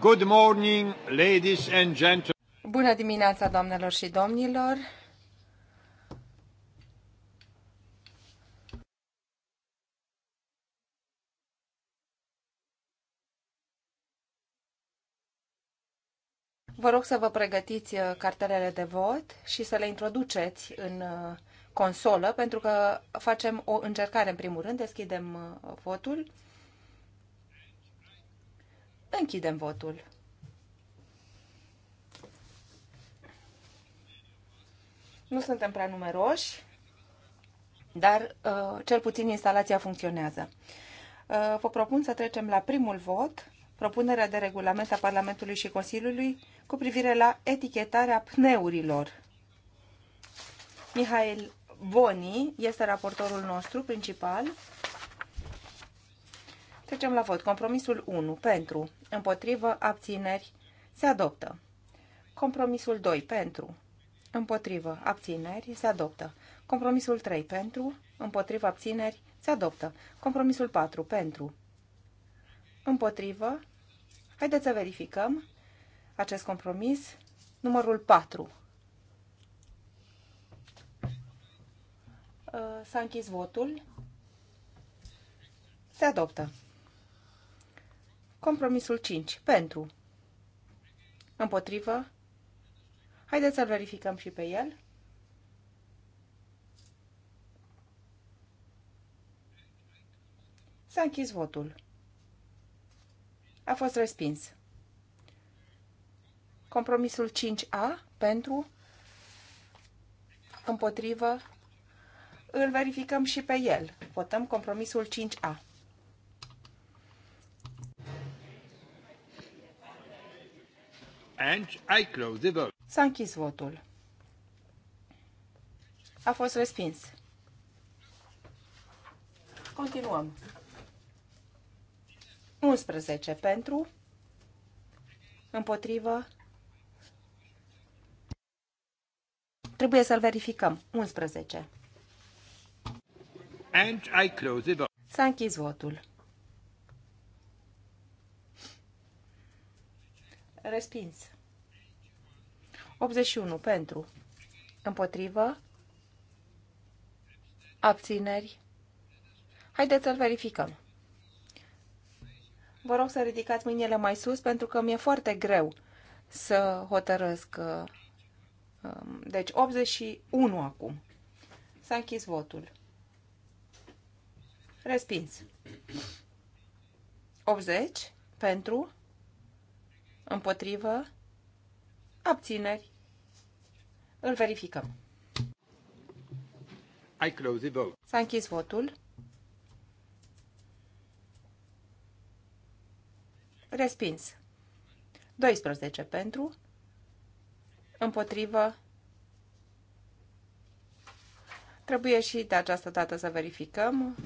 Good morning, ladies and gentlemen. Bună dimineața, doamnelor și domnilor. Vă rog să vă pregătiți uh, cartelele de vot și să le introduceți în uh, consolă, pentru că facem o încercare în primul rând, deschidem uh, votul. Închidem votul. Nu suntem prea numeroși, dar uh, cel puțin instalația funcționează. Uh, vă propun să trecem la primul vot, propunerea de regulament a Parlamentului și Consiliului cu privire la etichetarea pneurilor. Mihail Boni este raportorul nostru principal. Trecem la vot. Compromisul 1. Pentru. Împotrivă. Abțineri. Se adoptă. Compromisul 2. Pentru. Împotrivă. Abțineri. Se adoptă. Compromisul 3. Pentru. Împotrivă. Abțineri. Se adoptă. Compromisul 4. Pentru. Împotrivă. Haideți să verificăm acest compromis. Numărul 4. Uh, s-a închis votul. Se adoptă. Compromisul 5. Pentru. Împotrivă. Haideți să-l verificăm și pe el. S-a închis votul. A fost respins. Compromisul 5A pentru, împotrivă, îl verificăm și pe el. Votăm compromisul 5A. And I close the vote. S-a închis votul. A fost respins. Continuăm. 11 pentru, împotrivă, trebuie să-l verificăm, 11. S-a închis votul. Respins. 81 pentru. Împotrivă. Abțineri. Haideți să-l verificăm. Vă rog să ridicați mâinile mai sus pentru că mi-e foarte greu să hotărăsc. Um, deci 81 acum. S-a închis votul. Respins. 80 pentru Împotrivă. Abțineri. Îl verificăm. I close the vote. S-a închis votul. Respins. 12 pentru. Împotrivă. Trebuie și de această dată să verificăm.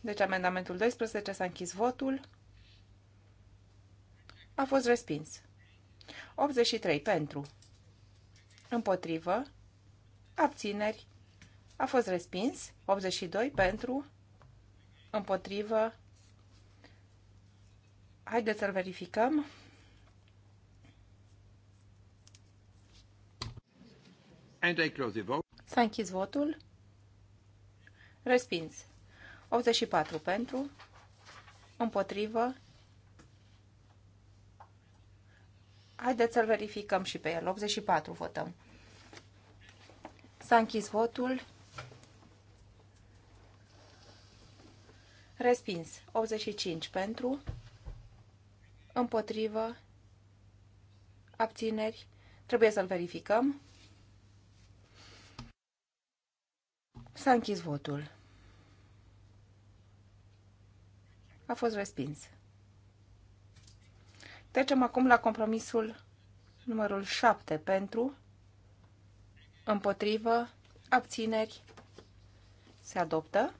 Deci amendamentul 12 s-a închis votul. A fost respins. 83 pentru. Împotrivă. Abțineri. A fost respins. 82 pentru. Împotrivă. Haideți să-l verificăm. S-a închis votul. Respins. 84 pentru. Împotrivă. Haideți să-l verificăm și pe el. 84 votăm. S-a închis votul. Respins. 85 pentru. Împotrivă. Abțineri. Trebuie să-l verificăm. S-a închis votul. A fost respins. Trecem acum la compromisul numărul 7 pentru, împotrivă, abțineri, se adoptă.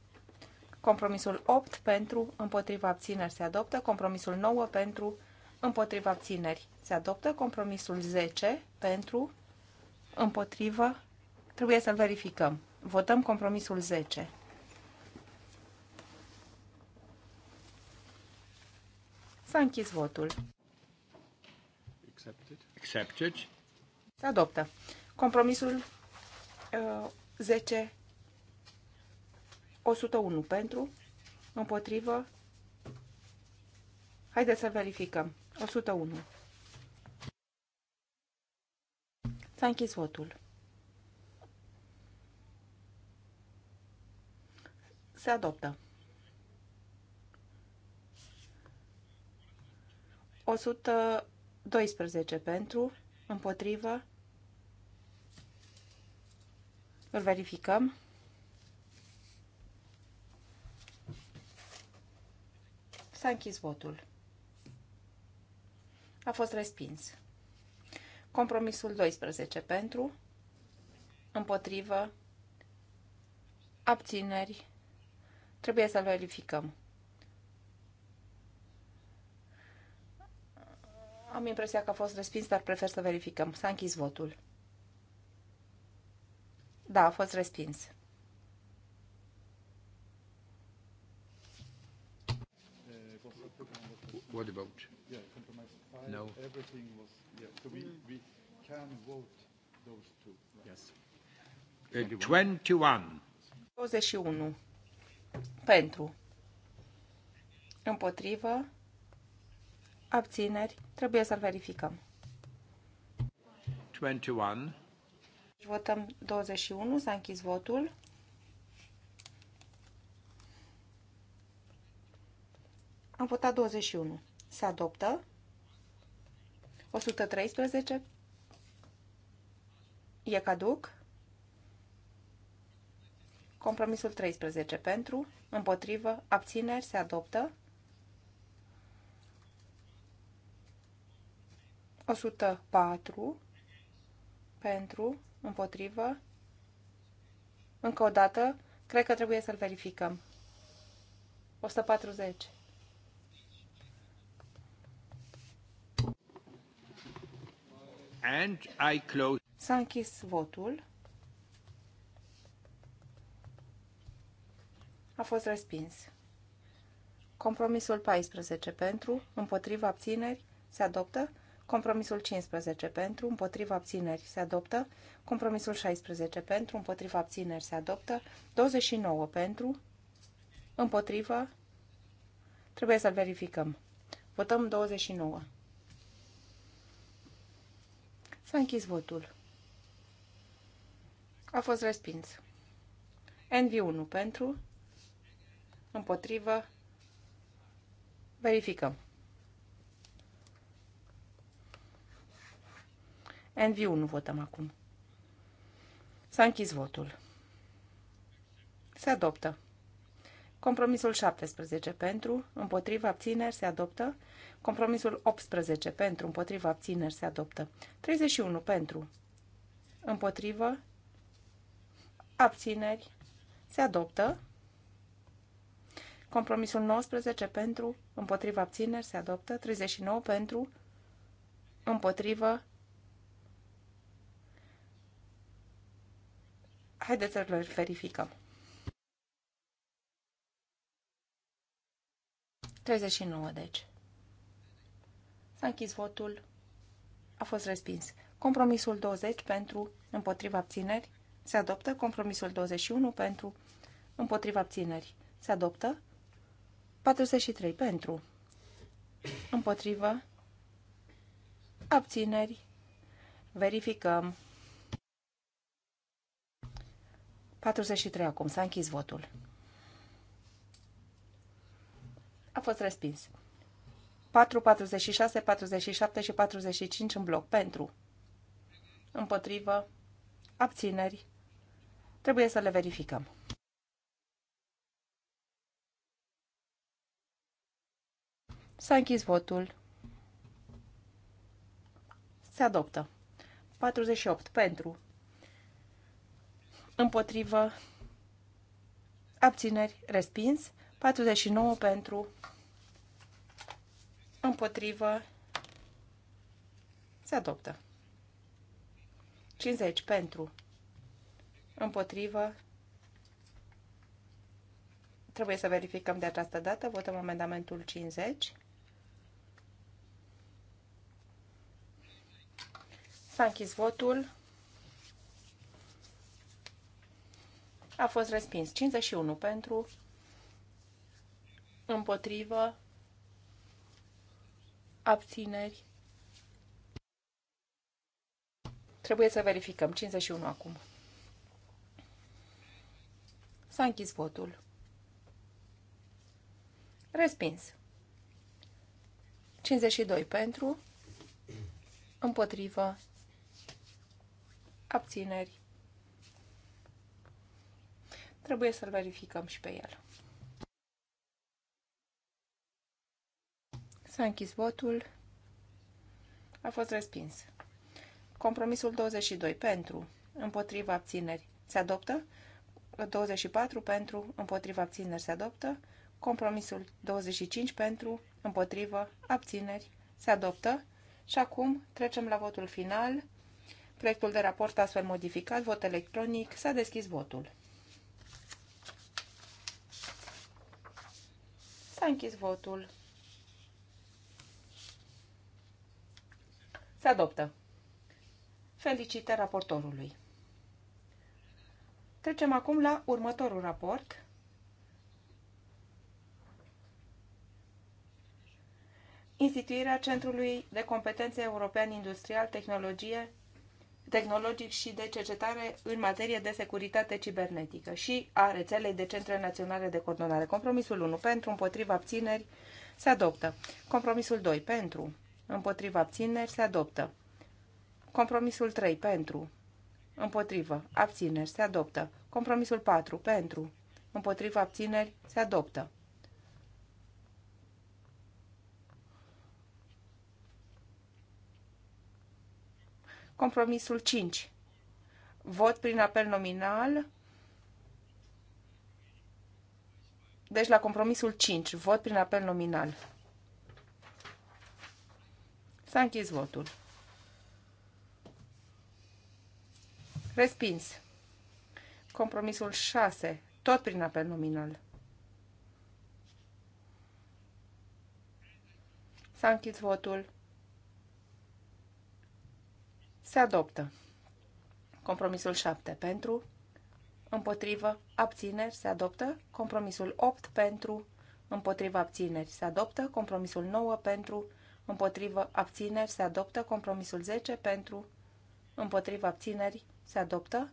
Compromisul 8 pentru, împotriva abțineri, se adoptă. Compromisul 9 pentru, împotriva abțineri, se adoptă. Compromisul 10 pentru, împotrivă, trebuie să-l verificăm. Votăm compromisul 10. S-a închis votul. Accepted. Accepted. Se adoptă. Compromisul uh, 10 101 pentru, împotrivă. Haideți să verificăm. 101. S-a închis votul. Se adoptă. 100 12 pentru, împotrivă. Îl verificăm. S-a închis votul. A fost respins. Compromisul 12 pentru, împotrivă, abțineri. Trebuie să-l verificăm. Am impresia că a fost respins, dar prefer să verificăm. S-a închis votul. Da, a fost respins. What about? Yeah, compromise five. No. Everything was. Yeah. So we we can vote those two. Yes. Twenty one. Twenty one. Pentru. Împotrivă abțineri, trebuie să-l verificăm. 21. Deci votăm 21, s-a închis votul. Am votat 21. Se adoptă. 113. E caduc. Compromisul 13 pentru, împotrivă, abțineri, se adoptă. 104 pentru, împotrivă. Încă o dată, cred că trebuie să-l verificăm. 140. And I close. S-a închis votul. A fost respins. Compromisul 14 pentru, împotriva abțineri, se adoptă. Compromisul 15 pentru, împotriva abțineri se adoptă. Compromisul 16 pentru, împotriva abțineri se adoptă. 29 pentru, împotriva, trebuie să-l verificăm. Votăm 29. S-a închis votul. A fost respins. NV1 pentru, împotrivă, verificăm. NV1 votăm acum. S-a închis votul. Se adoptă. Compromisul 17 pentru, împotriva abțineri se adoptă. Compromisul 18 pentru, împotriva abțineri se adoptă. 31 pentru, împotrivă, abțineri se adoptă. Compromisul 19 pentru, împotriva abțineri se adoptă. 39 pentru, împotrivă, Haideți să l verificăm. 39, deci. S-a închis votul. A fost respins. Compromisul 20 pentru împotriva abțineri se adoptă. Compromisul 21 pentru împotriva abțineri se adoptă. 43 pentru împotriva abțineri. Verificăm. 43 acum. S-a închis votul. A fost respins. 4, 46, 47 și 45 în bloc. Pentru. Împotrivă. Abțineri. Trebuie să le verificăm. S-a închis votul. Se adoptă. 48 pentru împotrivă, abțineri, respins, 49 pentru, împotrivă, se adoptă. 50 pentru, împotrivă, trebuie să verificăm de această dată, votăm amendamentul 50. S-a închis votul. a fost respins. 51 pentru, împotrivă, abțineri. Trebuie să verificăm. 51 acum. S-a închis votul. Respins. 52 pentru, împotrivă, abțineri. Trebuie să-l verificăm și pe el. S-a închis votul. A fost respins. Compromisul 22 pentru, împotriva abțineri se adoptă. 24 pentru, împotriva abțineri se adoptă. Compromisul 25 pentru, împotriva abțineri se adoptă. Și acum trecem la votul final. Proiectul de raport astfel modificat, vot electronic, s-a deschis votul. S-a închis votul. Se adoptă. Felicitări raportorului. Trecem acum la următorul raport. Instituirea Centrului de Competențe European Industrial, Tehnologie, tehnologic și de cercetare în materie de securitate cibernetică și a rețelei de centre naționale de coordonare. Compromisul 1 pentru, împotriva abțineri, se adoptă. Compromisul 2 pentru, împotriva abțineri, se adoptă. Compromisul 3 pentru, împotriva abțineri, se adoptă. Compromisul 4 pentru, împotriva abțineri, se adoptă. Compromisul 5. Vot prin apel nominal. Deci la compromisul 5, vot prin apel nominal. S-a închis votul. Respins. Compromisul 6, tot prin apel nominal. S-a închis votul. Se adoptă. Compromisul 7 pentru, împotrivă, abțineri, se adoptă. Compromisul 8 pentru, împotrivă, abțineri, se adoptă. Compromisul 9 pentru, împotrivă, abțineri, se adoptă. Compromisul 10 pentru, împotrivă, abțineri, se adoptă.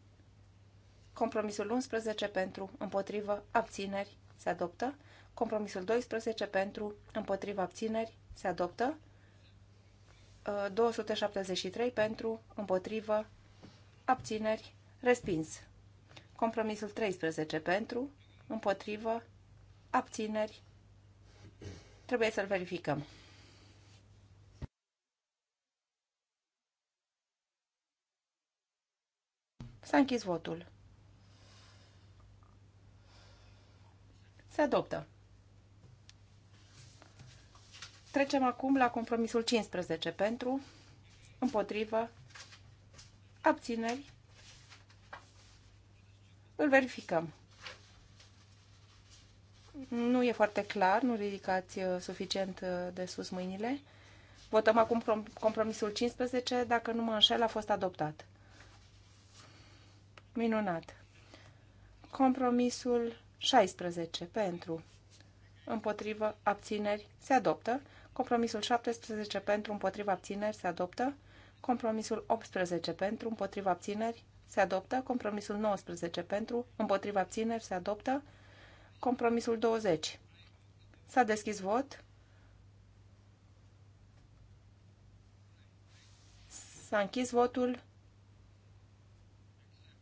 Compromisul 11 pentru, împotrivă, abțineri, se adoptă. Compromisul 12 pentru, împotrivă, abțineri, se adoptă. 273 pentru, împotrivă, abțineri, respins. Compromisul 13 pentru, împotrivă, abțineri. Trebuie să-l verificăm. S-a închis votul. Se adoptă. Trecem acum la compromisul 15 pentru, împotrivă, abțineri. Îl verificăm. Nu e foarte clar, nu ridicați uh, suficient uh, de sus mâinile. Votăm acum compromisul 15, dacă nu mă înșel, a fost adoptat. Minunat. Compromisul 16 pentru, împotrivă, abțineri, se adoptă. Compromisul 17 pentru împotriva abțineri se adoptă. Compromisul 18 pentru împotriva abțineri se adoptă. Compromisul 19 pentru împotriva abțineri se adoptă. Compromisul 20. S-a deschis vot. S-a închis votul.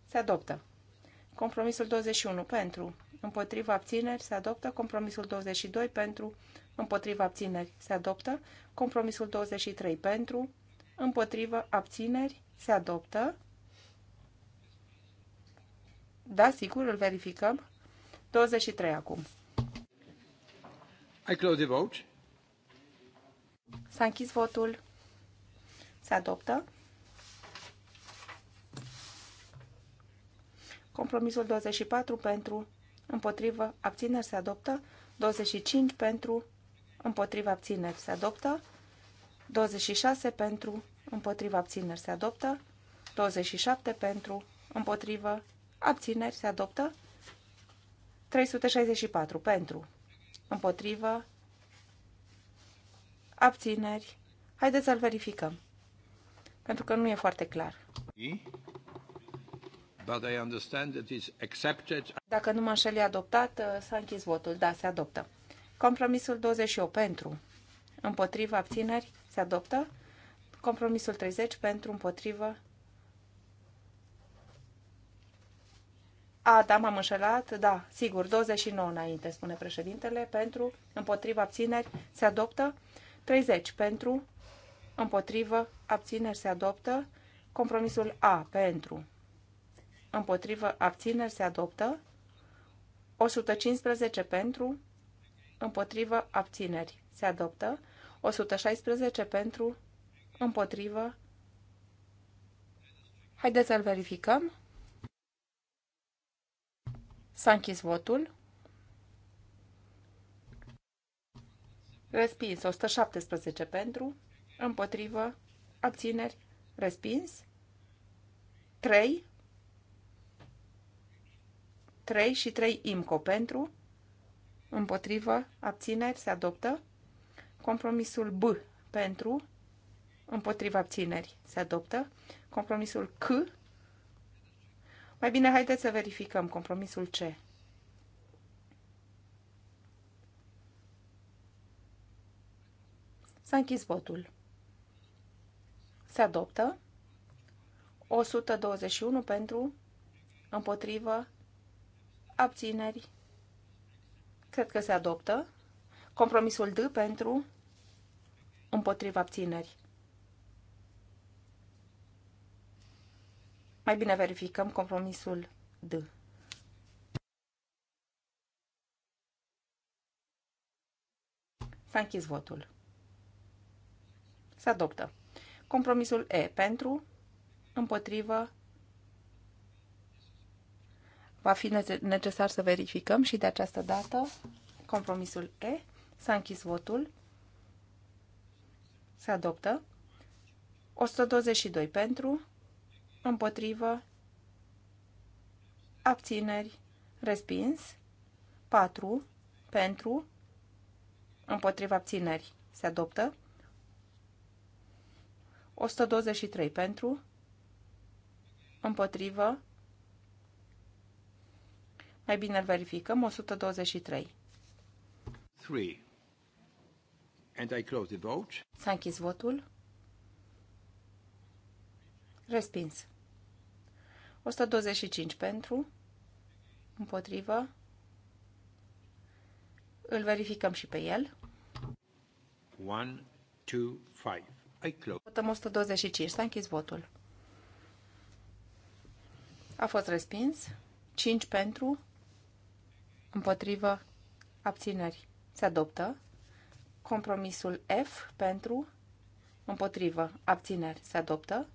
Se adoptă. Compromisul 21 pentru. Împotriva abțineri se adoptă. Compromisul 22 pentru împotriva abțineri se adoptă, compromisul 23 pentru, împotriva abțineri se adoptă. Da, sigur, îl verificăm. 23 acum. I close the vote. S-a închis votul. Se adoptă. Compromisul 24 pentru, împotrivă, abțineri se adoptă, 25 pentru, împotriva abțineri se adoptă, 26 pentru, împotriva abțineri se adoptă, 27 pentru, împotriva abțineri se adoptă, 364 pentru, împotriva abțineri. Haideți să-l verificăm, pentru că nu e foarte clar. But I understand that it's accepted. Dacă nu mă înșel, e adoptat, uh, s-a închis votul. Da, se adoptă. Compromisul 28 pentru, împotrivă, abțineri, se adoptă. Compromisul 30 pentru, împotrivă. A, da, m-am înșelat, da, sigur, 29 înainte, spune președintele, pentru, împotrivă, abțineri, se adoptă. 30 pentru, împotrivă, abțineri, se adoptă. Compromisul A pentru, împotrivă, abțineri, se adoptă. 115 pentru, împotrivă, abțineri, se adoptă. 116 pentru, împotrivă. Haideți să-l verificăm. S-a închis votul. Respins, 117 pentru, împotrivă, abțineri, respins. 3, 3 și 3 IMCO pentru, împotrivă, abțineri, se adoptă. Compromisul B pentru, împotrivă, abțineri, se adoptă. Compromisul C. Mai bine, haideți să verificăm compromisul C. S-a închis votul. Se adoptă 121 pentru, împotrivă, abțineri, Cred că se adoptă. Compromisul D pentru împotriva abțineri. Mai bine verificăm compromisul D. S-a închis votul. Se adoptă. Compromisul E pentru, împotrivă, Va fi necesar să verificăm și de această dată compromisul E. S-a închis votul. Se adoptă. 122 pentru, împotrivă, abțineri, respins, 4 pentru, împotrivă, abțineri, se adoptă, 123 pentru, împotrivă, mai bine îl verificăm. 123. 3. And I close the vote. S-a închis votul. Respins. 125 pentru. Împotrivă. Îl verificăm și pe el. 1, 2, 5. I close. Votăm 125. S-a închis votul. A fost respins. 5 pentru împotrivă, abțineri. Se adoptă. Compromisul F pentru, împotrivă, abțineri. Se adoptă.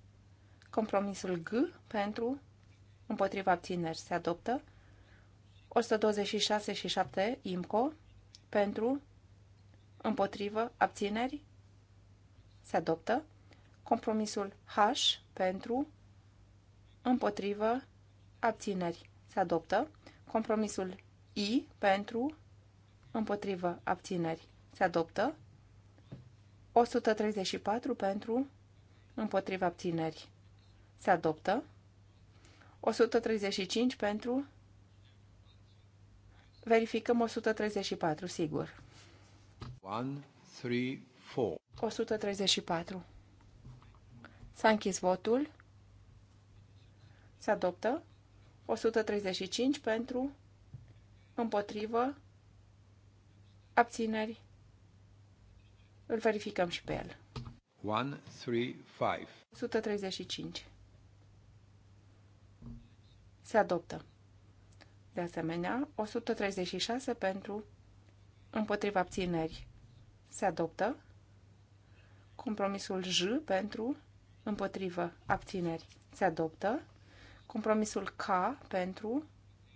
Compromisul G pentru, împotrivă, abțineri. Se adoptă. 126 și 7 IMCO pentru, împotrivă, abțineri. Se adoptă. Compromisul H pentru, împotrivă, abțineri. Se adoptă. Compromisul I pentru, împotrivă, abțineri, se adoptă. 134 pentru, împotrivă, abțineri, se adoptă. 135 pentru, verificăm 134, sigur. 1, 3, 4. 134. S-a închis votul. Se adoptă. 135 pentru, împotrivă, abțineri, îl verificăm și pe el. 135. 135. Se adoptă. De asemenea, 136 pentru împotriva abțineri. Se adoptă. Compromisul J pentru împotrivă abțineri. Se adoptă. Compromisul K pentru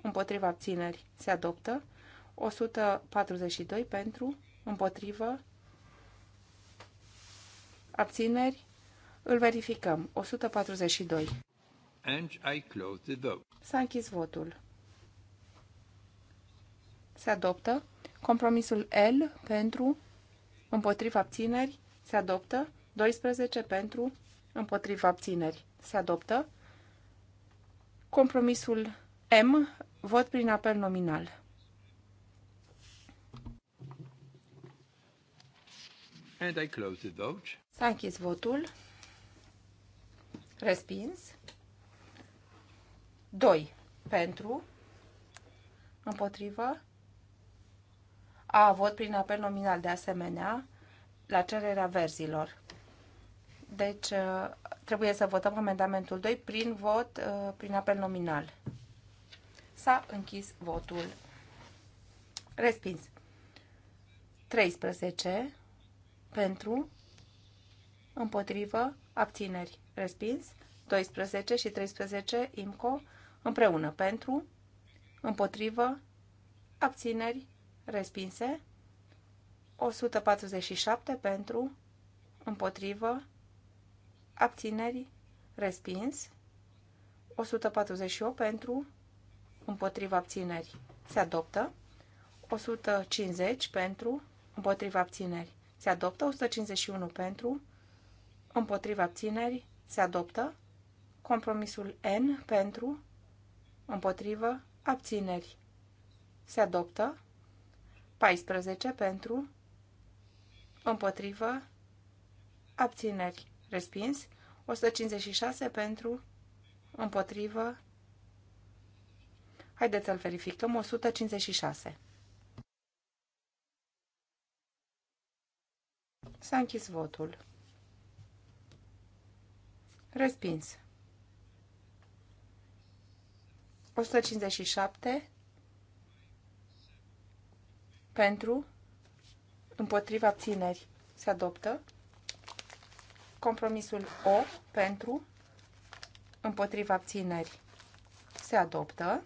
împotriva abțineri se adoptă, 142 pentru, împotrivă, abțineri, îl verificăm, 142. S-a închis votul. Se adoptă compromisul L pentru, împotriva abțineri, se adoptă, 12 pentru, împotriva abțineri, se adoptă, compromisul M Vot prin apel nominal. And I close the vote. S-a închis votul. Respins. 2. Pentru. Împotrivă. A, vot prin apel nominal de asemenea la cererea verzilor. Deci uh, trebuie să votăm amendamentul 2 prin vot, uh, prin apel nominal. S-a închis votul. Respins. 13 pentru, împotrivă, abțineri. Respins. 12 și 13 IMCO împreună pentru, împotrivă, abțineri, respinse. 147 pentru, împotrivă, abțineri, respins. 148 pentru, împotriva abținerii. se adoptă. 150 pentru, împotriva abținerii. se adoptă. 151 pentru, împotriva abținerii. se adoptă. Compromisul N pentru, împotriva abținerii. se adoptă. 14 pentru, împotriva abținerii. respins. 156 pentru, împotrivă, Haideți să-l verificăm. 156. S-a închis votul. Respins. 157 pentru, împotriva abțineri, se adoptă. Compromisul O pentru, împotriva abțineri, se adoptă.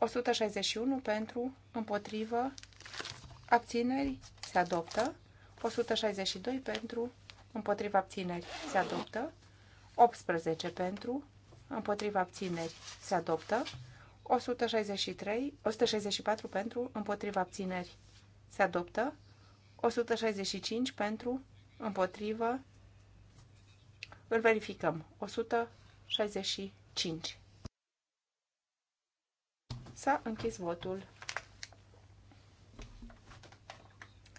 161 pentru, împotrivă, abțineri, se adoptă. 162 pentru, împotrivă, abțineri, se adoptă. 18 pentru, împotrivă, abțineri, se adoptă. 163, 164 pentru, împotrivă, abțineri, se adoptă. 165 pentru, împotrivă, îl verificăm. 165. S-a închis votul.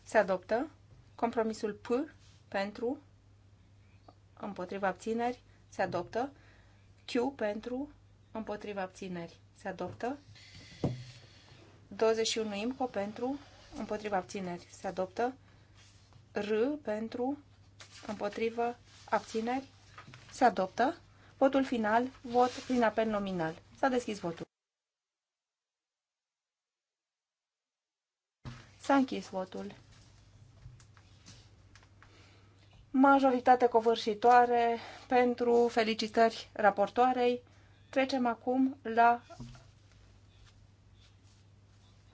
Se adoptă compromisul P pentru, împotriva abțineri, se adoptă. Q pentru, împotriva abțineri, se adoptă. 21 IMCO pentru, împotriva abțineri, se adoptă. R pentru, împotriva abțineri, se adoptă. Votul final, vot prin apel nominal. S-a deschis votul. S-a închis votul. Majoritate covârșitoare pentru felicitări raportoarei. Trecem acum la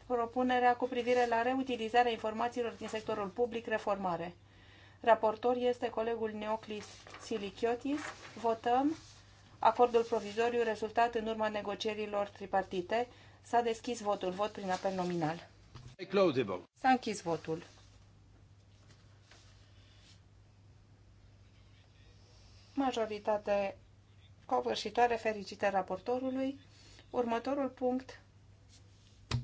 propunerea cu privire la reutilizarea informațiilor din sectorul public reformare. Raportor este colegul Neoclis Silichiotis. Votăm acordul provizoriu rezultat în urma negocierilor tripartite. S-a deschis votul, vot prin apel nominal. S-a închis votul. Majoritate covârșitoare, fericite raportorului. Următorul punct.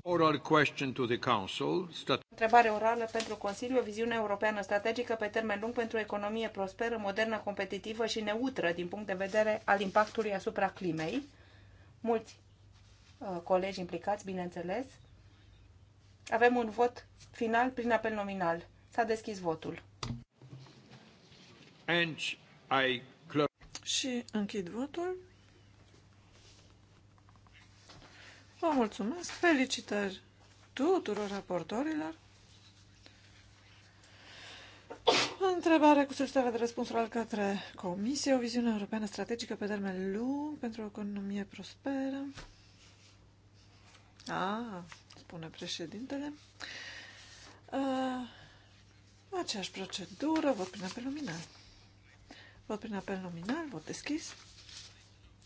Oral question to the Council. Întrebare orală pentru Consiliu, o viziune europeană strategică pe termen lung pentru o economie prosperă, modernă, competitivă și neutră din punct de vedere al impactului asupra climei. Mulți uh, colegi implicați, bineînțeles. Avem un vot final prin apel nominal. S-a deschis votul. And I și închid votul. Vă mulțumesc, felicitări tuturor raportorilor. Întrebare cu solicitare de răspunsul al către Comisie, o viziune europeană strategică pe termen lung pentru o economie prosperă. A, ah spune președintele. Uh, aceeași procedură, vot prin apel nominal. Vot prin apel nominal, vot deschis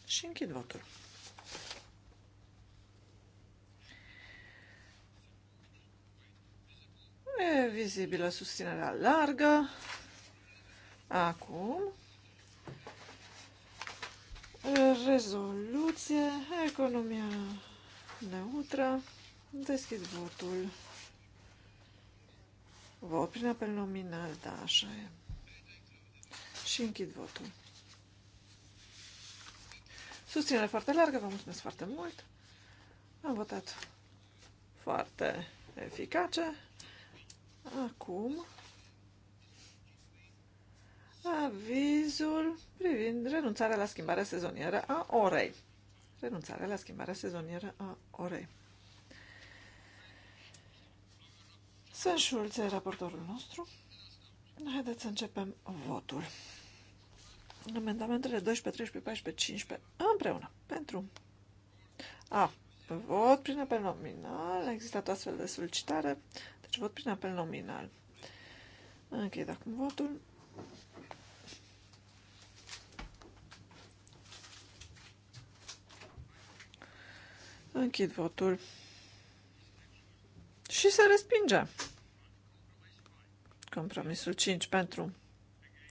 și închid votul. E vizibilă susținerea largă. Acum, rezoluție, economia neutră. Deschid votul. Vă prin apel nominal, da, așa e. Și închid votul. Susținere foarte largă, vă mulțumesc foarte mult. Am votat foarte eficace. Acum avizul privind renunțarea la schimbarea sezonieră a orei. Renunțarea la schimbarea sezonieră a orei. Sven Schulze, raportorul nostru. Haideți să începem votul. Amendamentele 12, 13, 14, 15 împreună. Pentru. A. Vot prin apel nominal. A existat o astfel de solicitare. Deci vot prin apel nominal. Închid acum votul. Închid votul. Și se respinge. Compromisul 5 pentru,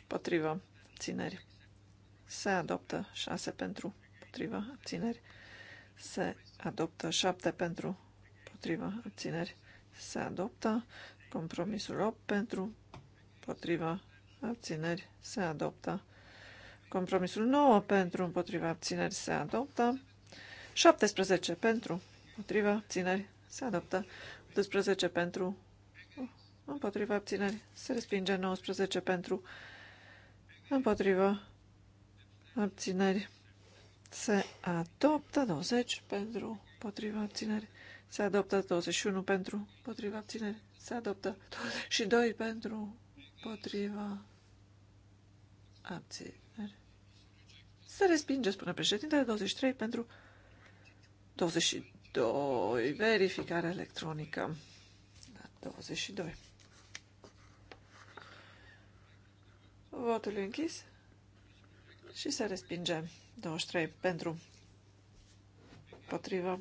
potrivă, țineri. Se adoptă 6 pentru, potrivă, țineri. Se adoptă 7 pentru, potrivă, țineri. Se adoptă compromisul 8 pentru, potrivă abțineri, se adoptă. Compromisul 9 pentru, împotriva, abțineri, se adoptă. 17 pentru, împotriva, abțineri, se adoptă. 12 pentru, împotriva abținerii. se respinge 19 pentru împotriva abținerii. se adoptă 20 pentru împotriva abținerii. se adoptă 21 pentru împotriva abținerii. se adoptă 22 pentru împotriva abținerii. se respinge, spune președintele 23 pentru 22 verificare electronică 22 Votul închis și se respinge. 23 pentru. Potrivă.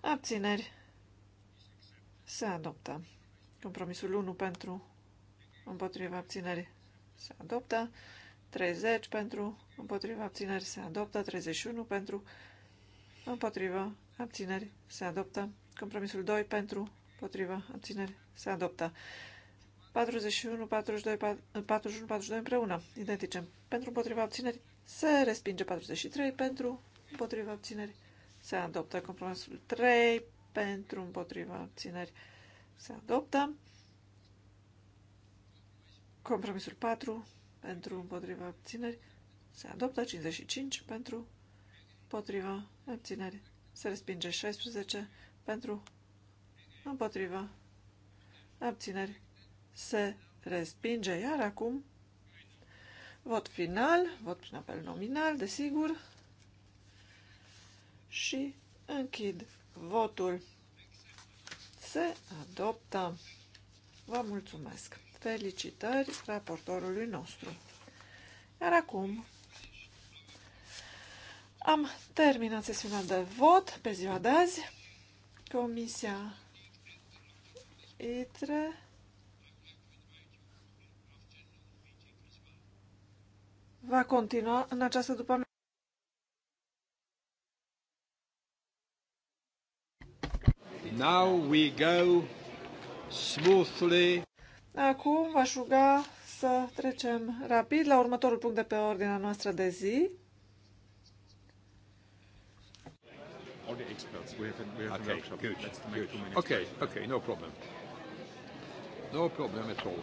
Abțineri. Se adoptă. Compromisul 1 pentru. Împotriva abțineri. Se adoptă. 30 pentru. Împotriva abțineri. Se adoptă. 31 pentru. Împotriva abțineri. Se adoptă. Compromisul 2 pentru. Împotriva abțineri. Se adoptă. 41, 42, 41, 42 împreună, identice. Pentru împotriva obțineri se respinge 43, pentru împotriva obțineri se adoptă compromisul 3, pentru împotriva obțineri se adoptă compromisul 4, pentru împotriva obțineri se adoptă 55, pentru împotriva obțineri se respinge 16, pentru împotriva abțineri se respinge, iar acum vot final, vot prin apel nominal, desigur, și închid votul. Se adoptă. Vă mulțumesc. Felicitări raportorului nostru. Iar acum am terminat sesiunea de vot pe ziua de azi. Comisia ITRE va continua în această după Now we go smoothly. Acum va ruga să trecem rapid la următorul punct de pe ordinea noastră de zi. all the experts. We have a, we have okay, a workshop. Good, good. Okay, okay, no problem. No problem at all.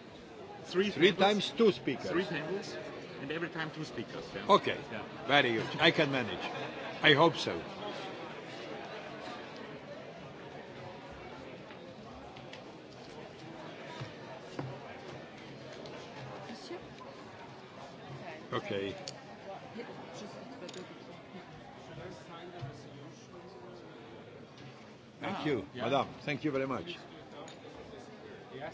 three, three times two speakers. Three tables, and every time two speakers. Yeah. Okay, yeah. very good. I can manage. I hope so. Okay. Thank you, ah, yeah. madame. Thank you very much. Yes,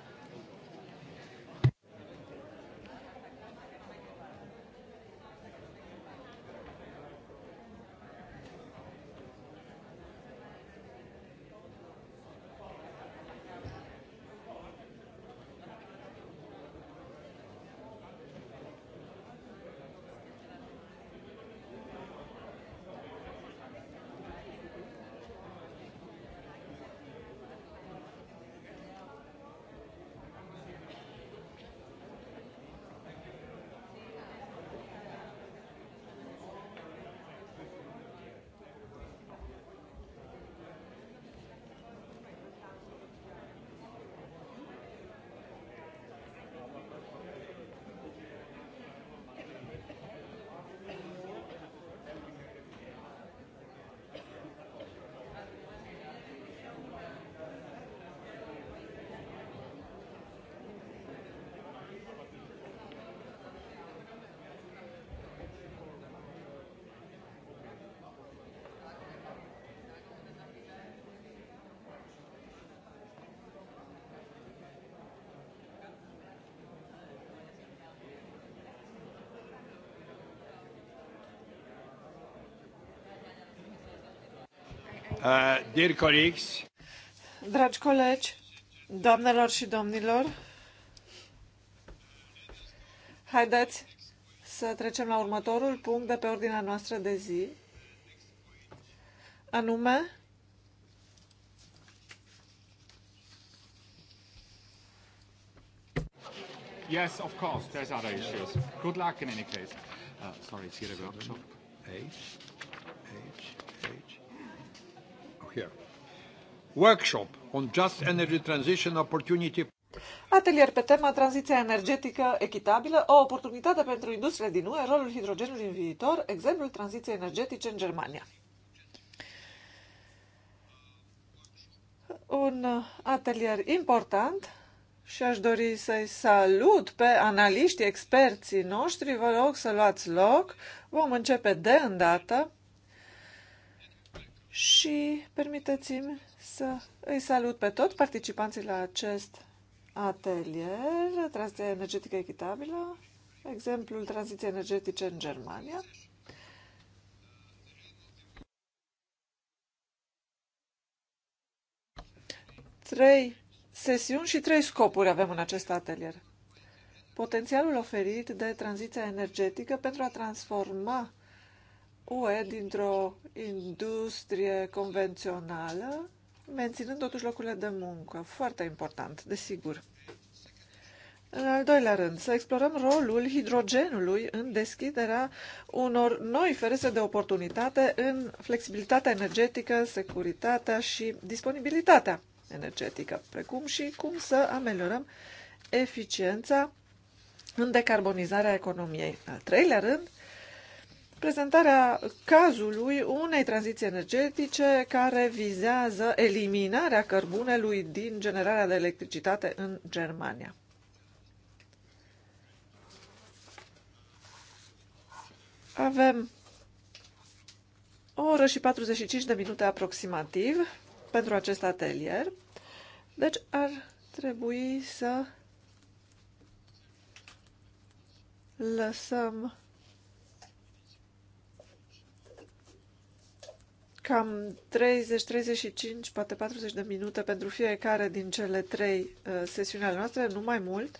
Uh, dear colleagues. Dragi colegi, doamnelor și domnilor, haideți să trecem la următorul punct de pe ordinea noastră de zi, anume Yes, of course, there's other issues. Good luck in any case. Uh, sorry, it's here a workshop. Eight here. Workshop on Just Energy Transition Opportunity. Atelier pe tema tranziția energetică echitabilă, o oportunitate pentru industria din UE, rolul hidrogenului în viitor, exemplul tranziției energetice în Germania. Un atelier important și aș dori să-i salut pe analiștii, experții noștri. Vă rog să luați loc. Vom începe de îndată și permiteți-mi să îi salut pe tot participanții la acest atelier, tranziția energetică echitabilă, exemplul tranziției energetice în Germania. Trei sesiuni și trei scopuri avem în acest atelier. Potențialul oferit de tranziția energetică pentru a transforma UE dintr-o industrie convențională, menținând totuși locurile de muncă. Foarte important, desigur. În al doilea rând, să explorăm rolul hidrogenului în deschiderea unor noi ferese de oportunitate în flexibilitatea energetică, securitatea și disponibilitatea energetică, precum și cum să ameliorăm eficiența în decarbonizarea economiei. Al treilea rând, prezentarea cazului unei tranziții energetice care vizează eliminarea cărbunelui din generarea de electricitate în Germania. Avem o oră și 45 de minute aproximativ pentru acest atelier, deci ar trebui să lăsăm cam 30, 35, poate 40 de minute pentru fiecare din cele trei uh, sesiuni ale noastre, nu mai mult.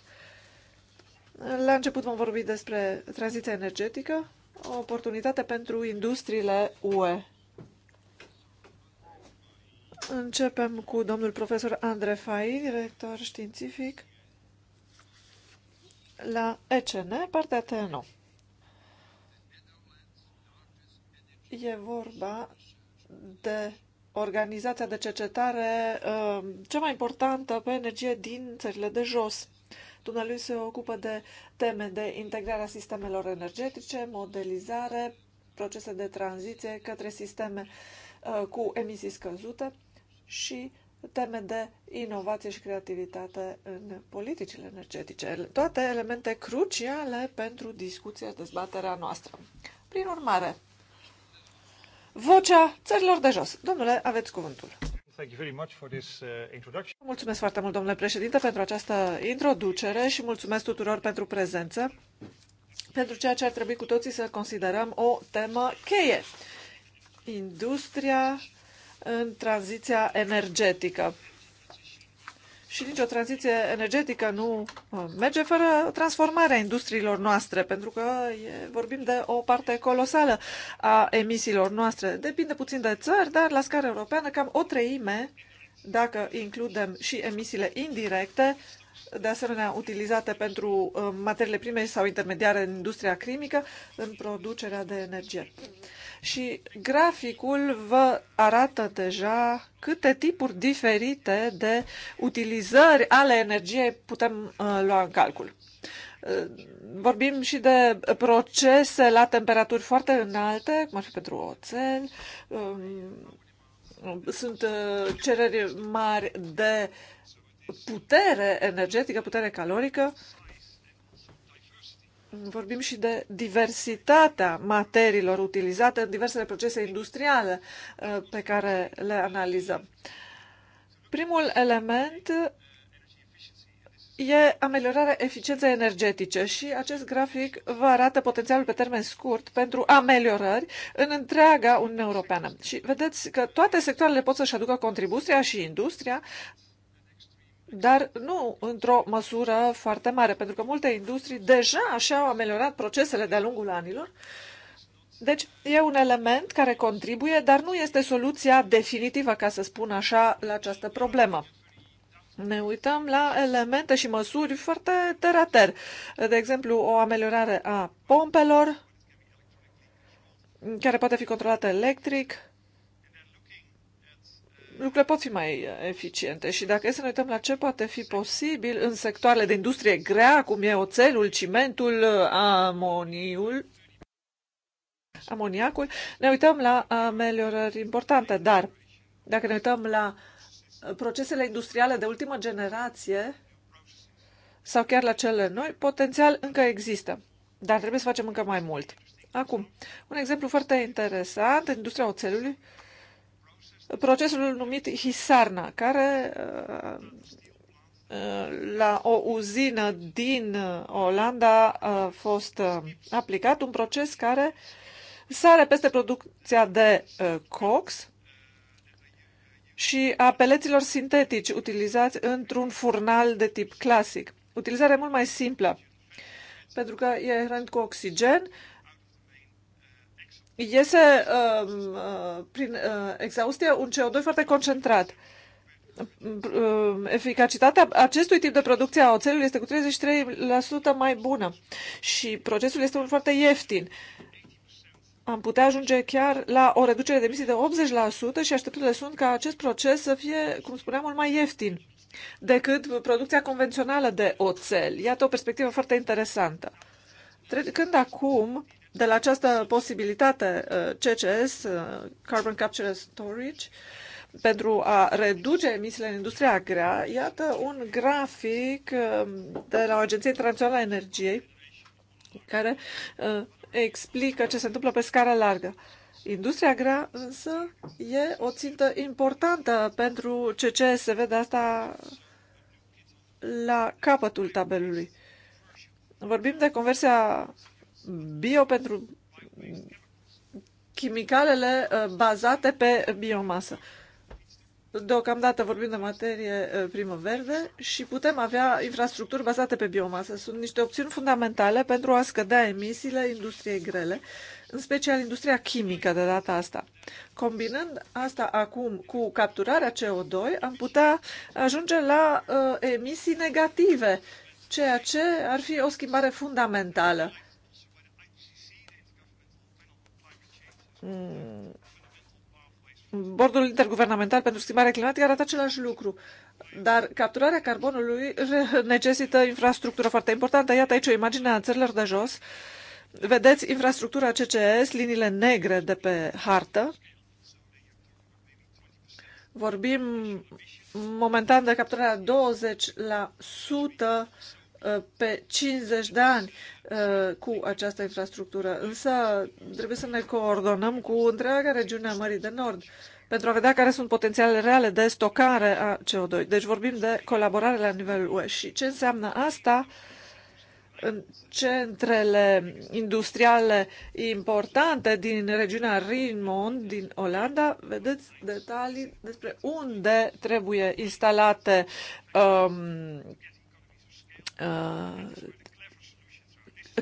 La început vom vorbi despre tranziția energetică, o oportunitate pentru industriile UE. Începem cu domnul profesor Andre Fai, director științific la ECN, partea TNO. E vorba de organizația de cercetare um, cea mai importantă pe energie din țările de jos. Dumnealui se ocupă de teme de integrarea sistemelor energetice, modelizare, procese de tranziție către sisteme uh, cu emisii scăzute și teme de inovație și creativitate în politicile energetice. Toate elemente cruciale pentru discuția, dezbaterea noastră. Prin urmare, vocea țărilor de jos. Domnule, aveți cuvântul. Uh, mulțumesc foarte mult, domnule președinte, pentru această introducere și mulțumesc tuturor pentru prezență, pentru ceea ce ar trebui cu toții să considerăm o temă cheie. Industria în tranziția energetică și nicio tranziție energetică nu uh, merge fără transformarea industriilor noastre, pentru că e, vorbim de o parte colosală a emisiilor noastre. Depinde puțin de țări, dar la scară europeană cam o treime, dacă includem și emisiile indirecte, de asemenea utilizate pentru uh, materiile prime sau intermediare în industria crimică, în producerea de energie. Și graficul vă arată deja câte tipuri diferite de utilizări ale energiei putem uh, lua în calcul. Uh, vorbim și de procese la temperaturi foarte înalte, cum ar fi pentru oțel, um, sunt cereri mari de putere energetică, putere calorică. Vorbim și de diversitatea materiilor utilizate în diversele procese industriale uh, pe care le analizăm. Primul element e ameliorarea eficienței energetice și acest grafic vă arată potențialul pe termen scurt pentru ameliorări în întreaga Uniunea Europeană. Și vedeți că toate sectoarele pot să-și aducă contribuția și industria dar nu într-o măsură foarte mare, pentru că multe industrii deja și-au ameliorat procesele de-a lungul anilor. Deci e un element care contribuie, dar nu este soluția definitivă, ca să spun așa, la această problemă. Ne uităm la elemente și măsuri foarte terater. De exemplu, o ameliorare a pompelor, care poate fi controlată electric, lucrurile pot fi mai eficiente și dacă e să ne uităm la ce poate fi posibil în sectoarele de industrie grea, cum e oțelul, cimentul, amoniul, amoniacul, ne uităm la ameliorări importante, dar dacă ne uităm la procesele industriale de ultimă generație sau chiar la cele noi, potențial încă există, dar trebuie să facem încă mai mult. Acum, un exemplu foarte interesant, industria oțelului, procesul numit Hisarna, care uh, uh, la o uzină din uh, Olanda a fost aplicat un proces care sare peste producția de cox și a peleților sintetici utilizați într-un furnal de tip clasic. Utilizare mult mai simplă, pentru că e hrănit cu oxigen iese um, uh, prin uh, exhaustie un CO2 foarte concentrat um, eficacitatea acestui tip de producție a oțelului este cu 33% mai bună și procesul este unul foarte ieftin. Am putea ajunge chiar la o reducere de emisii de 80% și așteptările sunt ca acest proces să fie, cum spuneam, mult mai ieftin decât producția convențională de oțel. Iată o perspectivă foarte interesantă. Trecând acum de la această posibilitate uh, CCS, uh, Carbon Capture and Storage, pentru a reduce emisiile în industria grea, iată un grafic uh, de la Agenția Internațională a Energiei care explică ce se întâmplă pe scară largă. Industria grea însă e o țintă importantă pentru CCS, se vede asta la capătul tabelului. Vorbim de conversia bio pentru chimicalele uh, bazate pe biomasă. Deocamdată vorbim de materie uh, primă verde și putem avea infrastructuri bazate pe biomasă. Sunt niște opțiuni fundamentale pentru a scădea emisiile industriei grele, în special industria chimică de data asta. Combinând asta acum cu capturarea CO2, am putea ajunge la uh, emisii negative, ceea ce ar fi o schimbare fundamentală Mm, bordul interguvernamental pentru schimbarea climatică arată același lucru, dar capturarea carbonului necesită infrastructură foarte importantă. Iată aici o imagine a țărilor de jos. Vedeți infrastructura CCS, liniile negre de pe hartă. Vorbim momentan de capturarea 20% Uh, pe 50 de ani uh, cu această infrastructură. Însă trebuie să ne coordonăm cu întreaga regiune a Mării de Nord pentru a vedea care sunt potențialele reale de stocare a CO2. Deci vorbim de colaborare la nivelul UE. Și ce înseamnă asta? În centrele industriale importante din regiunea Rijnmond, din Olanda, vedeți detalii despre unde trebuie instalate um, Uh,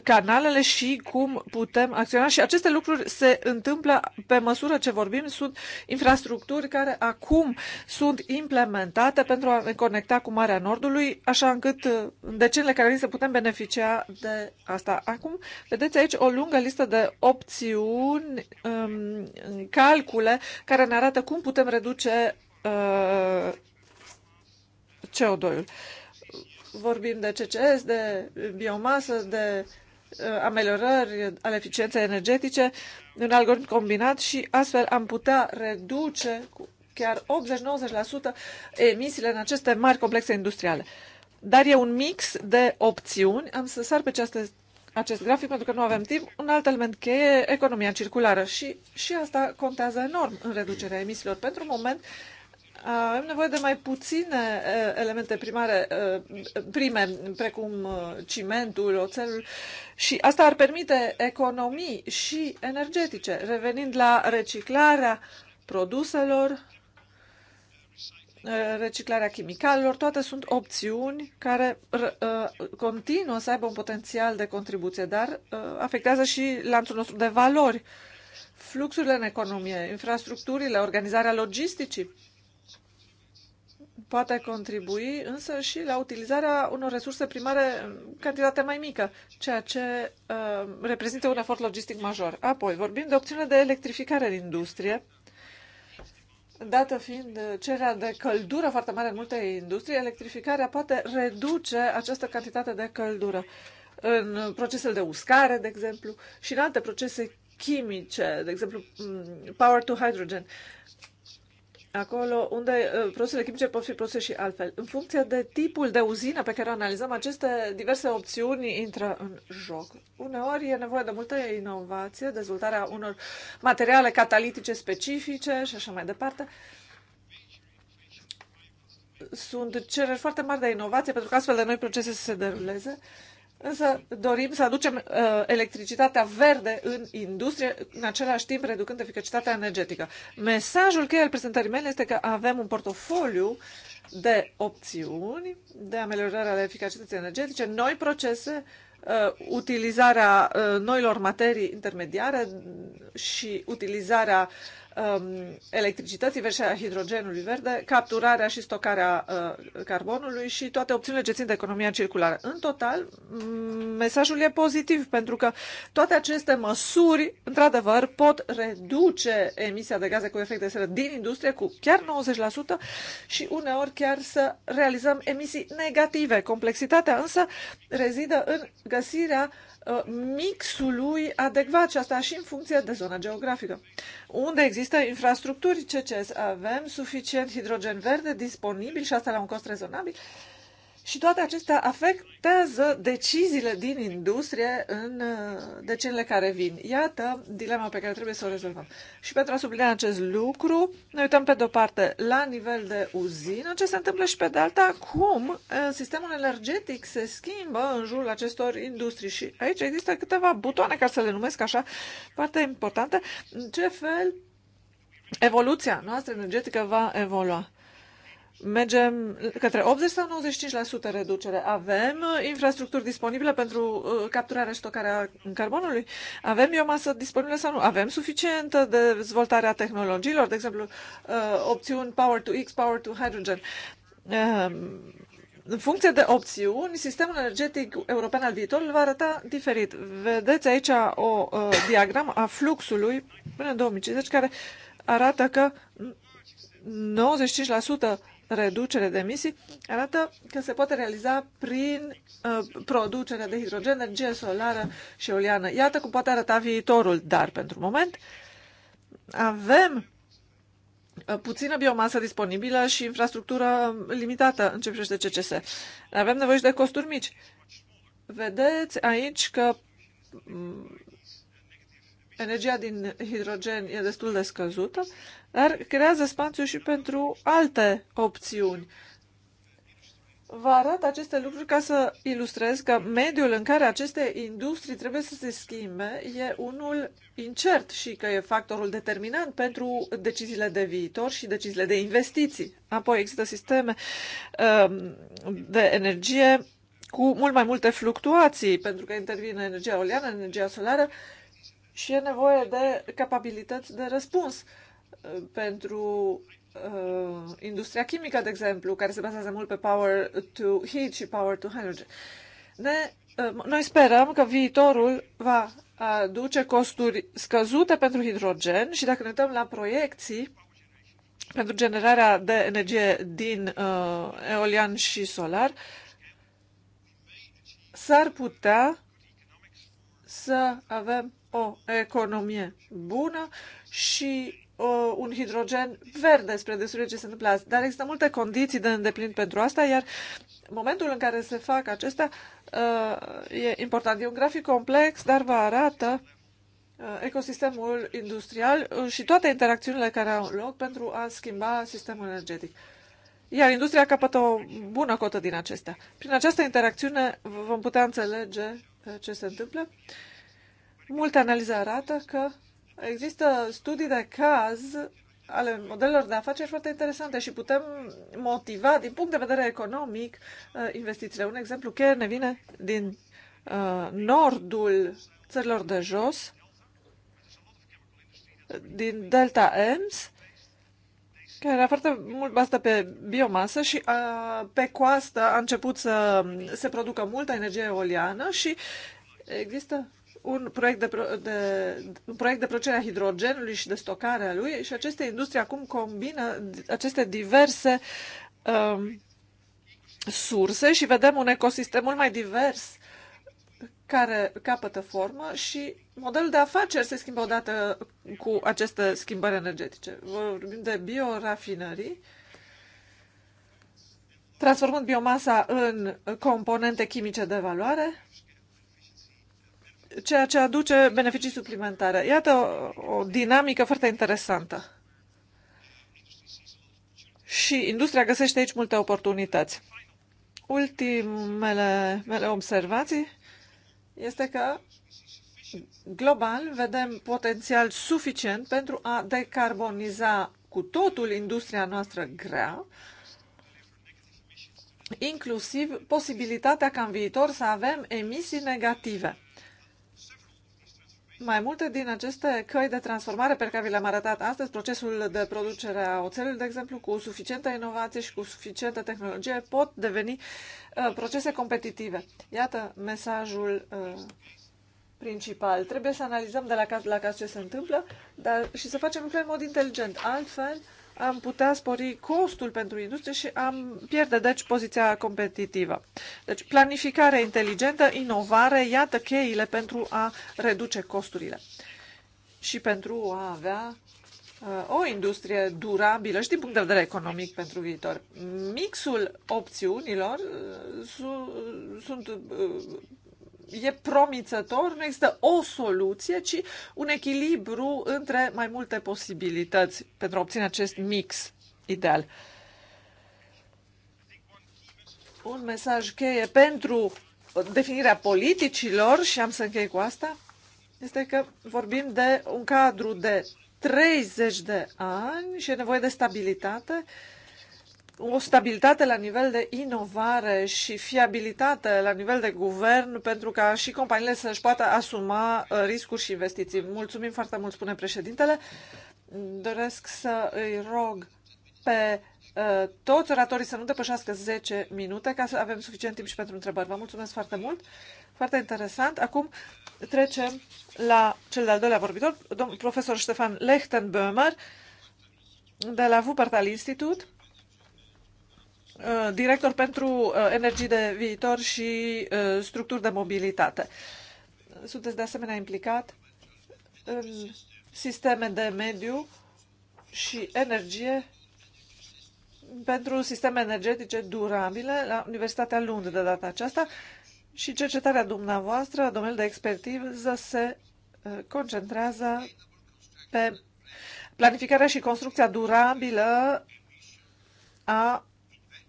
canalele și cum putem acționa. Și aceste lucruri se întâmplă pe măsură ce vorbim. Sunt infrastructuri care acum sunt implementate pentru a ne conecta cu Marea Nordului, așa încât în uh, decenile care vin să putem beneficia de asta. Acum, vedeți aici o lungă listă de opțiuni, um, calcule, care ne arată cum putem reduce uh, CO2-ul. Vorbim de CCS, de biomasă, de uh, ameliorări ale eficienței energetice în algoritm combinat și astfel am putea reduce cu chiar 80-90% emisiile în aceste mari complexe industriale. Dar e un mix de opțiuni. Am să sar pe aceste, acest grafic pentru că nu avem timp. Un alt element cheie, economia circulară. Și, și asta contează enorm în reducerea emisiilor. Pentru moment avem nevoie de mai puține elemente primare, prime, precum cimentul, oțelul și asta ar permite economii și energetice, revenind la reciclarea produselor, reciclarea chimicalelor, toate sunt opțiuni care continuă să aibă un potențial de contribuție, dar afectează și lanțul nostru de valori, fluxurile în economie, infrastructurile, organizarea logisticii poate contribui însă și la utilizarea unor resurse primare în cantitate mai mică, ceea ce uh, reprezintă un efort logistic major. Apoi, vorbim de opțiune de electrificare în industrie, dată fiind cererea de căldură foarte mare în multe industrie, electrificarea poate reduce această cantitate de căldură în procesele de uscare, de exemplu, și în alte procese chimice, de exemplu, mm, power to hydrogen. Uh, acolo unde uh, produsele chimice pot fi produse și altfel. În funcție de tipul de uzină pe care o analizăm, aceste diverse opțiuni intră în joc. Uneori e nevoie de multă inovație, dezvoltarea unor materiale catalitice specifice și așa mai departe. Sunt cereri foarte mari de inovație pentru că astfel de noi procese să se deruleze. Uh, Însă dorim să aducem uh, electricitatea verde în industrie, în același timp reducând eficacitatea energetică. Mesajul cheie al prezentării mele este că avem un portofoliu de opțiuni de ameliorare ale eficacității energetice, noi procese, uh, utilizarea uh, noilor materii intermediare și utilizarea um, electricității verzi și a hidrogenului verde, capturarea și stocarea uh, carbonului și toate opțiunile ce țin de economia circulară. În total, mesajul e pozitiv pentru că toate aceste măsuri, într-adevăr, pot reduce emisia de gaze cu efect de seră din industrie cu chiar 90% și uneori chiar să realizăm emisii negative. Complexitatea însă rezidă în găsirea Uh, mixului adecvat și asta și în funcție de zona geografică. Unde există infrastructuri CCS, avem suficient hidrogen verde disponibil și asta la un cost rezonabil și toate acestea afectează deciziile din industrie în uh, deceniile care vin. Iată dilema pe care trebuie să o rezolvăm. Și pentru a sublinia acest lucru, ne uităm pe de-o parte la nivel de uzină, ce se întâmplă și pe de alta cum uh, sistemul energetic se schimbă în jurul acestor industrii. Și aici există câteva butoane, ca să le numesc așa, foarte importante, în ce fel evoluția noastră energetică va evolua mergem către 80 sau 95% reducere? Avem uh, infrastructuri disponibile pentru uh, capturarea și stocarea carbonului? Avem biomasă disponibilă sau nu? Avem suficientă de dezvoltarea tehnologiilor? De exemplu, uh, opțiuni Power to X, Power to Hydrogen. Um, în funcție de opțiuni, sistemul energetic european al viitorului va arăta diferit. Vedeți aici o diagramă a fluxului până în 2050 care arată că 95% reducere de emisii arată că se poate realiza prin uh, producerea de hidrogen, energie solară și eoliană. Iată cum poate arăta viitorul, dar pentru moment avem uh, puțină biomasă disponibilă și infrastructură limitată în ce privește CCS. Avem nevoie și de costuri mici. Vedeți aici că mm, energia din hidrogen e destul de scăzută, dar creează spațiu și pentru alte opțiuni. Vă arăt aceste lucruri ca să ilustrez că mediul în care aceste industrii trebuie să se schimbe e unul incert și că e factorul determinant pentru deciziile de viitor și deciziile de investiții. Apoi există sisteme um, de energie cu mult mai multe fluctuații, pentru că intervine energia oleană, energia solară și e nevoie de capabilități de răspuns uh, pentru uh, industria chimică, de exemplu, care se bazează mult pe power to heat și power to energy. Ne, uh, noi sperăm că viitorul va aduce costuri scăzute pentru hidrogen și dacă ne uităm la proiecții pentru generarea de energie din uh, eolian și solar, s-ar putea să avem o economie bună și uh, un hidrogen verde spre desurile ce se întâmplă azi. Dar există multe condiții de îndeplinit pentru asta, iar momentul în care se fac acestea uh, e important. E un grafic complex, dar vă arată uh, ecosistemul industrial uh, și toate interacțiunile care au loc pentru a schimba sistemul energetic. Iar industria capătă o bună cotă din acestea. Prin această interacțiune vom putea înțelege uh, ce se întâmplă. Uh, Multe analize arată că există studii de caz ale modelelor de afaceri foarte interesante și putem motiva din punct de vedere economic uh, investițiile. Un exemplu cheie ne vine din uh, nordul țărilor de jos, din Delta Ems, care era foarte mult bazată pe biomasă și uh, pe coastă a început să se producă multă energie eoliană și există un proiect de, pro- de, un proiect de producere a hidrogenului și de stocare a lui și aceste industrie acum combină aceste diverse um, surse și vedem un ecosistem mult mai divers care capătă formă și modelul de afaceri se schimbă odată cu aceste schimbări energetice. Vorbim de biorafinării, transformând biomasa în componente chimice de valoare, ceea ce aduce beneficii suplimentare. Iată o, o dinamică foarte interesantă. Și industria găsește aici multe oportunități. Ultimele mele observații este că global vedem potențial suficient pentru a decarboniza cu totul industria noastră grea, inclusiv posibilitatea ca în viitor să avem emisii negative. Mai multe din aceste căi de transformare pe care vi le-am arătat astăzi, procesul de producere a oțelului, de exemplu, cu suficientă inovație și cu suficientă tehnologie, pot deveni uh, procese competitive. Iată mesajul uh, principal. Trebuie să analizăm de la caz la caz ce se întâmplă dar și să facem lucrurile în mod inteligent. Altfel, uh, am putea spori costul pentru industrie și am pierde, deci, poziția competitivă. Deci, planificare inteligentă, inovare, iată cheile pentru a reduce costurile și pentru a avea uh, o industrie durabilă și din punct de vedere economic pentru viitor. Mixul opțiunilor uh, sunt uh, e promițător, nu există o soluție, ci un echilibru între mai multe posibilități pentru a obține acest mix ideal. Un mesaj cheie pentru definirea politicilor, și am să închei cu asta, este că vorbim de un cadru de 30 de ani și e nevoie de stabilitate uh, o stabilitate la nivel de inovare și fiabilitate la nivel de guvern pentru ca și companiile să-și poată asuma uh, riscuri și investiții. Mulțumim foarte mult, spune președintele. Doresc să îi rog pe uh, toți oratorii să nu depășească 10 minute ca să avem suficient timp și pentru întrebări. Vă mulțumesc foarte mult, foarte interesant. Acum trecem la cel de-al doilea vorbitor, domnul profesor Ștefan Lechtenböhmer de la Wuppertal Institute Uh, director pentru uh, energii de viitor și uh, structuri de mobilitate. Sunteți de asemenea implicat în sisteme de mediu și energie pentru sisteme energetice durabile la Universitatea Lund de data aceasta și cercetarea dumneavoastră, domeniul de expertiză, se concentrează pe planificarea și construcția durabilă a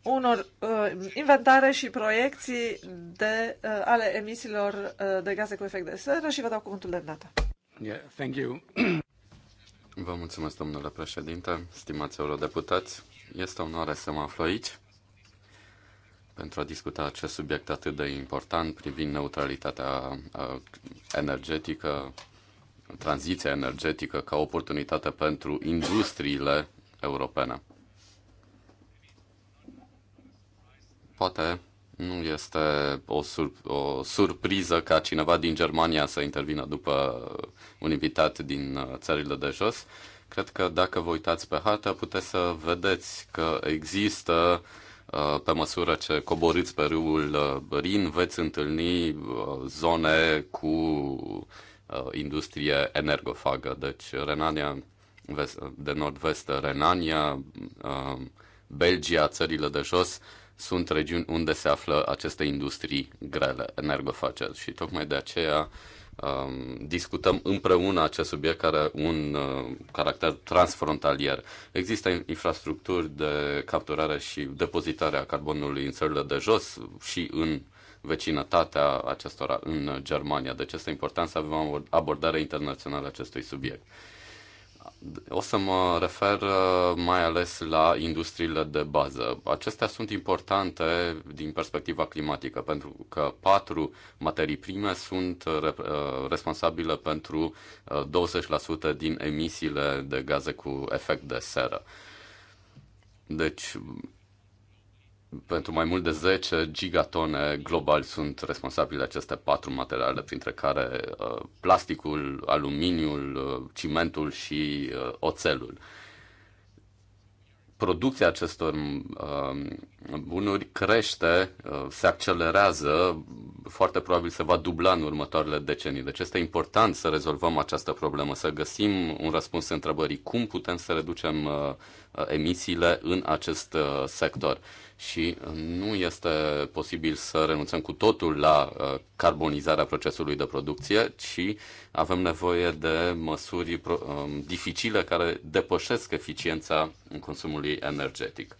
unor uh, inventare și proiecții de, uh, ale emisiilor uh, de gaze cu efect de seră și vă dau cuvântul de îndată. Yeah, thank you. Vă mulțumesc, domnule președinte, stimați eurodeputați. Este o onoare să mă aflu aici pentru a discuta acest subiect atât de important privind neutralitatea uh, energetică, tranziția energetică ca oportunitate pentru industriile europene. Poate nu este o, sur- o surpriză ca cineva din Germania să intervină după un invitat din uh, țările de jos. Cred că dacă vă uitați pe hartă, puteți să vedeți că există uh, pe măsură ce coborâți pe râul uh, Rin, veți întâlni zone cu industrie energofagă. Deci Renania de nord-vest, Renania, Belgia, țările de jos, sunt regiuni unde se află aceste industrii grele, energofaceri și tocmai de aceea um, discutăm împreună acest subiect care are un uh, caracter transfrontalier. Există infrastructuri de capturare și depozitare a carbonului în țările de jos și în vecinătatea acestora în Germania. Deci este important să avem o abordare internațională acestui subiect. O să mă refer uh, mai ales la industriile de bază. Acestea sunt importante din perspectiva climatică, pentru că patru materii prime sunt uh, uh, responsabile pentru 20% din emisiile de gaze cu efect de seră. Deci, pentru mai mult de 10 gigatone global sunt responsabile aceste patru materiale, printre care uh, plasticul, aluminiul, uh, cimentul și uh, oțelul. Producția acestor um, bunuri crește, se accelerează, foarte probabil se va dubla în următoarele decenii. Deci este important să rezolvăm această problemă, să găsim un răspuns întrebării cum putem să reducem emisiile în acest sector și uh, nu este posibil să renunțăm cu totul la uh, carbonizarea procesului de producție, ci avem nevoie de măsuri um, dificile care depășesc eficiența consumului energetic.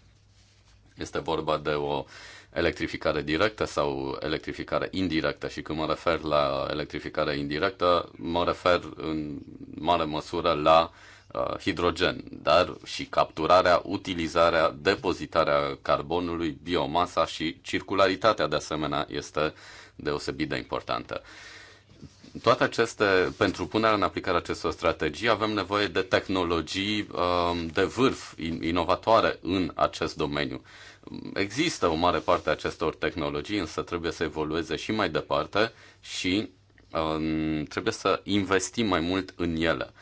Este vorba de o electrificare directă sau electrificare indirectă și când mă refer la electrificare indirectă, mă refer în mare măsură la uh, Uh, hidrogen, dar și capturarea, utilizarea, depozitarea carbonului, biomasa și circularitatea de asemenea este deosebit de importantă. Toate aceste, pentru punerea în aplicare acestor strategii, avem nevoie de tehnologii um, de vârf, inovatoare în acest domeniu. Există o mare parte a acestor tehnologii, însă trebuie să evolueze și mai departe și um, trebuie să investim mai mult în ele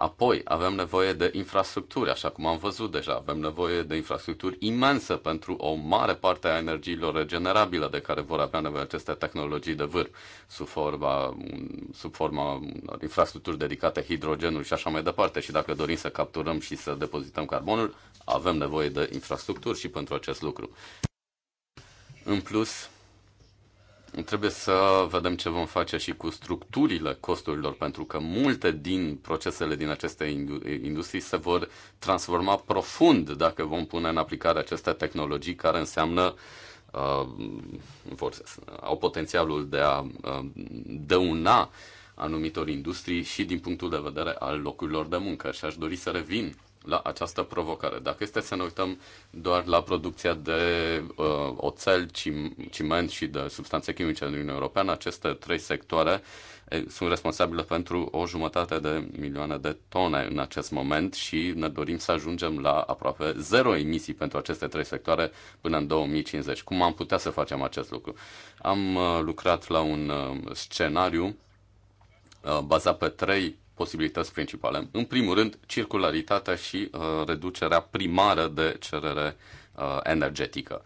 Apoi, avem nevoie de infrastructuri, așa cum am văzut deja. Avem nevoie de infrastructuri imense pentru o mare parte a energiilor regenerabile de care vor avea nevoie aceste tehnologii de vârf, sub forma, sub forma infrastructuri dedicate hidrogenului și așa mai departe. Și dacă dorim să capturăm și să depozităm carbonul, avem nevoie de infrastructuri și pentru acest lucru. În plus, Trebuie să vedem ce vom face și cu structurile costurilor, pentru că multe din procesele din aceste industrii se vor transforma profund dacă vom pune în aplicare aceste tehnologii care înseamnă uh, vor, au potențialul de a uh, dăuna anumitor industrii și din punctul de vedere al locurilor de muncă. Și aș dori să revin la această provocare. Dacă este să ne uităm doar la producția de uh, oțel, cim- ciment și de substanțe chimice din Uniunea Europeană, aceste trei sectoare sunt responsabile pentru o jumătate de milioane de tone în acest moment și ne dorim să ajungem la aproape zero emisii pentru aceste trei sectoare până în 2050. Cum am putea să facem acest lucru? Am uh, lucrat la un uh, scenariu uh, bazat pe trei posibilități principale. În primul rând, circularitatea și uh, reducerea primară de cerere uh, energetică.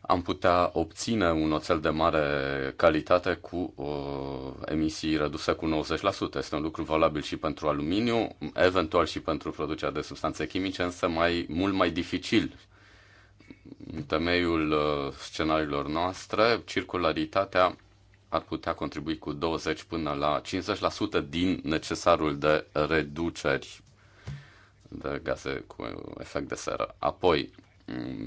Am putea obține un oțel de mare calitate cu uh, emisii reduse cu 90%. Este un lucru valabil și pentru aluminiu, eventual și pentru producerea de substanțe chimice, însă mai, mult mai dificil în temeiul uh, scenariilor noastre, circularitatea ar putea contribui cu 20 până la 50% din necesarul de reduceri de gaze cu efect de seră. Apoi,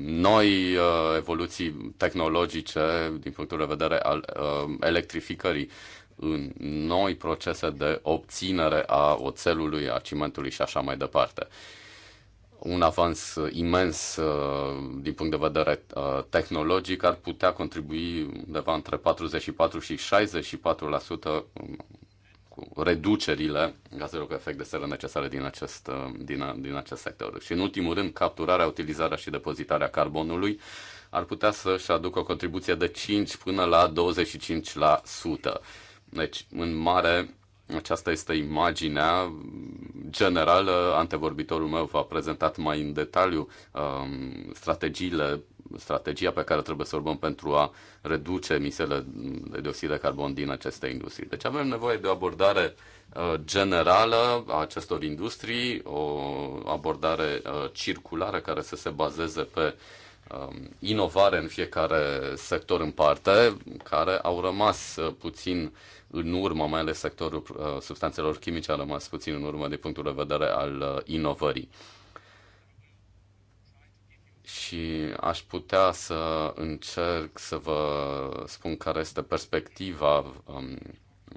noi uh, evoluții tehnologice din punctul de vedere al uh, electrificării, în noi procese de obținere a oțelului, a cimentului și așa mai departe un avans uh, imens uh, din punct de vedere uh, tehnologic ar putea contribui undeva între 44 și 64% um, cu reducerile gazelor cu efect de seră necesare din acest, din, din acest sector. Și în ultimul rând, capturarea, utilizarea și depozitarea carbonului ar putea să-și aducă o contribuție de 5 până la 25%. Deci, în mare, aceasta este imaginea generală. Antevorbitorul meu v-a prezentat mai în detaliu um, strategiile, strategia pe care trebuie să urmăm pentru a reduce emisiile de dioxid de carbon din aceste industrii. Deci avem nevoie de o abordare uh, generală a acestor industrii, o abordare uh, circulară care să se bazeze pe uh, Um, inovare în fiecare sector în parte, care au rămas uh, puțin în urmă, mai ales sectorul uh, substanțelor chimice a rămas puțin în urmă din punctul de vedere al uh, inovării. Și aș putea să încerc să vă spun care este perspectiva um,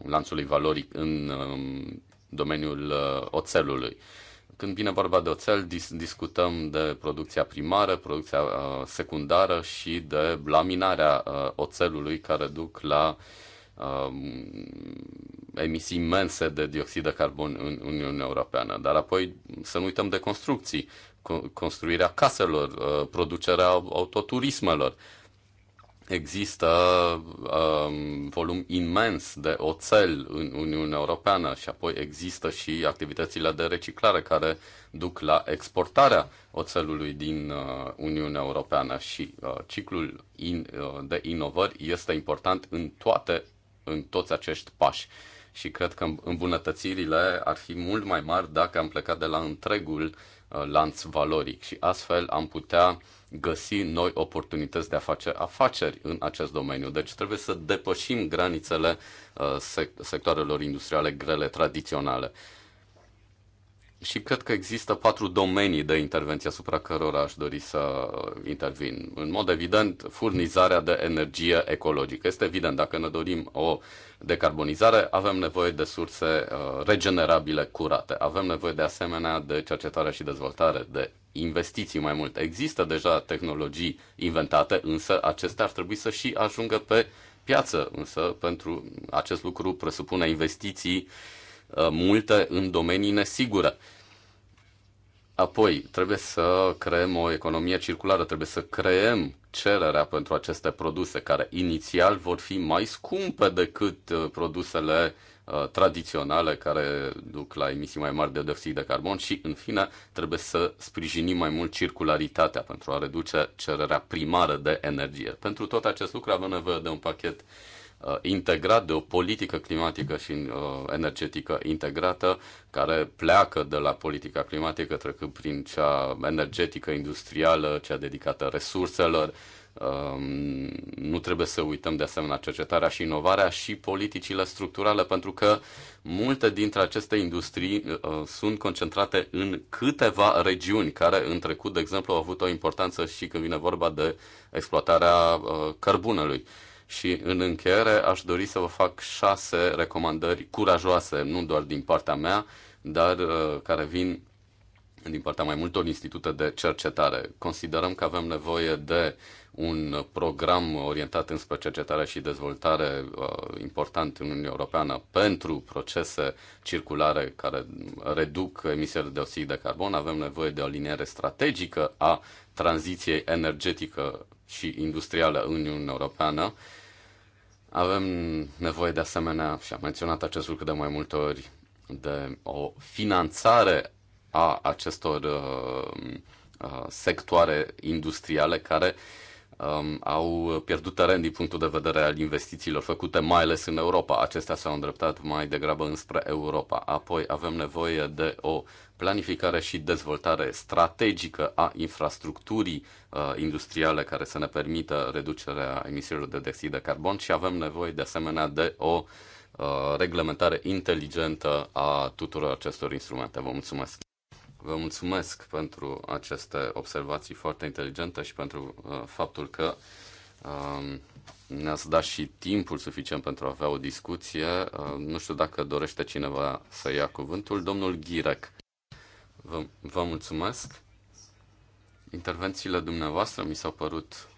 lanțului valoric în um, domeniul oțelului când vine vorba de oțel, dis- discutăm de producția primară, producția uh, secundară și de laminarea uh, oțelului care duc la uh, emisii imense de dioxid de carbon în Uniunea Europeană. Dar apoi să nu uităm de construcții, construirea caselor, uh, producerea autoturismelor. Există um, volum imens de oțel în Uniunea Europeană și apoi există și activitățile de reciclare care duc la exportarea oțelului din uh, Uniunea Europeană și uh, ciclul in, uh, de inovări este important în toate în toți acești pași. Și cred că îmbunătățirile ar fi mult mai mari dacă am plecat de la întregul uh, lanț valoric și astfel am putea găsi noi oportunități de a face afaceri în acest domeniu. Deci trebuie să depășim granițele uh, sectoarelor industriale grele tradiționale. Și cred că există patru domenii de intervenție asupra cărora aș dori să intervin. În mod evident, furnizarea de energie ecologică. Este evident, dacă ne dorim o decarbonizare, avem nevoie de surse uh, regenerabile curate. Avem nevoie de asemenea de cercetare și dezvoltare, de investiții mai mult. Există deja tehnologii inventate, însă acestea ar trebui să și ajungă pe piață, însă pentru acest lucru presupune investiții uh, multe în domenii nesigure. Apoi, trebuie să creăm o economie circulară, trebuie să creăm cererea pentru aceste produse care inițial vor fi mai scumpe decât uh, produsele uh, Uh, tradiționale care duc la emisii mai mari de dioxid de carbon și, în fine, trebuie să sprijinim mai mult circularitatea pentru a reduce cererea primară de energie. Pentru tot acest lucru avem nevoie de un pachet uh, integrat, de o politică climatică și uh, energetică integrată care pleacă de la politica climatică trecând prin cea energetică, industrială, cea dedicată resurselor, uh, Um, nu trebuie să uităm de asemenea cercetarea și inovarea și politicile structurale, pentru că multe dintre aceste industrii uh, sunt concentrate în câteva regiuni care în trecut, de exemplu, au avut o importanță și când vine vorba de exploatarea uh, cărbunelui. Și în încheiere aș dori să vă fac șase recomandări curajoase, nu doar din partea mea, dar uh, care vin din partea mai multor institute de cercetare. Considerăm că avem nevoie de uh, un program orientat înspre cercetare și dezvoltare uh, important în Uniunea Europeană pentru procese circulare care reduc emisiile de oxid de carbon. Avem nevoie de o liniere strategică a tranziției energetică și industrială în Uniunea Europeană. Avem nevoie de asemenea, și am menționat acest lucru de mai multe ori, de o finanțare a acestor uh, uh sectoare industriale care uh, um, au pierdut teren din punctul de vedere al investițiilor făcute, mai ales în Europa. Acestea s-au îndreptat mai degrabă înspre Europa. Apoi avem nevoie de o planificare și dezvoltare strategică a infrastructurii uh, industriale care să ne permită reducerea emisiilor de dioxid de carbon și avem nevoie de asemenea de o uh, reglementare inteligentă a tuturor acestor instrumente. Vă mulțumesc! Vă mulțumesc pentru aceste observații foarte inteligente și pentru uh, faptul că uh, ne-ați dat și timpul suficient pentru a avea o discuție. Uh, nu știu dacă dorește cineva să ia cuvântul. Domnul Ghirec, vă, vă mulțumesc. Intervențiile dumneavoastră mi s-au părut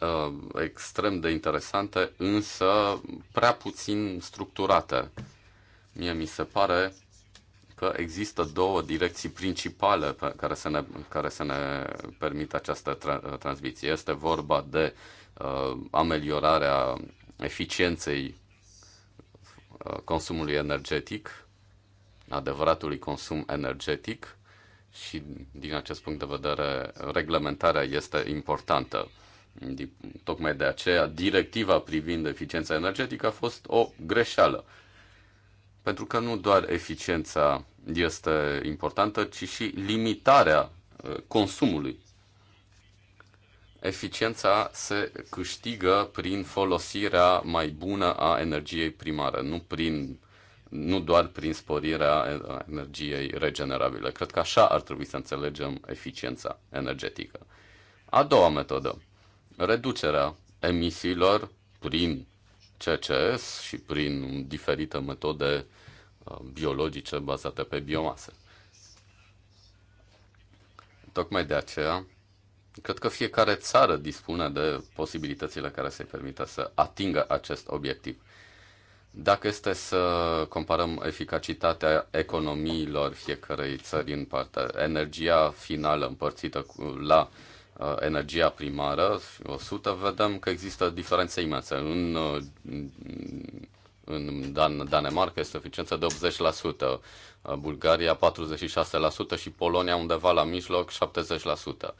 uh, extrem de interesante, însă prea puțin structurate. Mie mi se pare că există două direcții principale care să ne, care să ne permit această tra- transmisie. Este vorba de uh, ameliorarea eficienței uh, consumului energetic, adevăratului consum energetic și din acest punct de vedere reglementarea este importantă. Tocmai de aceea directiva privind eficiența energetică a fost o greșeală pentru că nu doar eficiența este importantă, ci și limitarea uh, consumului. Eficiența se câștigă prin folosirea mai bună a energiei primare, nu, prin, nu doar prin sporirea energiei regenerabile. Cred că așa ar trebui să înțelegem eficiența energetică. A doua metodă, reducerea emisiilor prin CCS și prin diferite metode uh, biologice bazate pe biomasă. Tocmai de aceea, cred că fiecare țară dispune de posibilitățile care să-i permită să atingă acest obiectiv. Dacă este să comparăm eficacitatea economiilor fiecărei țări în parte, energia finală împărțită cu, la uh, Uh, energia primară, 100, vedem că există diferențe imense. În, uh, în Dan- Danemarca este eficiență de 80%, uh, Bulgaria 46% și Polonia undeva la mijloc 70%.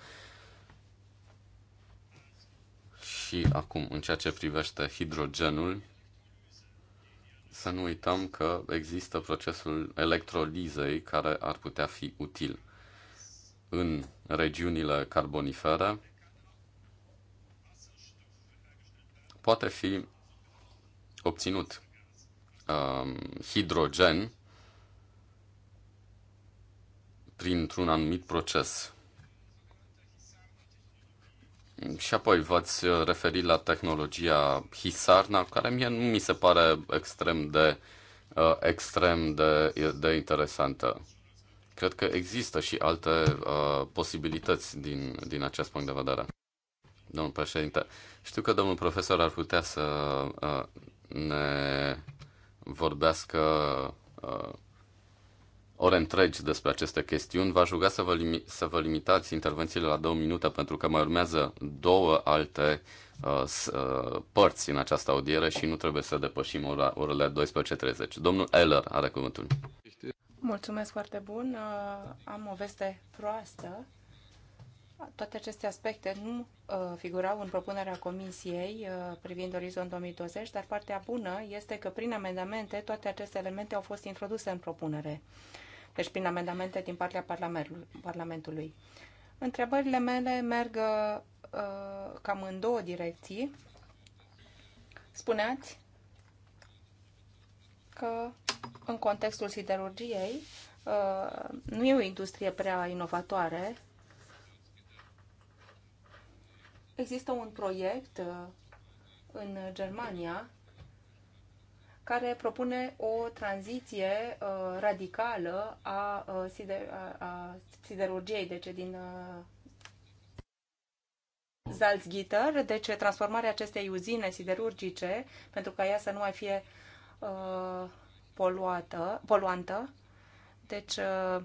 Și acum, în ceea ce privește hidrogenul, să nu uităm că există procesul electrolizei care ar putea fi util în regiunile carbonifere poate fi obținut um, hidrogen printr-un anumit proces. Și apoi v-ați referit la tehnologia Hisarna, care mie nu mi se pare extrem de, uh, extrem de, de interesantă. Cred că există și alte uh, posibilități din, din acest punct de vedere. Domnul președinte, știu că domnul profesor ar putea să uh, ne vorbească uh, ore întregi despre aceste chestiuni. V-aș ruga să vă, limi- să vă limitați intervențiile la două minute, pentru că mai urmează două alte uh, uh, părți în această audiere și nu trebuie să depășim ora, orele 12.30. Domnul Eller are cuvântul. Mulțumesc foarte bun. Uh, am o veste proastă. Toate aceste aspecte nu uh, figurau în propunerea Comisiei uh, privind Orizont 2020, dar partea bună este că prin amendamente toate aceste elemente au fost introduse în propunere. Deci prin amendamente din partea Parlamentului. Întrebările mele merg cam în două direcții. Spuneați că în contextul siderurgiei, uh, nu e o industrie prea inovatoare. Există un proiect uh, în Germania care propune o tranziție uh, radicală a, siderurgiei, deci din Salzgitter, deci transformarea acestei uzine siderurgice, pentru ca ea să nu mai fie uh, poluată, poluantă. Deci uh,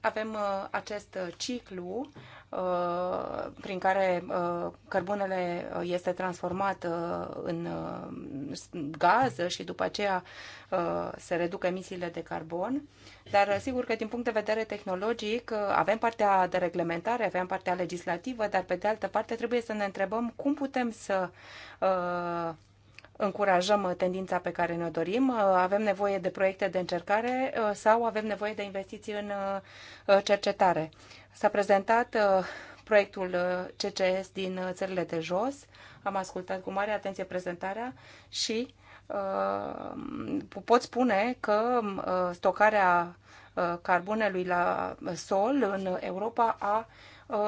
avem uh, acest ciclu uh, prin care cărbunele este transformat în gaz și după aceea se reduc emisiile de carbon. Dar sigur că din punct de vedere tehnologic avem partea de reglementare, avem partea legislativă, dar pe de altă parte trebuie să ne întrebăm cum putem să încurajăm uh, tendința pe care ne-o dorim, uh, avem nevoie de proiecte de încercare uh, sau avem nevoie de investiții în cercetare. S-a prezentat proiectul CCS din țările de jos, am ascultat cu mare atenție prezentarea și pot spune că stocarea carbonelui la sol în Europa a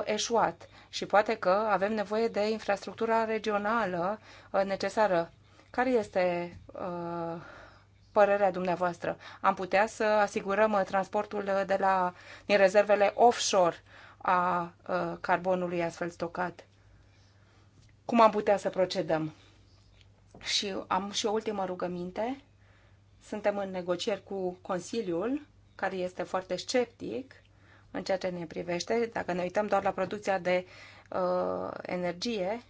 eșuat și poate că avem nevoie de infrastructura regională necesară care este uh, părerea dumneavoastră? Am putea să asigurăm uh, transportul uh, de la, din rezervele offshore a uh, carbonului astfel stocat? Cum am putea să procedăm? Și am și o ultimă rugăminte. Suntem în negocieri cu Consiliul, care este foarte sceptic în ceea ce ne privește. Dacă ne uităm doar la producția de uh, energie,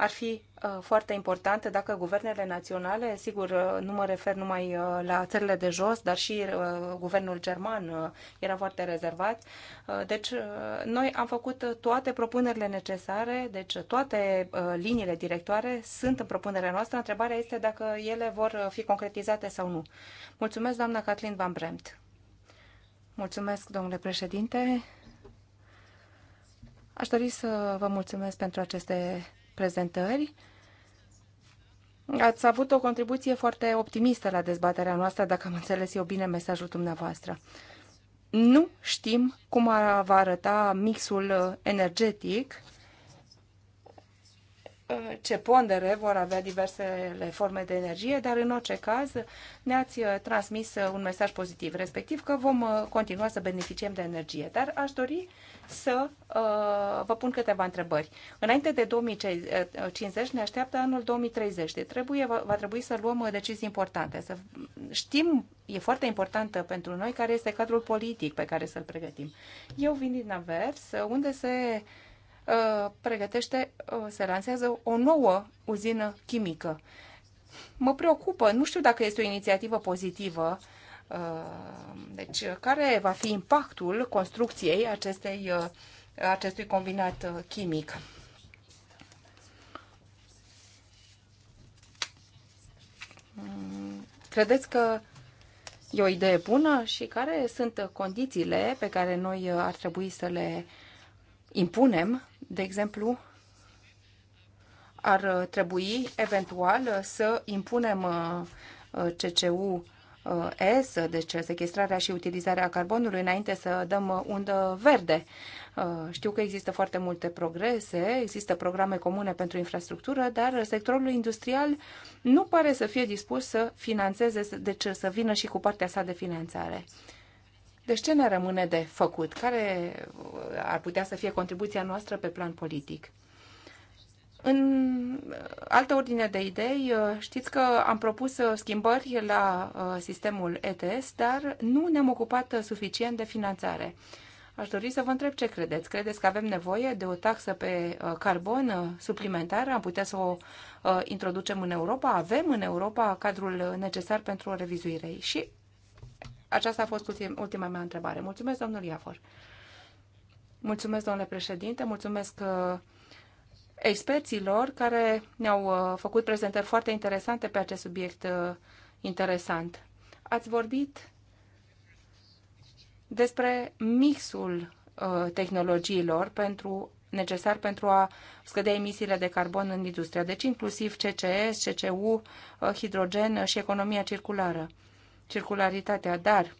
ar fi uh, foarte importantă dacă guvernele naționale, sigur uh, nu mă refer numai uh, la țările de jos, dar și guvernul german era foarte rezervat. Deci noi am făcut toate propunerile necesare, deci toate liniile directoare sunt în propunerea noastră. Întrebarea este dacă ele vor fi concretizate sau nu. Mulțumesc, doamna Kathleen Van Bremt. Mulțumesc, domnule președinte. Aș dori să vă mulțumesc pentru aceste prezentări. Ați avut o contribuție foarte optimistă la dezbaterea noastră, dacă am înțeles eu bine mesajul dumneavoastră. Nu știm cum va arăta mixul energetic Uh, ce pondere vor avea diversele forme de energie, dar în orice caz ne-ați uh, transmis uh, un mesaj pozitiv, respectiv că vom continua să beneficiem de energie. Dar aș dori să uh, vă pun câteva întrebări. Înainte de 2050 ne așteaptă anul 2030. Deci trebuie, va, va trebui să luăm decizii importante. Să știm, e foarte importantă pentru noi care este cadrul politic pe care să-l pregătim. Eu vin din Avers, unde se uh, Uh, pregătește, uh, se lansează o nouă uzină chimică. Mă preocupă, nu știu dacă este o inițiativă pozitivă, uh, deci care va fi impactul construcției acestei, acestui combinat chimic. Mm, credeți că e o idee bună și care sunt condițiile pe care noi ar trebui să le impunem de exemplu, ar trebui eventual să impunem uh, CCU uh, S, deci sequestrarea și utilizarea carbonului, înainte să dăm undă verde. Uh, știu că există foarte multe progrese, există programe comune pentru infrastructură, dar sectorul industrial nu pare să fie dispus să financeze, deci să vină și cu partea sa de finanțare. Deci ce ne rămâne de făcut? Care uh, ar putea să fie contribuția noastră pe plan politic? În uh, altă ordine de idei, uh, știți că am propus schimbări la sistemul ETS, dar nu ne-am ocupat suficient de finanțare. Aș dori să vă întreb ce credeți. Credeți că avem nevoie de o taxă pe carbon suplimentară? Am putea să o introducem în Europa? Avem în Europa cadrul necesar pentru o revizuire. Și aceasta a fost ultim, ultima mea întrebare. Mulțumesc, domnul Iafor. Mulțumesc, domnule președinte, mulțumesc uh, experților care ne-au uh, făcut prezentări foarte interesante pe acest subiect uh, interesant. Ați vorbit despre mixul tehnologiilor pentru necesar pentru a scădea emisiile de carbon în industria, deci inclusiv CCS, CCU, hidrogen și economia circulară circularitatea, dar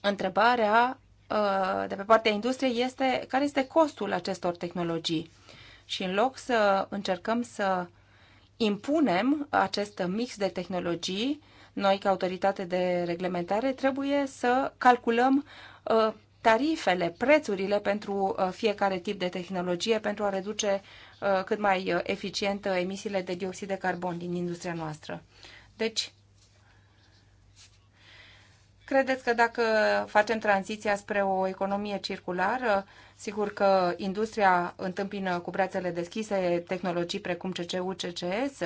întrebarea uh, de pe partea industriei este care este costul acestor tehnologii. Și în loc să încercăm să impunem acest mix de tehnologii, noi ca autoritate de reglementare trebuie să calculăm uh, tarifele, prețurile pentru uh, fiecare tip de tehnologie pentru a reduce cât mai eficient emisiile de dioxid de carbon din industria noastră. Deci, Credeți că dacă facem tranziția spre o economie circulară, sigur că industria întâmpină cu brațele deschise tehnologii precum CCU, CCS,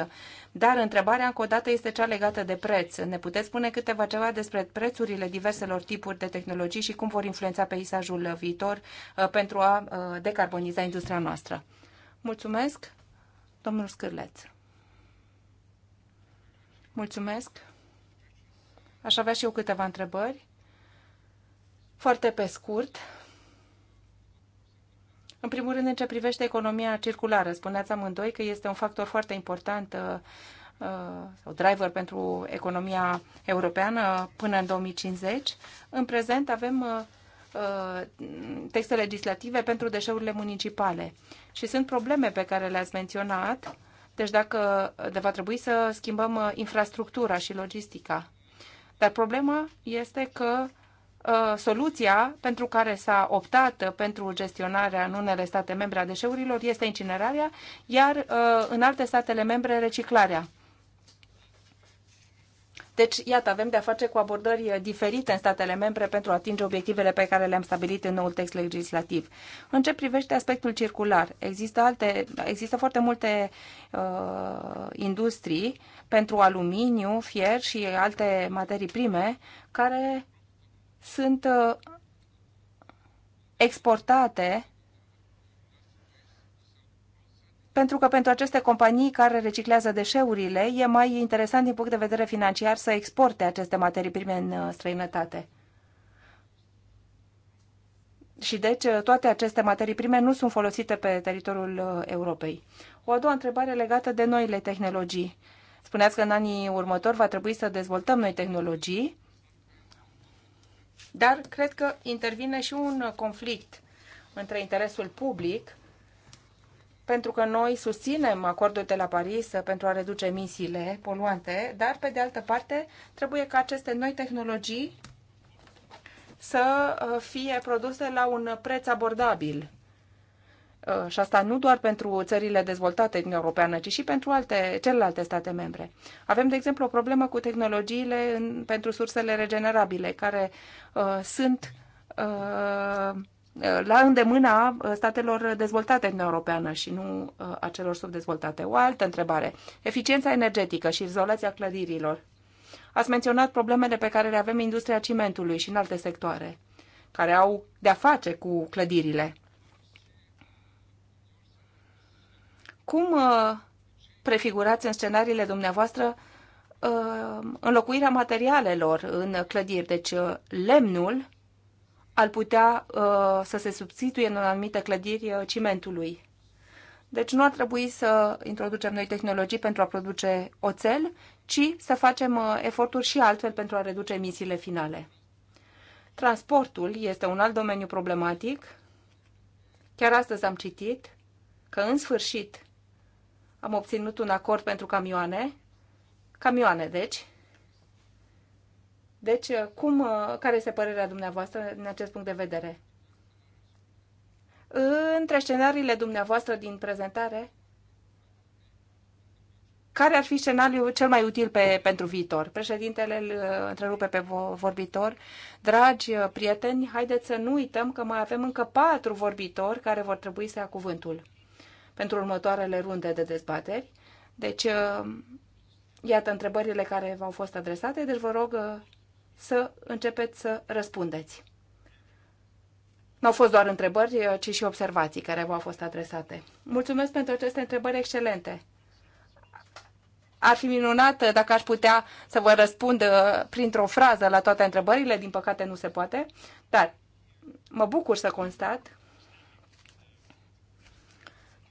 dar întrebarea încă o dată este cea legată de preț. Ne puteți spune câteva ceva despre prețurile diverselor tipuri de tehnologii și cum vor influența peisajul viitor uh, pentru a uh, decarboniza industria noastră? Mulțumesc, domnul Scârleț. Mulțumesc. Aș avea și eu câteva întrebări. Foarte pe scurt. În primul rând, în ce privește economia circulară, spuneați amândoi că este un factor foarte important uh, uh, sau driver pentru economia europeană până în 2050. În prezent avem uh, texte legislative pentru deșeurile municipale și sunt probleme pe care le-ați menționat. Deci dacă de va trebui să schimbăm infrastructura și logistica. Dar problema este că uh, soluția pentru care s-a optat pentru gestionarea în unele state membre a deșeurilor este incinerarea, iar uh, în alte statele membre reciclarea. Deci, iată, avem de-a face cu abordări eh, diferite în statele membre pentru a atinge obiectivele pe care le-am stabilit în noul text legislativ. În ce privește aspectul circular, există, alte, există foarte multe uh, industrii pentru aluminiu, fier și alte materii prime care sunt uh, exportate pentru că pentru aceste companii care reciclează deșeurile e mai interesant din punct de vedere financiar să exporte aceste materii prime în uh, străinătate. Și deci uh, toate aceste materii prime nu sunt folosite pe teritoriul uh, Europei. O a doua întrebare legată de noile tehnologii. Spuneați că în anii următori va trebui să dezvoltăm noi tehnologii, dar cred că intervine și un conflict între interesul public pentru că noi susținem acordul de la Paris pentru a reduce emisiile poluante, dar, pe de altă parte, trebuie ca aceste noi tehnologii să uh, fie produse la un preț abordabil. Uh, și asta nu doar pentru țările dezvoltate din Europeană, ci și pentru alte, celelalte state membre. Avem, de exemplu, o problemă cu tehnologiile în, pentru sursele regenerabile, care uh, sunt uh, la îndemâna uh, statelor dezvoltate în Europeană și nu uh, a celor subdezvoltate. O altă întrebare. Eficiența energetică și izolația clădirilor. Ați menționat problemele pe care le avem în industria cimentului și în alte sectoare, care au de-a face cu clădirile. Cum uh, prefigurați în scenariile dumneavoastră înlocuirea materialelor în clădiri? Deci lemnul ar putea uh, să se substituie în anumite clădiri uh, cimentului. Deci nu ar trebui să introducem noi tehnologii pentru a produce oțel, ci să facem uh, eforturi și altfel pentru a reduce emisiile finale. Transportul este un alt domeniu problematic. Chiar astăzi am citit că în sfârșit am obținut un acord pentru camioane, camioane deci, deci, uh, cum, uh, care este părerea dumneavoastră în acest punct de vedere? Între scenariile dumneavoastră din prezentare, care ar fi scenariul cel mai util pe, pentru viitor? Președintele îl uh, întrerupe pe vorbitor. Dragi prieteni, haideți să nu uităm că mai avem încă patru vorbitori care vor trebui să ia cuvântul pentru următoarele runde de dezbateri. Deci, iată întrebările care v-au fost adresate, deci vă rog să începeți să răspundeți. Nu au fost doar întrebări, ci și observații care v-au fost adresate. Mulțumesc pentru aceste întrebări excelente. Ar fi minunat dacă aș putea să vă răspund uh, printr-o frază la toate întrebările, din păcate nu se poate, dar mă bucur să constat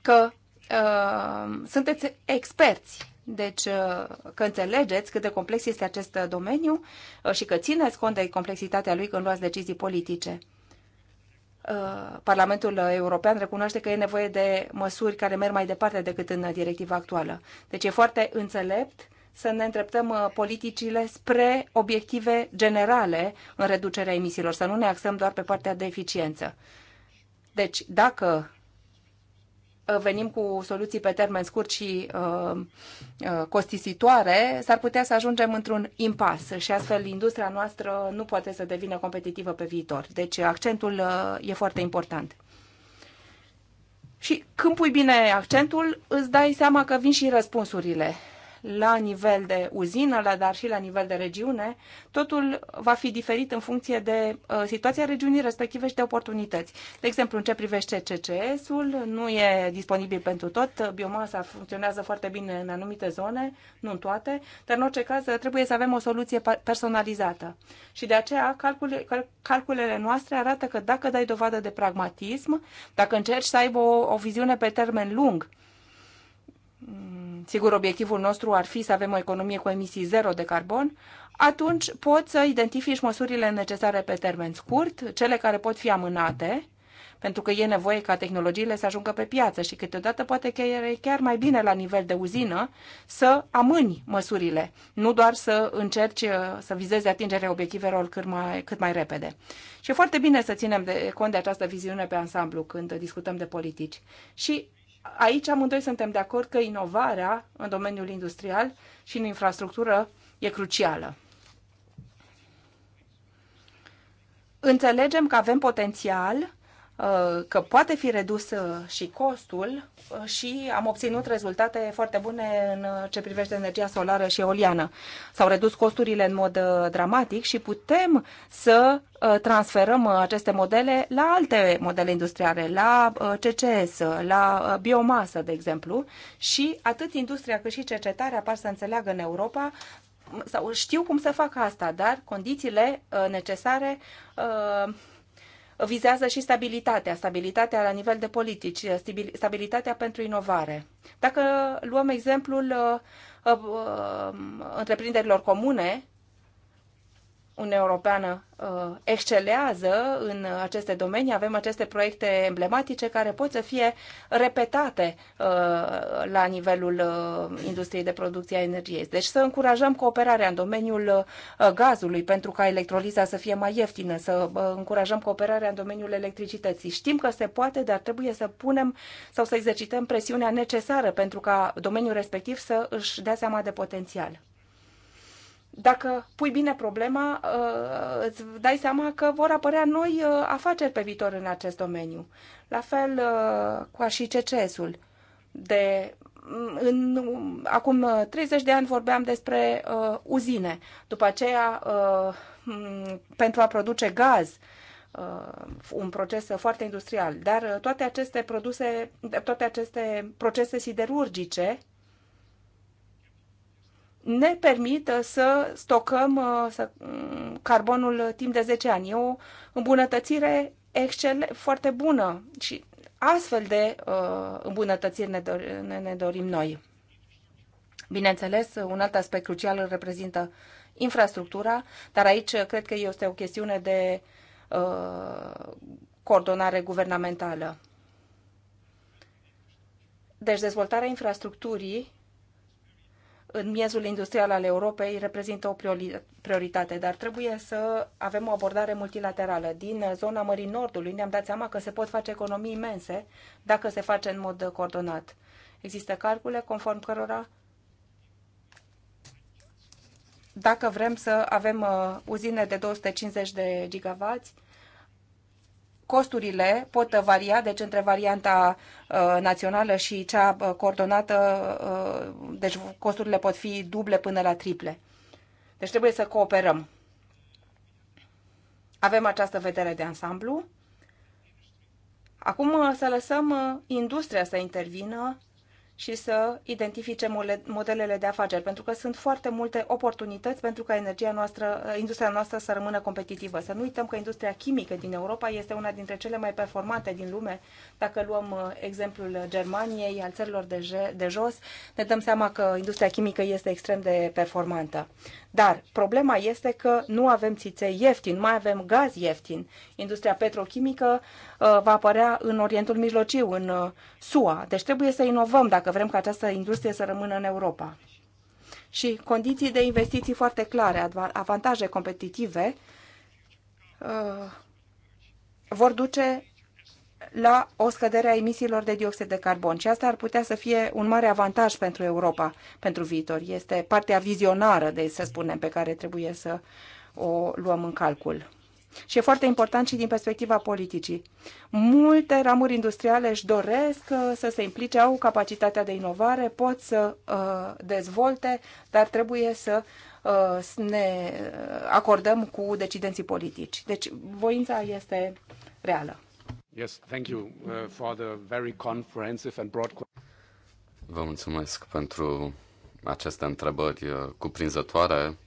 că uh, sunteți experți deci uh, că înțelegeți cât de complex este acest uh, domeniu uh, și că țineți cont de complexitatea lui când luați decizii politice. Parlamentul European recunoaște că e nevoie de măsuri care merg mai departe decât în directiva actuală. Deci e foarte înțelept să ne îndreptăm politicile spre obiective generale în reducerea emisiilor, să nu ne axăm doar pe partea de eficiență. Deci, dacă Uh, venim cu soluții pe termen scurt și uh, uh, costisitoare, s-ar putea să ajungem într-un impas și astfel industria noastră nu poate să devină competitivă pe viitor. Deci accentul uh, e foarte important. Și când pui bine accentul, îți dai seama că vin și răspunsurile la nivel de uzină, dar și la nivel de regiune, totul va fi diferit în funcție de uh, situația regiunii respective și de oportunități. De exemplu, în ce privește CCS-ul, nu e disponibil pentru tot, biomasa funcționează foarte bine în anumite zone, nu în toate, dar în orice caz uh, trebuie să avem o soluție personalizată. Și de aceea calcule, cal, calculele noastre arată că dacă dai dovadă de pragmatism, dacă încerci să aibă o, o viziune pe termen lung, Mm, sigur, obiectivul nostru ar fi să avem o economie cu emisii zero de carbon, atunci poți să identifici măsurile necesare pe termen scurt, cele care pot fi amânate, pentru că e nevoie ca tehnologiile să ajungă pe piață și câteodată poate că e chiar mai bine la nivel de uzină să amâni măsurile, nu doar să încerci uh, să vizezi atingerea obiectivelor cât mai, cât mai repede. Și e foarte bine să ținem de, cont de această viziune pe ansamblu când discutăm de politici. Și aici amândoi suntem de acord că inovarea în domeniul industrial și în infrastructură e crucială. Înțelegem că avem potențial Uh, că poate fi redus uh, și costul uh, și am obținut rezultate foarte bune în ce privește energia solară și eoliană. S-au redus costurile în mod dramatic și putem să transferăm aceste modele la alte modele industriale, la CCS, la biomasă, de exemplu, și atât industria cât și cercetarea par să înțeleagă în Europa sau știu cum să fac asta, dar condițiile necesare vizează și stabilitatea, stabilitatea la nivel de politici, stabilitatea pentru inovare. Dacă luăm exemplul uh, uh, uh, întreprinderilor comune, Uniunea Europeană uh, excelează în aceste domenii. Avem aceste proiecte emblematice care pot să fie repetate uh, la nivelul uh, industriei de producție a energiei. Deci să încurajăm cooperarea în domeniul uh, gazului pentru ca electroliza să fie mai ieftină, să uh, încurajăm cooperarea în domeniul electricității. Știm că se poate, dar trebuie să punem sau să exercităm presiunea necesară pentru ca domeniul respectiv să își dea seama de potențial dacă pui bine problema, uh, îți dai seama că vor apărea noi uh, afaceri pe viitor în acest domeniu. La fel uh, cu și CCS-ul. De, mm, în, acum 30 de ani vorbeam despre uh, uzine. După aceea, uh, mm, pentru a produce gaz, uh, un proces foarte industrial. Dar toate aceste produse, toate aceste procese siderurgice ne permită uh, să stocăm uh, să, mm, carbonul timp de 10 ani. E o îmbunătățire excel, foarte bună și astfel de uh, îmbunătățiri ne, dor, ne, ne dorim noi. Bineînțeles, un alt aspect crucial îl reprezintă infrastructura, dar aici uh, cred că este o chestiune de uh, coordonare guvernamentală. Deci dezvoltarea infrastructurii în miezul industrial al Europei reprezintă o prioritate, dar trebuie să avem o abordare multilaterală. Din zona Mării Nordului ne-am dat seama că se pot face economii imense dacă se face în mod coordonat. Există calcule conform cărora dacă vrem să avem uh, uzine de 250 de gigavați, costurile pot varia, deci între varianta uh, națională și cea uh, coordonată, uh, deci costurile pot fi duble până la triple. Deci trebuie să cooperăm. Avem această vedere de ansamblu. Acum să lăsăm industria să intervină și să identifice modelele de afaceri, pentru că sunt foarte multe oportunități pentru ca energia noastră, uh, industria noastră să rămână competitivă. Să nu uităm că industria chimică din Europa este una dintre cele mai performante din lume. Dacă luăm uh, exemplul Germaniei, al țărilor de, de jos, ne dăm seama că industria chimică este extrem de performantă. Dar problema este că nu avem țiței ieftin, mai avem gaz ieftin. Industria petrochimică uh, va apărea în Orientul Mijlociu, în uh, SUA. Deci trebuie să inovăm dacă vrem ca această industrie să rămână în Europa. Și condiții de investiții foarte clare, avantaje competitive, uh, vor duce la o scădere a emisiilor de dioxid de carbon și asta ar putea să fie un mare avantaj pentru Europa pentru viitor. Este partea vizionară, de să spunem, pe care trebuie să o luăm în calcul. Și e foarte important și din perspectiva politicii. Multe ramuri industriale își doresc uh, să se implice, au capacitatea de inovare, pot să uh, dezvolte, dar trebuie să uh, ne acordăm cu decidenții politici. Deci voința este reală. Yes, thank you uh, for the very comprehensive and broad Vă mulțumesc pentru aceste întrebări uh, cuprinzătoare,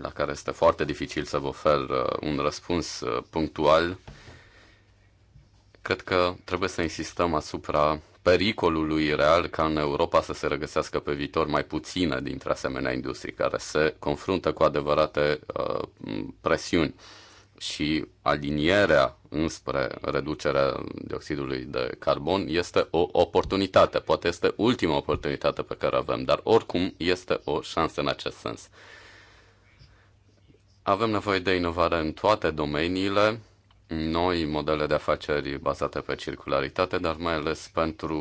la care este foarte dificil să vă ofer uh, un răspuns punctual. Cred că trebuie să insistăm asupra pericolului real ca în Europa să se regăsească pe viitor mai puține dintre asemenea industrii care se confruntă cu adevărate uh, presiuni. Uh, și alinierea înspre reducerea dioxidului de carbon este o oportunitate. Poate este ultima oportunitate pe care o avem, dar oricum este o șansă în acest sens. Avem nevoie de inovare în toate domeniile, noi modele de afaceri bazate pe circularitate, dar mai ales pentru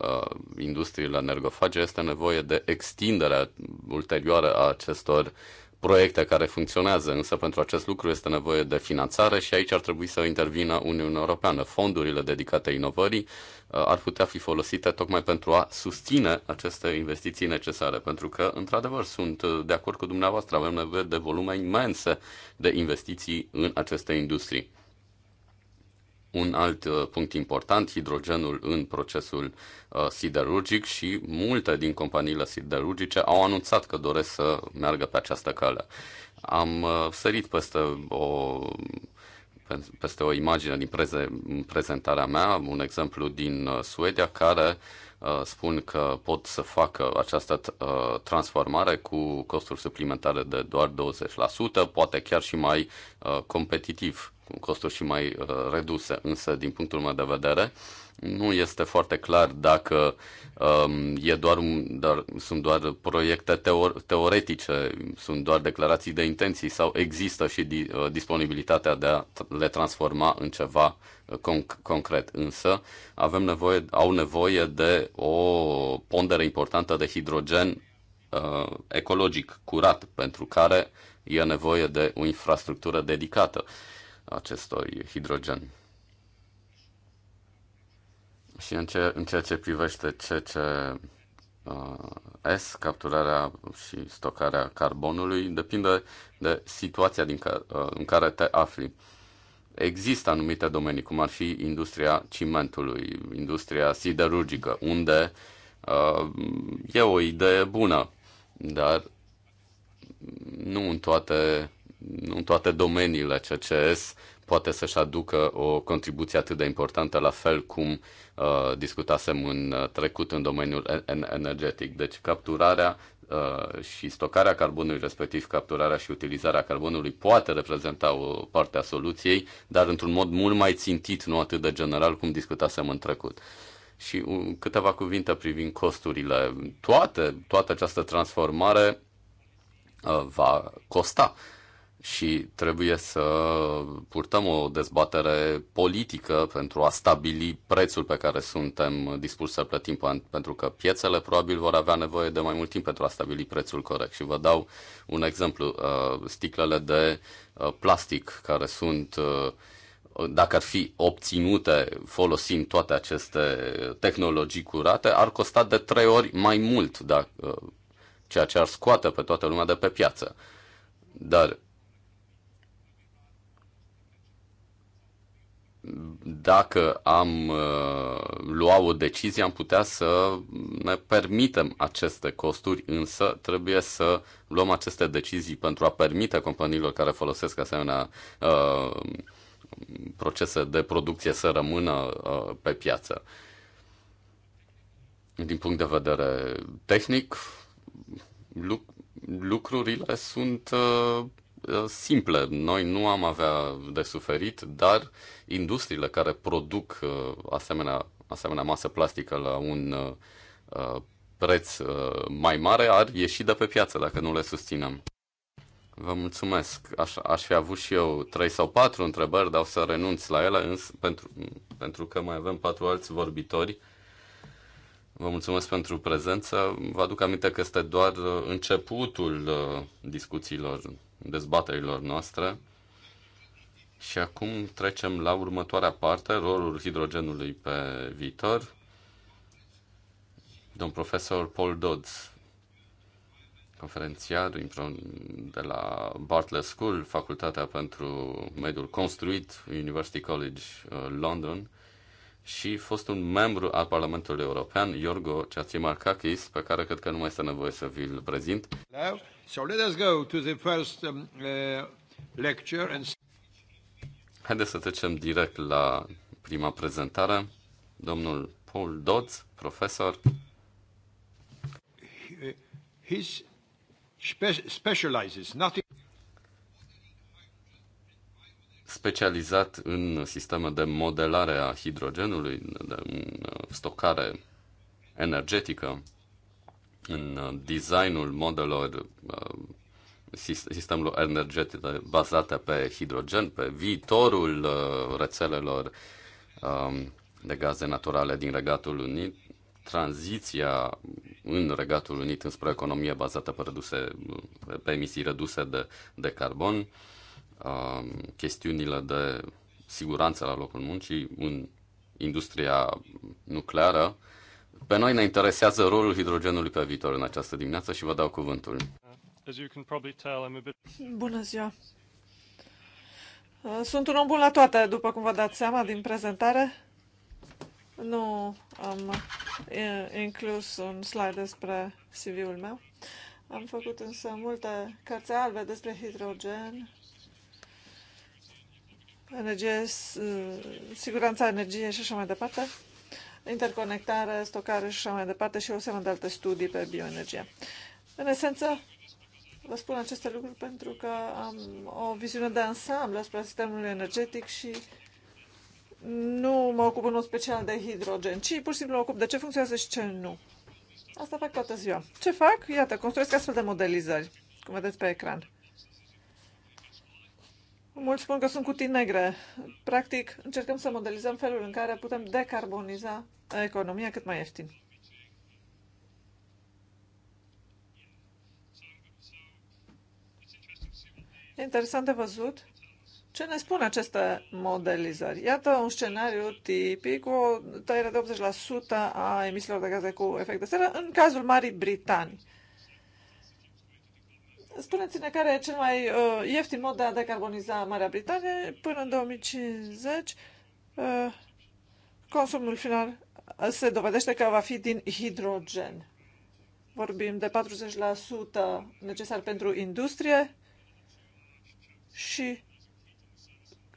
uh, industriile energofage este nevoie de extinderea ulterioară a acestor proiecte care funcționează, însă pentru acest lucru este nevoie de finanțare și aici ar trebui să intervină Uniunea Europeană. Fondurile dedicate inovării uh, ar putea fi folosite tocmai pentru a susține aceste investiții necesare, pentru că, într-adevăr, sunt uh, de acord cu dumneavoastră, avem nevoie de volume imense de investiții în aceste industrii un alt uh, punct important, hidrogenul în procesul uh, siderurgic și multe din companiile siderurgice au anunțat că doresc să meargă pe această cale. Am uh, sărit peste o peste o imagine din preze, prezentarea mea, un exemplu din Suedia, care uh, spun că pot să facă această uh, transformare cu costuri suplimentare de doar 20%, poate chiar și mai uh, competitiv costuri și mai uh, reduse. Însă, din punctul meu de vedere, nu este foarte clar dacă um, e doar, doar, sunt doar proiecte teor- teoretice, sunt doar declarații de intenții sau există și di- uh, disponibilitatea de a le transforma în ceva uh, conc- concret. Însă avem nevoie, au nevoie de o pondere importantă de hidrogen uh, ecologic, curat, pentru care e nevoie de o infrastructură dedicată. Uh, acestui hidrogen. Și în, ce, în ceea ce privește CCS, uh, capturarea și stocarea carbonului, depinde de situația din care, uh, în care te afli. Există anumite domenii, cum ar fi industria cimentului, industria siderurgică, unde uh, e o idee bună, dar nu în toate în toate domeniile CCS poate să-și aducă o contribuție atât de importantă, la fel cum uh, discutasem în uh, trecut în domeniul energetic. Deci capturarea uh, și stocarea carbonului, respectiv capturarea și utilizarea carbonului, poate reprezenta o parte a soluției, dar într-un mod mult mai țintit, nu atât de general cum discutasem în trecut și câteva cuvinte privind costurile. Toate, toată această transformare uh, va costa și trebuie să purtăm o dezbatere politică pentru a stabili prețul pe care suntem dispuși să plătim, pentru că piețele probabil vor avea nevoie de mai mult timp pentru a stabili prețul corect. Și vă dau un exemplu, uh, sticlele de uh, plastic care sunt uh, dacă ar fi obținute folosind toate aceste tehnologii curate, ar costa de trei ori mai mult, dacă, ceea ce ar scoate pe toată lumea de pe piață. Dar dacă am uh, lua o decizie, am putea să ne permitem aceste costuri, însă trebuie să luăm aceste decizii pentru a permite companiilor care folosesc asemenea uh, procese de producție să rămână uh, pe piață. Din punct de vedere tehnic, lucrurile sunt Uh, simple. Noi nu am avea de suferit, dar industriile care produc uh, asemenea, asemenea masă plastică la un uh, preț mai mare ar ieși de pe piață dacă nu le susținem. Vă mulțumesc. Aș, aș fi avut și eu trei sau patru întrebări, dar o să renunț la ele însă, pentru, pentru că mai avem patru alți vorbitori. Vă mulțumesc pentru prezență. Vă aduc aminte că este doar începutul discuțiilor dezbaterilor noastre. Și acum trecem la următoarea parte, rolul hidrogenului pe viitor. Domn profesor Paul Dodds, conferențiar de la Bartlett School, Facultatea pentru Mediul Construit, University College uh, London, și fost un membru al Parlamentului European, Iorgo Chatzimarkakis, pe care cred că nu mai este nevoie să vi-l prezint. Hello. So let us go to the first um, uh, lecture and... Haideți să trecem direct la prima prezentare. Domnul Paul Dodds, profesor. His specializat în sisteme de modelare a hidrogenului, de stocare energetică în uh, designul modelor uh, sistemelor energetice bazate pe hidrogen, pe viitorul uh, rețelelor um, de gaze naturale din Regatul Unit, tranziția în Regatul Unit înspre economie bazată pe, reduse, pe emisii reduse de, de carbon, um, chestiunile de siguranță la locul muncii în industria nucleară, pe noi ne interesează rolul hidrogenului pe viitor în această dimineață și vă dau cuvântul. Bună ziua! Uh, sunt un om bun la toate, după cum vă dați seama din prezentare. Nu am uh, inclus un slide despre CV-ul meu. Am făcut însă multe cărți albe despre hidrogen, energie, uh, siguranța energiei și așa mai departe interconectare, stocare și așa mai departe și o seamă de alte studii pe bioenergie. În esență, vă spun aceste lucruri pentru că am o viziune de ansamblu asupra sistemului energetic și nu mă ocup în mod special de hidrogen, ci pur și simplu mă ocup de ce funcționează și ce nu. Asta fac toată ziua. Ce fac? Iată, construiesc astfel de modelizări, cum vedeți pe ecran. Mulți spun că sunt cutii negre. Practic, încercăm să modelizăm felul în care putem decarboniza economia cât mai ieftin. E interesant de văzut ce ne spun aceste modelizări. Iată un scenariu tipic, o tăiere de 80% a emisiilor de gaze cu efect de seră în cazul Marii Britanii. Spuneți-ne care e cel mai uh, ieftin mod de a decarboniza Marea Britanie până în 2050. Uh, consumul final uh, se dovedește că va fi din hidrogen. Vorbim de 40% necesar pentru industrie și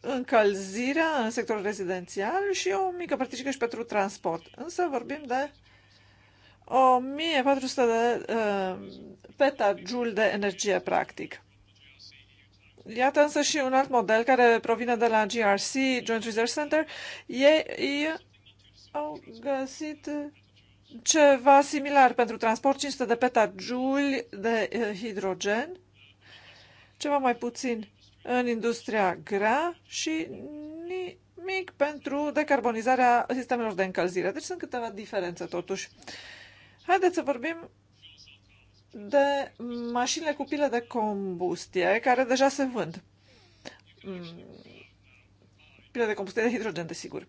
încălzirea în sectorul rezidențial și o mică părticică și pentru transport. Însă vorbim de 1400 de uh, petajoule de energie, practic. Iată însă și un alt model care provine de la GRC, Joint Research Center. Ei, au găsit ceva similar pentru transport, 500 de petajoule de uh, hidrogen, ceva mai puțin în industria grea și nimic pentru decarbonizarea sistemelor de încălzire. Deci sunt câteva diferențe totuși. Uh, Haideți să vorbim de mașinile cu pile de combustie care deja se vând. Mm, pile de combustie de hidrogen, desigur.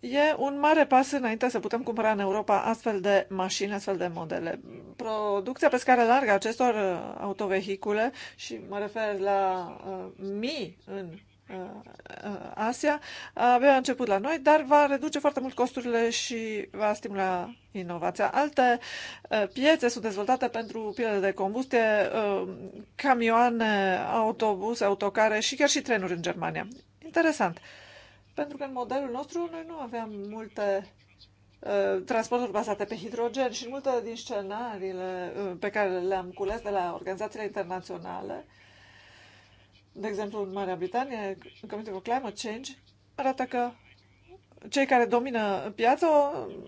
E un mare pas înainte să putem cumpăra în Europa astfel de mașini, astfel de modele. Producția pe scară largă a acestor uh, autovehicule, și mă refer la uh, mii în Uh, Asia. Abia a început la noi, dar va reduce foarte mult costurile și va stimula inovația. Alte uh, piețe sunt dezvoltate pentru piele de combustie, uh, camioane, autobuse, autocare și chiar și trenuri în Germania. Interesant. Pentru că în modelul nostru noi nu aveam multe transporturi bazate pe hidrogen și multe din scenariile pe care le-am cules de la organizațiile internaționale, de exemplu, în Marea Britanie, în Comitetul Climate Change, arată că cei care domină piața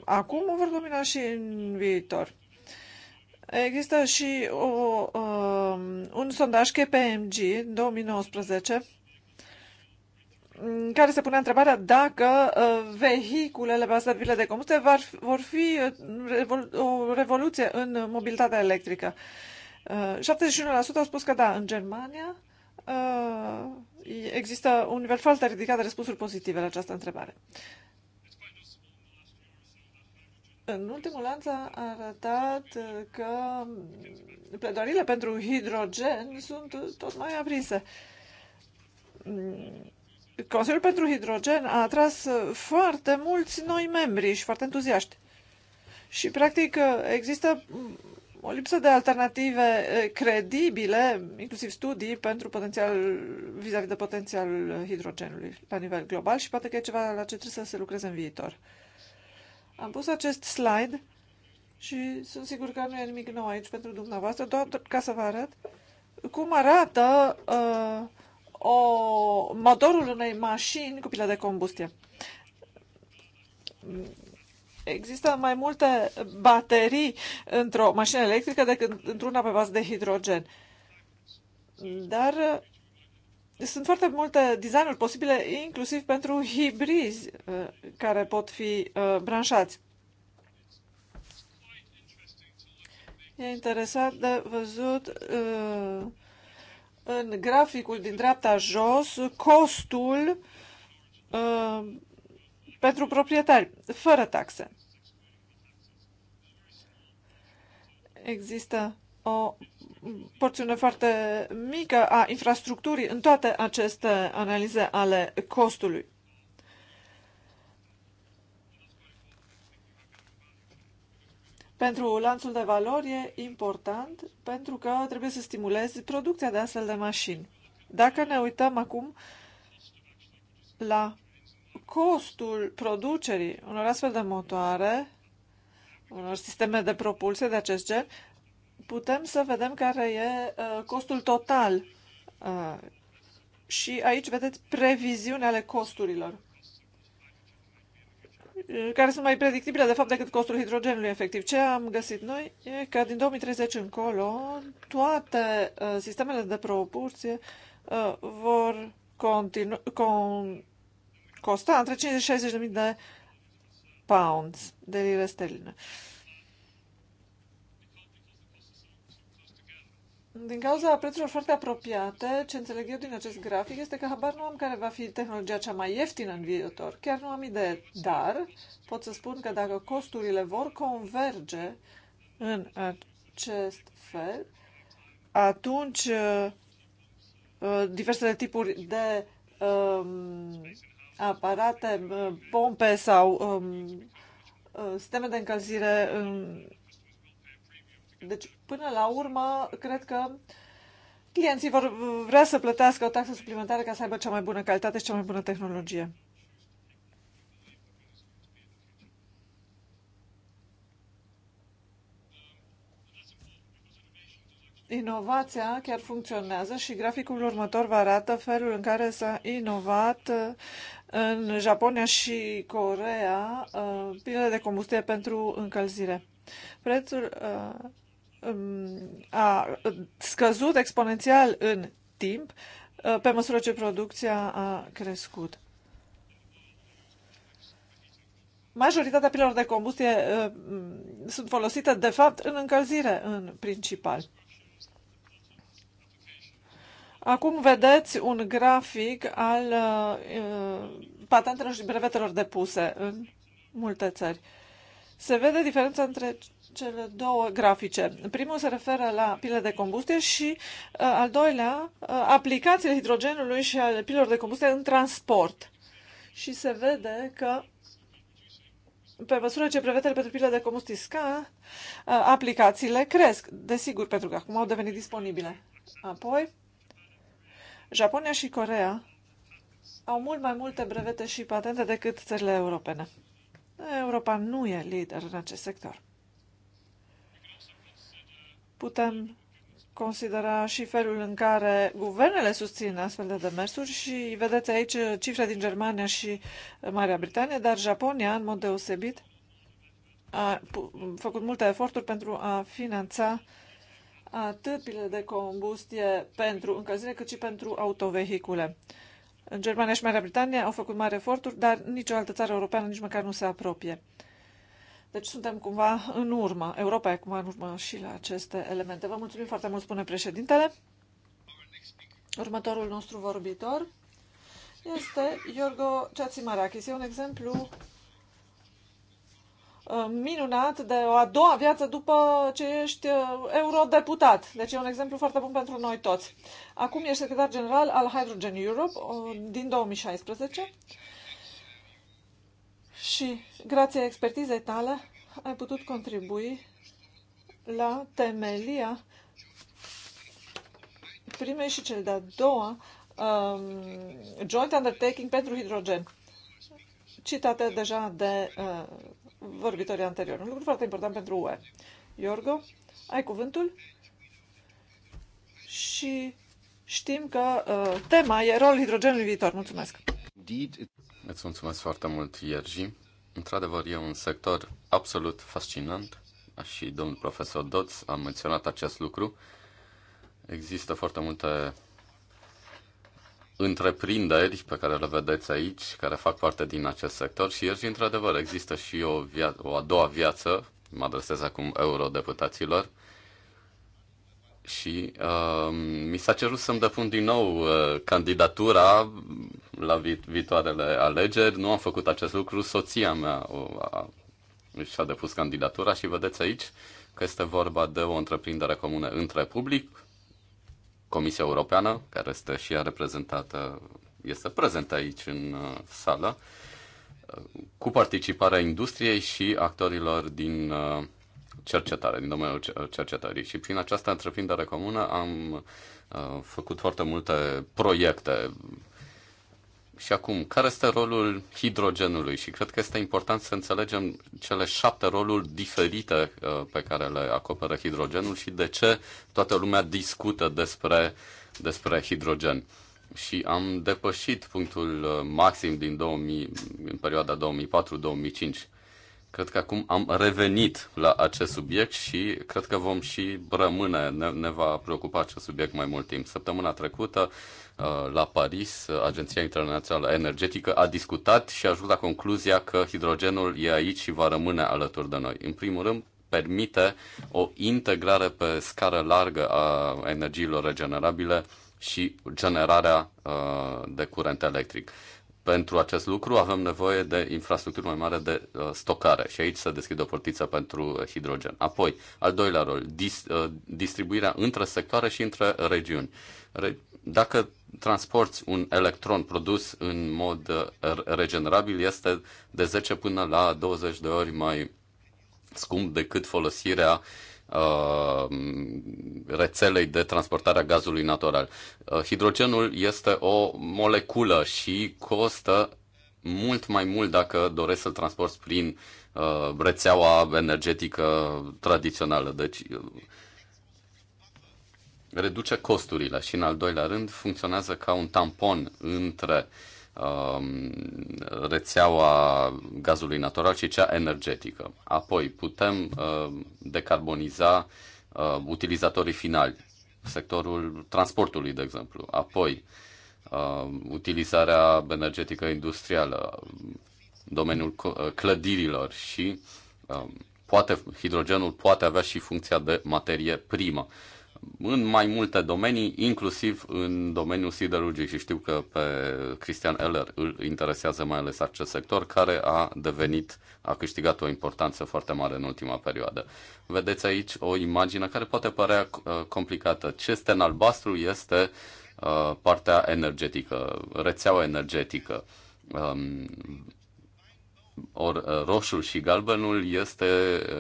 acum o vor domina și în viitor. Există și o, um, un sondaj KPMG în 2019 în care se pune întrebarea dacă uh, vehiculele bazabile de combustie vor fi revol, o revoluție în mobilitatea electrică. Uh, 71% au spus că da în Germania, Uh, există un nivel foarte ridicat de răspunsuri pozitive la această întrebare. În ultimul an s-a arătat că pledoarile pentru hidrogen sunt tot mai aprinse. Consiliul pentru Hidrogen a atras foarte mulți noi membri și foarte entuziaști. Și, practic, există o lipsă de alternative credibile, inclusiv studii pentru potențial, vis-a-vis -vis de potențialul hidrogenului la nivel global și poate că e ceva la ce trebuie să se lucreze în viitor. Am pus acest slide și sunt sigur că nu e nimic nou aici pentru dumneavoastră, doar ca să vă arăt cum arată uh, o, motorul unei mașini cu pila de combustie există mai multe baterii într-o mașină electrică decât într-una pe bază de hidrogen. Dar uh, sunt foarte multe designuri posibile, inclusiv pentru hibrizi uh, care pot fi uh, branșați. E interesant de văzut în graficul din dreapta jos costul pentru proprietari, fără taxe. Există o porțiune foarte mică a infrastructurii în toate aceste analize ale costului. Pentru lanțul de valori e important pentru că trebuie să stimulezi producția de astfel de mașini. Dacă ne uităm acum la costul producerii unor astfel de motoare, unor sisteme de propulsie de acest gen, putem să vedem care e uh, costul total. Uh, și aici vedeți previziunea ale costurilor, uh, care sunt mai predictibile, de fapt, decât costul hidrogenului efectiv. Ce am găsit noi e că din 2030 încolo toate sistemele de propulsie vor continu- con- costa între 50 și 60.000 de de pounds de lire sterline. Din cauza prețurilor foarte apropiate, ce înțeleg eu din acest grafic este că habar nu am care va fi tehnologia cea mai ieftină în viitor. Chiar nu am idee, dar pot să spun că dacă costurile vor converge în acest fel, atunci uh, diversele tipuri de um, aparate, uh, pompe sau um, uh, sisteme de încălzire. Deci, până la urmă, cred că clienții vor vrea să plătească o taxă suplimentară ca să aibă cea mai bună calitate și cea mai bună tehnologie. Inovația chiar funcționează și graficul următor vă arată felul în care s-a inovat uh, în Japonia și Corea uh, pilele de combustie pentru încălzire. Prețul uh, um, a scăzut exponențial în timp pe măsură ce producția a crescut. Majoritatea pilelor de combustie sunt folosite, de fapt, în încălzire, în principal. Acum vedeți un grafic al uh, patentelor și brevetelor depuse în multe țări. Se vede diferența între cele două grafice. Primul se referă la pile de combustie și uh, al doilea, uh, aplicațiile hidrogenului și ale pilelor de combustie în transport. Și se vede că pe măsură ce brevetele pentru pile de combustie scad, uh, aplicațiile cresc, desigur, pentru că acum au devenit disponibile. Apoi, Japonia și Corea au mult mai multe brevete și patente decât țările europene. Europa nu e lider în acest sector. Putem considera și felul în care guvernele susțin astfel de demersuri și vedeți aici cifre din Germania și Marea Britanie, dar Japonia, în mod deosebit, a făcut multe eforturi pentru a finanța atât pile de combustie pentru încălzire, cât și pentru autovehicule. În Germania și Marea Britanie au făcut mari eforturi, dar nicio altă țară europeană nici măcar nu se apropie. Deci suntem cumva în urmă. Europa e cumva în urmă și la aceste elemente. Vă mulțumim foarte mult, spune președintele. Următorul nostru vorbitor este Iorgo Ceațimarachis. E un exemplu Uh, minunat de o a doua viață după ce ești uh, eurodeputat. Deci e un exemplu foarte bun pentru noi toți. Acum ești secretar general al Hydrogen Europe uh, din 2016 și grație expertizei tale ai putut contribui la temelia primei și cel de-a doua um, joint undertaking pentru hidrogen, citate deja de uh, vorbitorii anteriori. Un lucru foarte important pentru UE. Iorgo, ai cuvântul? Și știm că uh, tema e rolul hidrogenului viitor. Mulțumesc! Îți mulțumesc foarte mult, Iergi. Într-adevăr, e un sector absolut fascinant și domnul profesor Dodds a menționat acest lucru. Există foarte multe întreprinderi pe care le vedeți aici, care fac parte din acest sector și ieri, într-adevăr, există și o, via- o a doua viață, mă adresez acum eurodeputaților, și uh, mi s-a cerut să-mi depun din nou uh, candidatura la vi- viitoarele alegeri. Nu am făcut acest lucru, soția mea a, și-a depus candidatura și vedeți aici că este vorba de o întreprindere comună între public, Comisia Europeană, care este și ea reprezentată, este prezentă aici în uh, sală, uh, cu participarea industriei și actorilor din uh, cercetare, din domeniul cercetării. Și prin această întreprindere comună am făcut foarte multe proiecte și acum, care este rolul hidrogenului? Și cred că este important să înțelegem cele șapte roluri diferite uh, pe care le acoperă hidrogenul și de ce toată lumea discută despre, despre hidrogen. Și am depășit punctul uh, maxim din 2000, în perioada 2004-2005. Cred că acum am revenit la acest subiect și cred că vom și rămâne, ne, ne va preocupa acest subiect mai mult timp. Săptămâna trecută, uh, la Paris, uh, Agenția Internațională Energetică a discutat și a ajuns la concluzia că hidrogenul e aici și va rămâne alături de noi. În primul rând, permite o integrare pe scară largă a energiilor regenerabile și generarea uh, de curent electric pentru acest lucru avem nevoie de infrastructuri mai mare de uh, stocare și aici se deschide o portiță pentru uh, hidrogen. Apoi, al doilea rol, dis, uh, distribuirea între sectoare și între regiuni. Re- dacă transporti un electron produs în mod uh, regenerabil, este de 10 până la 20 de ori mai scump decât folosirea uh, Uh, rețelei de transportare a gazului natural. Uh, hidrogenul este o moleculă și costă mult mai mult dacă doresc să-l transporti prin uh, rețeaua energetică tradițională. Deci reduce costurile și, în al doilea rând, funcționează ca un tampon între uh, Um, rețeaua gazului natural și cea energetică. Apoi putem um, decarboniza um, utilizatorii finali, sectorul transportului, de exemplu. Apoi utilizarea energetică industrială, domeniul uh, clădirilor și poate, hidrogenul poate avea și funcția de materie primă în mai multe domenii, inclusiv în domeniul siderurgic. Și știu că pe Cristian Eller îl interesează mai ales acest sector, care a devenit, a câștigat o importanță foarte mare în ultima perioadă. Vedeți aici o imagine care poate părea uh, complicată. Ce este în albastru este uh, partea energetică, rețeaua energetică. Um, Or, uh, roșul și galbenul este,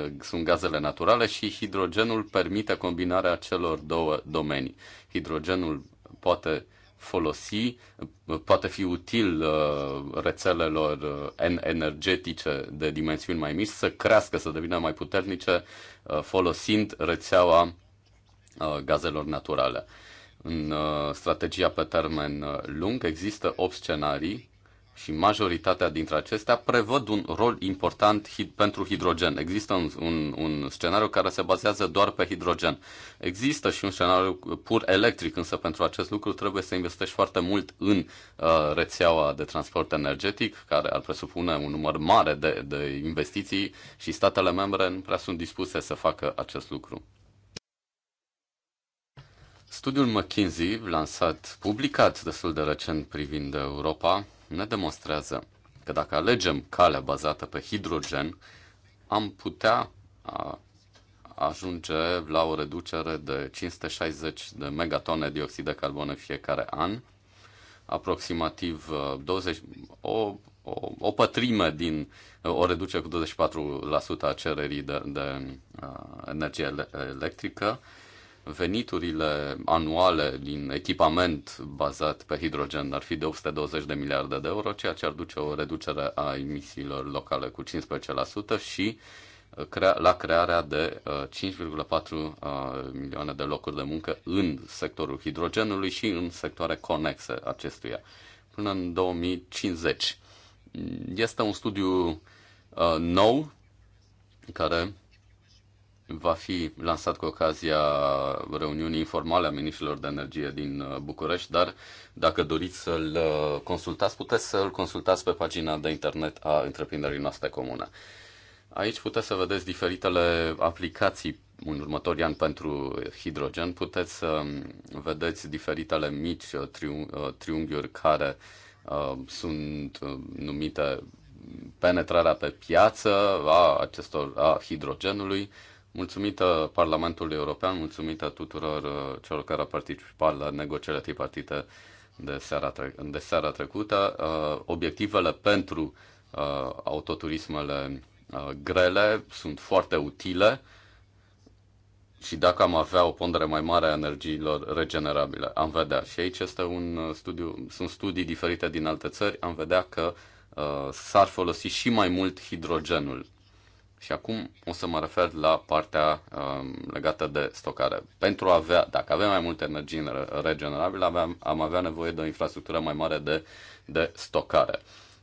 uh, sunt gazele naturale și hidrogenul permite combinarea celor două domenii. Hidrogenul poate folosi, uh, poate fi util rețelelor energetice de dimensiuni mai mici să crească, să devină mai puternice folosind rețeaua gazelor naturale. În strategia pe termen lung există 8 scenarii și majoritatea dintre acestea prevăd un rol important pentru hidrogen. Există un, un, un scenariu care se bazează doar pe hidrogen. Există și un scenariu pur electric, însă pentru acest lucru trebuie să investești foarte mult în uh, rețeaua de transport energetic, care ar presupune un număr mare de, de investiții și statele membre nu prea sunt dispuse să facă acest lucru. Studiul McKinsey, lansat, publicat destul de recent privind Europa, ne demonstrează că dacă alegem calea bazată pe hidrogen, am putea ajunge la o reducere de 560 de megatone dioxid de carbon în fiecare an, aproximativ 20, o, o, o pătrime din o reducere cu 24% a cererii de, de energie electrică veniturile anuale din echipament bazat pe hidrogen ar fi de 820 de miliarde de euro, ceea ce ar duce o reducere a emisiilor locale cu 15% și uh, la crearea de 5,4 uh, uh, milioane de locuri de muncă în sectorul hidrogenului și în sectoare conexe acestuia până în 2050. Este un studiu nou care va fi lansat cu ocazia reuniunii informale a ministrilor de energie din uh, București, dar dacă doriți să-l uh, consultați, puteți să-l consultați pe pagina de internet a întreprinderii noastre comune. Aici puteți să vedeți diferitele aplicații în următorii ani pentru hidrogen. Puteți să um, vedeți diferitele mici uh, triunghiuri care sunt numite penetrarea pe piață a acestor a hidrogenului, Mulțumită Parlamentului European, mulțumită tuturor uh, celor care au participat la negocierile tripartite de seara, tre- de seara trecută, uh, obiectivele pentru uh, autoturismele grele sunt foarte utile și dacă am avea o pondere mai mare a energiilor regenerabile, am vedea. Și aici este un studiu, sunt studii diferite din alte țări, am vedea că uh, s-ar folosi și mai mult hidrogenul și acum o să mă refer la partea um, legată de stocare. Pentru a avea, dacă avem mai multă energie regenerabilă, aveam, am avea nevoie de o infrastructură mai mare de, de stocare.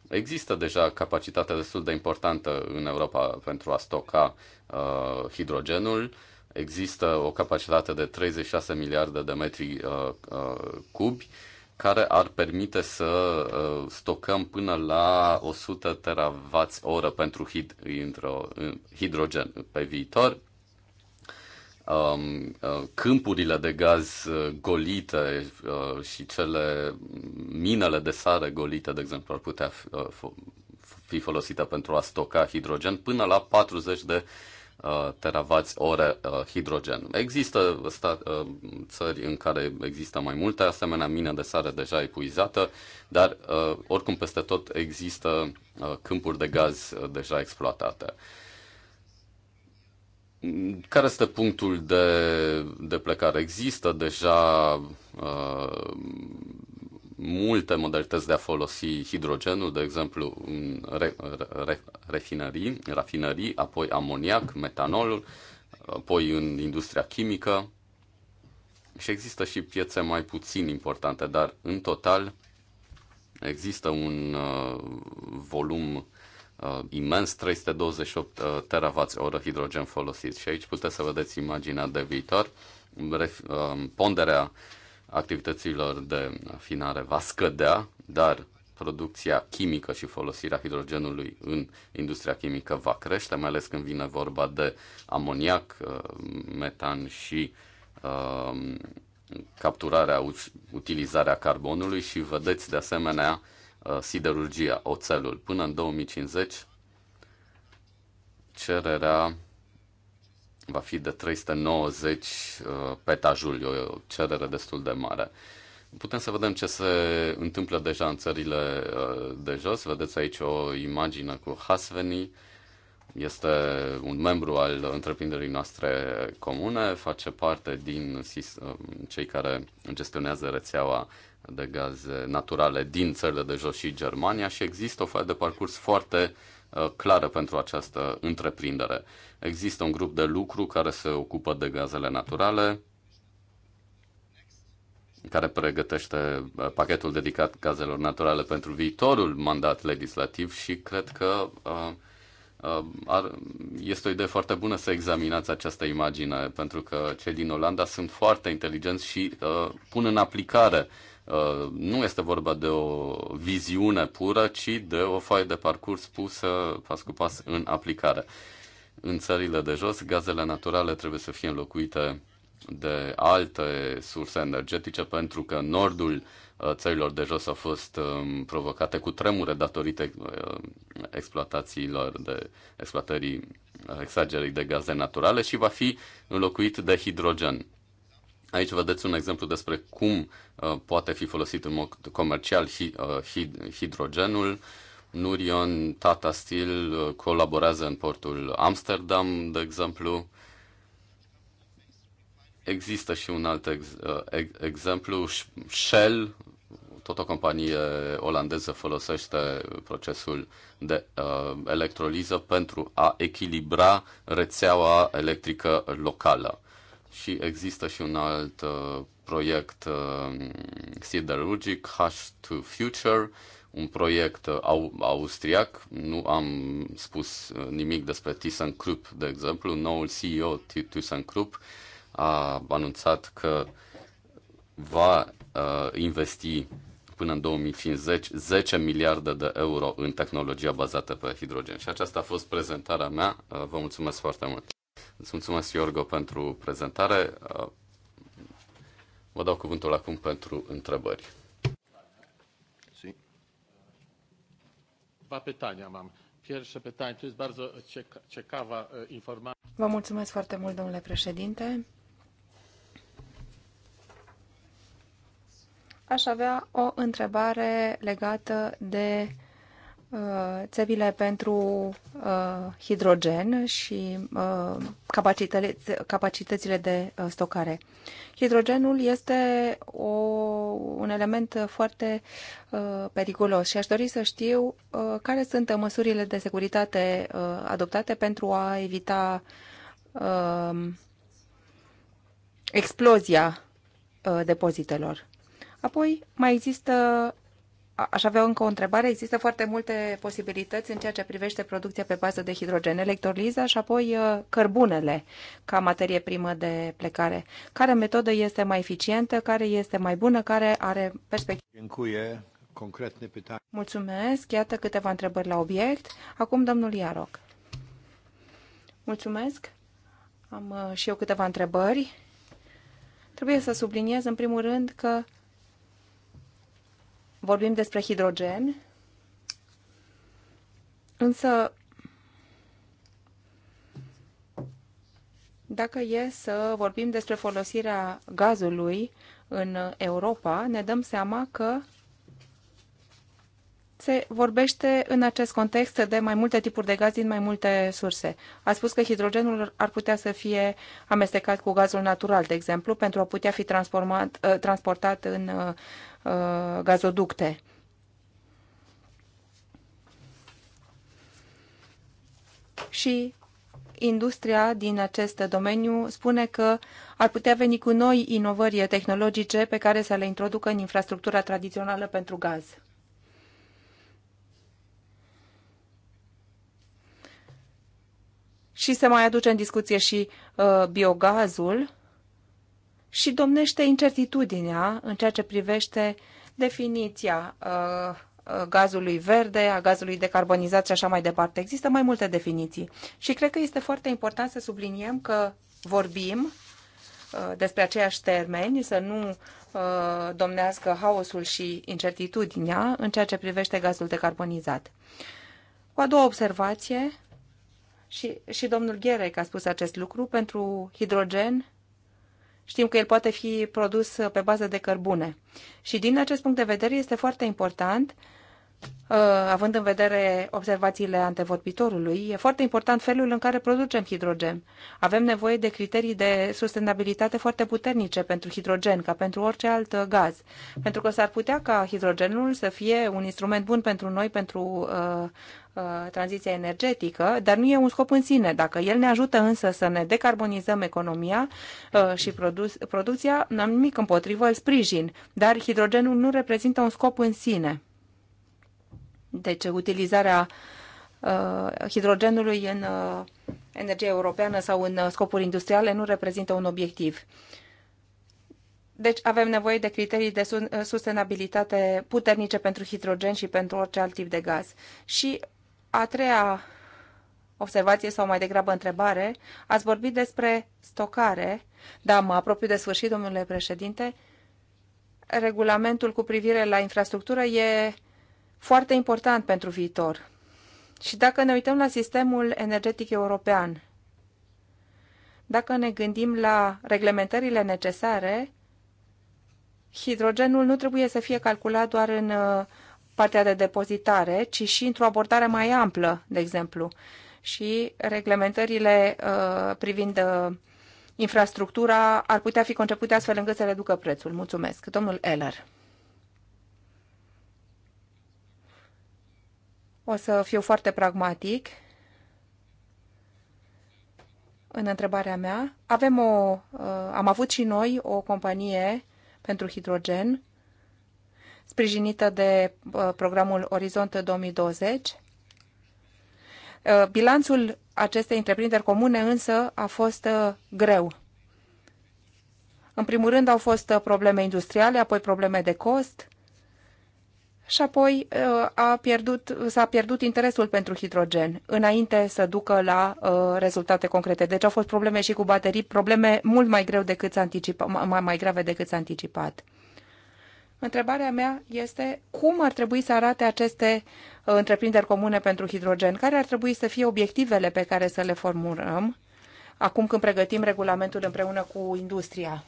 Există deja capacitate destul de importantă în Europa pentru a stoca uh, hidrogenul. Există o capacitate de 36 miliarde de metri uh, uh, cubi. Uh, care ar permite să uh, stocăm până la 100 terawatts oră pentru uh, hidrogen pe viitor. Um, uh, câmpurile de gaz golite și cele mm, minele de sare golite, de exemplu, ar putea fi folosite pentru a stoca hidrogen până la 40 de Uh, teravați ore uh, hidrogen. Există stat, uh, țări în care există mai multe asemenea mine de sare deja epuizată, dar oricum peste tot există câmpuri de gaz deja exploatate. Care este punctul de, de plecare? Există deja uh, multe modalități de a folosi hidrogenul, de exemplu, în re, re, refinării, rafinării, apoi amoniac, metanolul, apoi în industria chimică. Și există și piețe mai puțin importante, dar în total există un uh, volum uh, imens, 328 uh, teravați oră hidrogen folosit. Și aici puteți să vedeți imaginea de viitor, ref, uh, ponderea uh, activităților de finare va scădea, dar producția chimică și folosirea hidrogenului în industria chimică va crește, mai ales când vine vorba de amoniac, uh, metan și um, capturarea, utilizarea carbonului și vedeți de asemenea uh, siderurgia, oțelul. Până în 2050, cererea va fi de 390 uh, petajul, o cerere destul de mare. Putem să vedem ce se întâmplă deja în țările uh, de jos. Vedeți aici o imagine cu Hasveni, este un membru al întreprinderii noastre comune, face parte din uh, cei care gestionează rețeaua de gaze naturale din țările de jos și Germania și există o fel de parcurs foarte uh, Uh, clară pentru această întreprindere. Există un grup de lucru care se ocupă de gazele naturale, care pregătește uh, pachetul dedicat gazelor naturale pentru viitorul mandat legislativ și cred că uh, uh, ar, este o idee foarte bună să examinați această imagine, pentru că cei din Olanda sunt foarte inteligenți și uh, pun în aplicare Uh, nu este vorba de o viziune pură, ci de o foaie de parcurs pusă pas cu pas în aplicare. În țările de jos, gazele naturale trebuie să fie înlocuite de alte surse energetice, pentru că nordul uh, țărilor de jos a fost um, provocate cu tremure datorită uh, exploatațiilor de exploatării exagerii de gaze naturale și va fi înlocuit de hidrogen. Aici vedeți un exemplu despre cum Uh, poate fi folosit în mod comercial uh, hidrogenul. Nurion, Tata Steel uh, colaborează în portul Amsterdam, de exemplu. Există și un alt ex, ex, exemplu, Shell, tot o companie olandeză folosește procesul de uh, electroliză pentru a echilibra rețeaua electrică locală și există și un alt uh, proiect uh, siderurgic, Hush to Future, un proiect uh, au, austriac. Nu am spus uh, nimic despre ThyssenKrupp, de exemplu. Noul CEO ThyssenKrupp a anunțat că va uh, investi până în 2050 10 miliarde de euro în tehnologia bazată pe hidrogen. Și aceasta a fost prezentarea mea. Uh, vă mulțumesc foarte mult! Îți mulțumesc, Iorgo, pentru prezentare. Vă dau cuvântul acum pentru întrebări. Dwa pytania mam. Pierwsze pytanie, to jest bardzo ciekawa uh, informacja. Vă mulțumesc foarte mult, domnule președinte. Aș avea o întrebare legată de Uh, țevile pentru uh, hidrogen și uh, capacitățile de stocare. Hidrogenul este o, un element foarte periculos și aș dori să știu care sunt măsurile de securitate adoptate pentru a evita explozia depozitelor. Apoi mai există Aș avea încă o întrebare. Există foarte multe posibilități în ceea ce privește producția pe bază de hidrogen, electroliza și apoi uh, cărbunele ca materie primă de plecare. Care metodă este mai eficientă, care este mai bună, care are perspectivă? Mulțumesc. Iată câteva întrebări la obiect. Acum domnul Iaroc. Mulțumesc. Am uh, și eu câteva întrebări. Trebuie să subliniez în primul rând că vorbim despre hidrogen, însă dacă e să vorbim despre folosirea gazului în Europa, ne dăm seama că gaze vorbește în acest context de mai multe tipuri de gaz din mai multe surse. A spus că hidrogenul ar putea să fie amestecat cu gazul natural, de exemplu, pentru a putea fi transformat, ă, transportat în ă, ă, gazoducte. Și industria din acest domeniu spune că ar putea veni cu noi inovări tehnologice pe care să le introducă în infrastructura tradițională pentru gaz. și se mai aduce în discuție și uh, biogazul și domnește incertitudinea în ceea ce privește definiția uh, uh, gazului verde, a gazului decarbonizat și așa mai departe. Există mai multe definiții și cred că este foarte important să subliniem că vorbim uh, despre aceiași termeni, să nu uh, domnească haosul și incertitudinea în ceea ce privește gazul decarbonizat. O a doua observație și, și domnul Gherec a spus acest lucru, pentru hidrogen știm că el poate fi produs pe bază de cărbune. Și din acest punct de vedere este foarte important uh, Uh, având în vedere observațiile antevorbitorului, e foarte important felul în care producem hidrogen. Avem nevoie de criterii de sustenabilitate foarte puternice pentru hidrogen, ca pentru orice alt gaz, pentru că s-ar putea ca hidrogenul să fie un instrument bun pentru noi, pentru uh, uh, tranziția energetică, dar nu e un scop în sine. Dacă el ne ajută însă să ne decarbonizăm economia uh, și produs, producția, n-am nimic împotrivă, îl sprijin, dar hidrogenul nu reprezintă un scop în sine deci utilizarea uh, hidrogenului în uh, energie europeană sau în uh, scopuri industriale nu reprezintă un obiectiv. Deci avem nevoie de criterii de sustenabilitate puternice pentru hidrogen și pentru orice alt tip de gaz. Și a treia observație sau mai degrabă întrebare, ați vorbit despre stocare. Da, mă apropiu de sfârșit, domnule președinte. Regulamentul cu privire la infrastructură e foarte important pentru viitor. Și dacă ne uităm la sistemul energetic european, dacă ne gândim la reglementările necesare, hidrogenul nu trebuie să fie calculat doar în uh, partea de depozitare, ci și într-o abordare mai amplă, de exemplu. Și reglementările uh, privind uh, infrastructura ar putea fi concepute astfel încât să reducă prețul. Mulțumesc. Domnul Eller. O să fiu foarte pragmatic în întrebarea mea. Avem o, uh, am avut și noi o companie pentru hidrogen sprijinită de uh, programul Orizont 2020. Uh, bilanțul acestei întreprinderi comune însă a fost greu. În primul rând au fost probleme industriale, apoi probleme de cost, și apoi uh, a pierdut, s-a pierdut interesul pentru hidrogen înainte să ducă la uh, rezultate concrete. Deci au fost probleme și cu baterii, probleme mult mai, greu decât s-a anticipat, mai, mai grave decât s-a anticipat. Întrebarea mea este cum ar trebui să arate aceste uh, întreprinderi comune pentru hidrogen? Care ar trebui să fie obiectivele pe care să le formulăm acum când pregătim regulamentul împreună cu industria?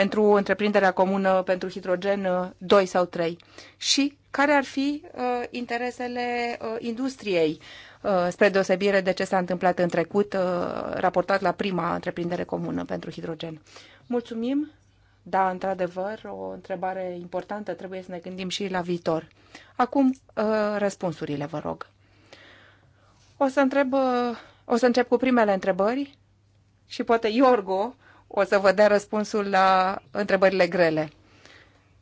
pentru întreprinderea comună pentru hidrogen 2 uh, sau 3 și care ar fi uh, interesele uh, industriei spre deosebire de ce s-a întâmplat în trecut, raportat la prima întreprindere comună pentru hidrogen. Mulțumim! Da, într-adevăr, o întrebare importantă, trebuie să ne gândim și la viitor. Acum, răspunsurile, vă rog. O să, întreb, o să încep cu primele întrebări și poate Iorgo o să vă dea răspunsul la întrebările grele.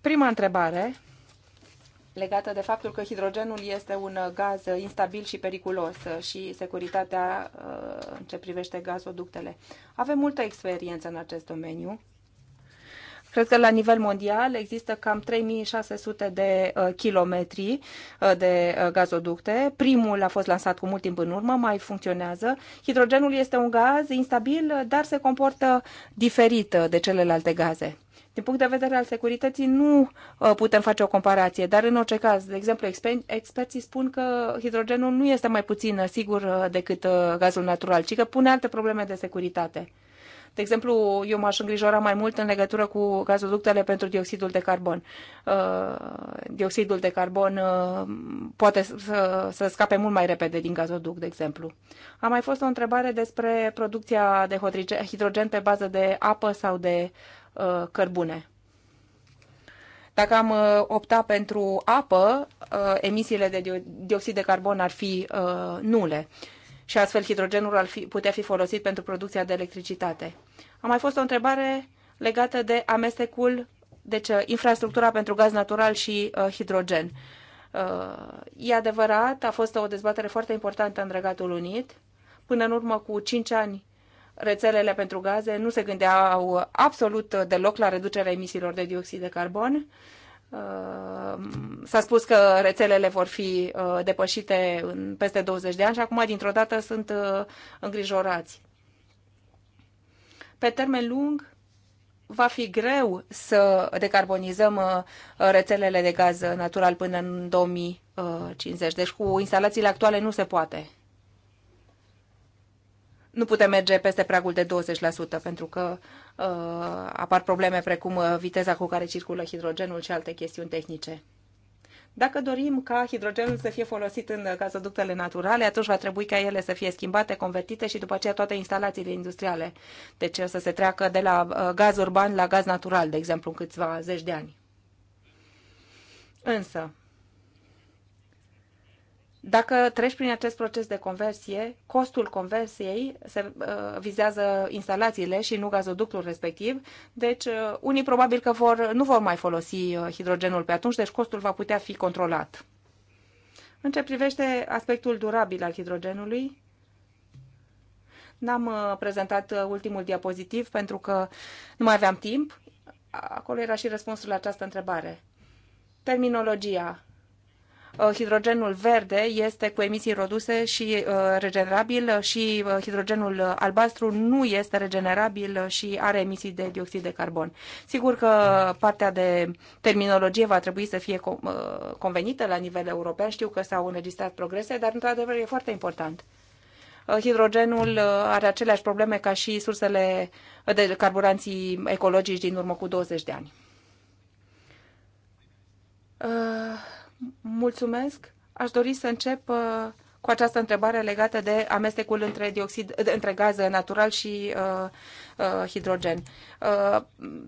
Prima întrebare legată de faptul că hidrogenul este un gaz instabil și periculos și securitatea uh, în ce privește gazoductele. Avem multă experiență în acest domeniu Cred că la nivel mondial există cam 3600 de uh, kilometri uh, de uh, gazoducte. Primul a fost lansat cu mult timp în urmă, mai funcționează. Hidrogenul este un gaz instabil, dar se comportă diferit de celelalte gaze. Din punct de vedere al securității nu putem face o comparație, dar în orice caz, de exemplu, experții spun că hidrogenul nu este mai puțin sigur decât gazul natural, ci că pune alte probleme de securitate. De exemplu, eu m-aș îngrijora mai mult în legătură cu gazoductele pentru dioxidul de carbon. Uh, dioxidul de carbon uh, poate să, să scape mult mai repede din gazoduct, de exemplu. A mai fost o întrebare despre producția de hidrogen pe bază de apă sau de uh, cărbune. Dacă am opta pentru apă, emisiile de dioxid de carbon ar fi nule și astfel hidrogenul ar fi, putea fi folosit pentru producția de electricitate. A mai fost o întrebare legată de amestecul, deci uh, infrastructura pentru gaz natural și uh, hidrogen. Uh, e adevărat, a fost o dezbatere foarte importantă în Regatul Unit. Până în urmă cu 5 ani, rețelele pentru gaze nu se gândeau absolut deloc la reducerea emisiilor de dioxid de carbon. Uh, Uh, s-a spus că rețelele vor fi uh, depășite în peste 20 de ani și acum, dintr-o dată, sunt uh, îngrijorați. Pe termen lung, va fi greu să decarbonizăm rețelele de gaz natural până în 2050. Deci cu instalațiile actuale nu se poate. Nu putem merge peste pragul de 20% pentru că Uh, apar probleme precum uh, viteza cu care circulă hidrogenul și alte chestiuni tehnice. Dacă dorim ca hidrogenul să fie folosit în gazoductele naturale, atunci va trebui ca ele să fie schimbate, convertite și după aceea toate instalațiile industriale. Deci să se treacă de la uh, gaz urban la gaz natural, de exemplu, în câțiva zeci de ani. Însă, dacă treci prin acest proces de conversie, costul conversiei se uh, vizează instalațiile și nu gazoductul respectiv, deci uh, unii probabil că vor, nu vor mai folosi uh, hidrogenul pe atunci, deci costul va putea fi controlat. În ce privește aspectul durabil al hidrogenului, n-am uh, prezentat uh, ultimul diapozitiv pentru că nu mai aveam timp. Acolo era și răspunsul la această întrebare. Terminologia Uh, hidrogenul verde este cu emisii reduse și uh, regenerabil și uh, hidrogenul albastru nu este regenerabil și are emisii de dioxid de carbon. Sigur că partea de terminologie va trebui să fie convenită la nivel european. Știu că s-au înregistrat progrese, dar într-adevăr e foarte important hidrogenul are aceleași probleme ca și sursele de carburanții ecologici din urmă cu 20 de ani mulțumesc. Aș dori să încep uh, cu această întrebare legată de amestecul între, dioxid, între gaz natural și uh, uh, hidrogen. Uh,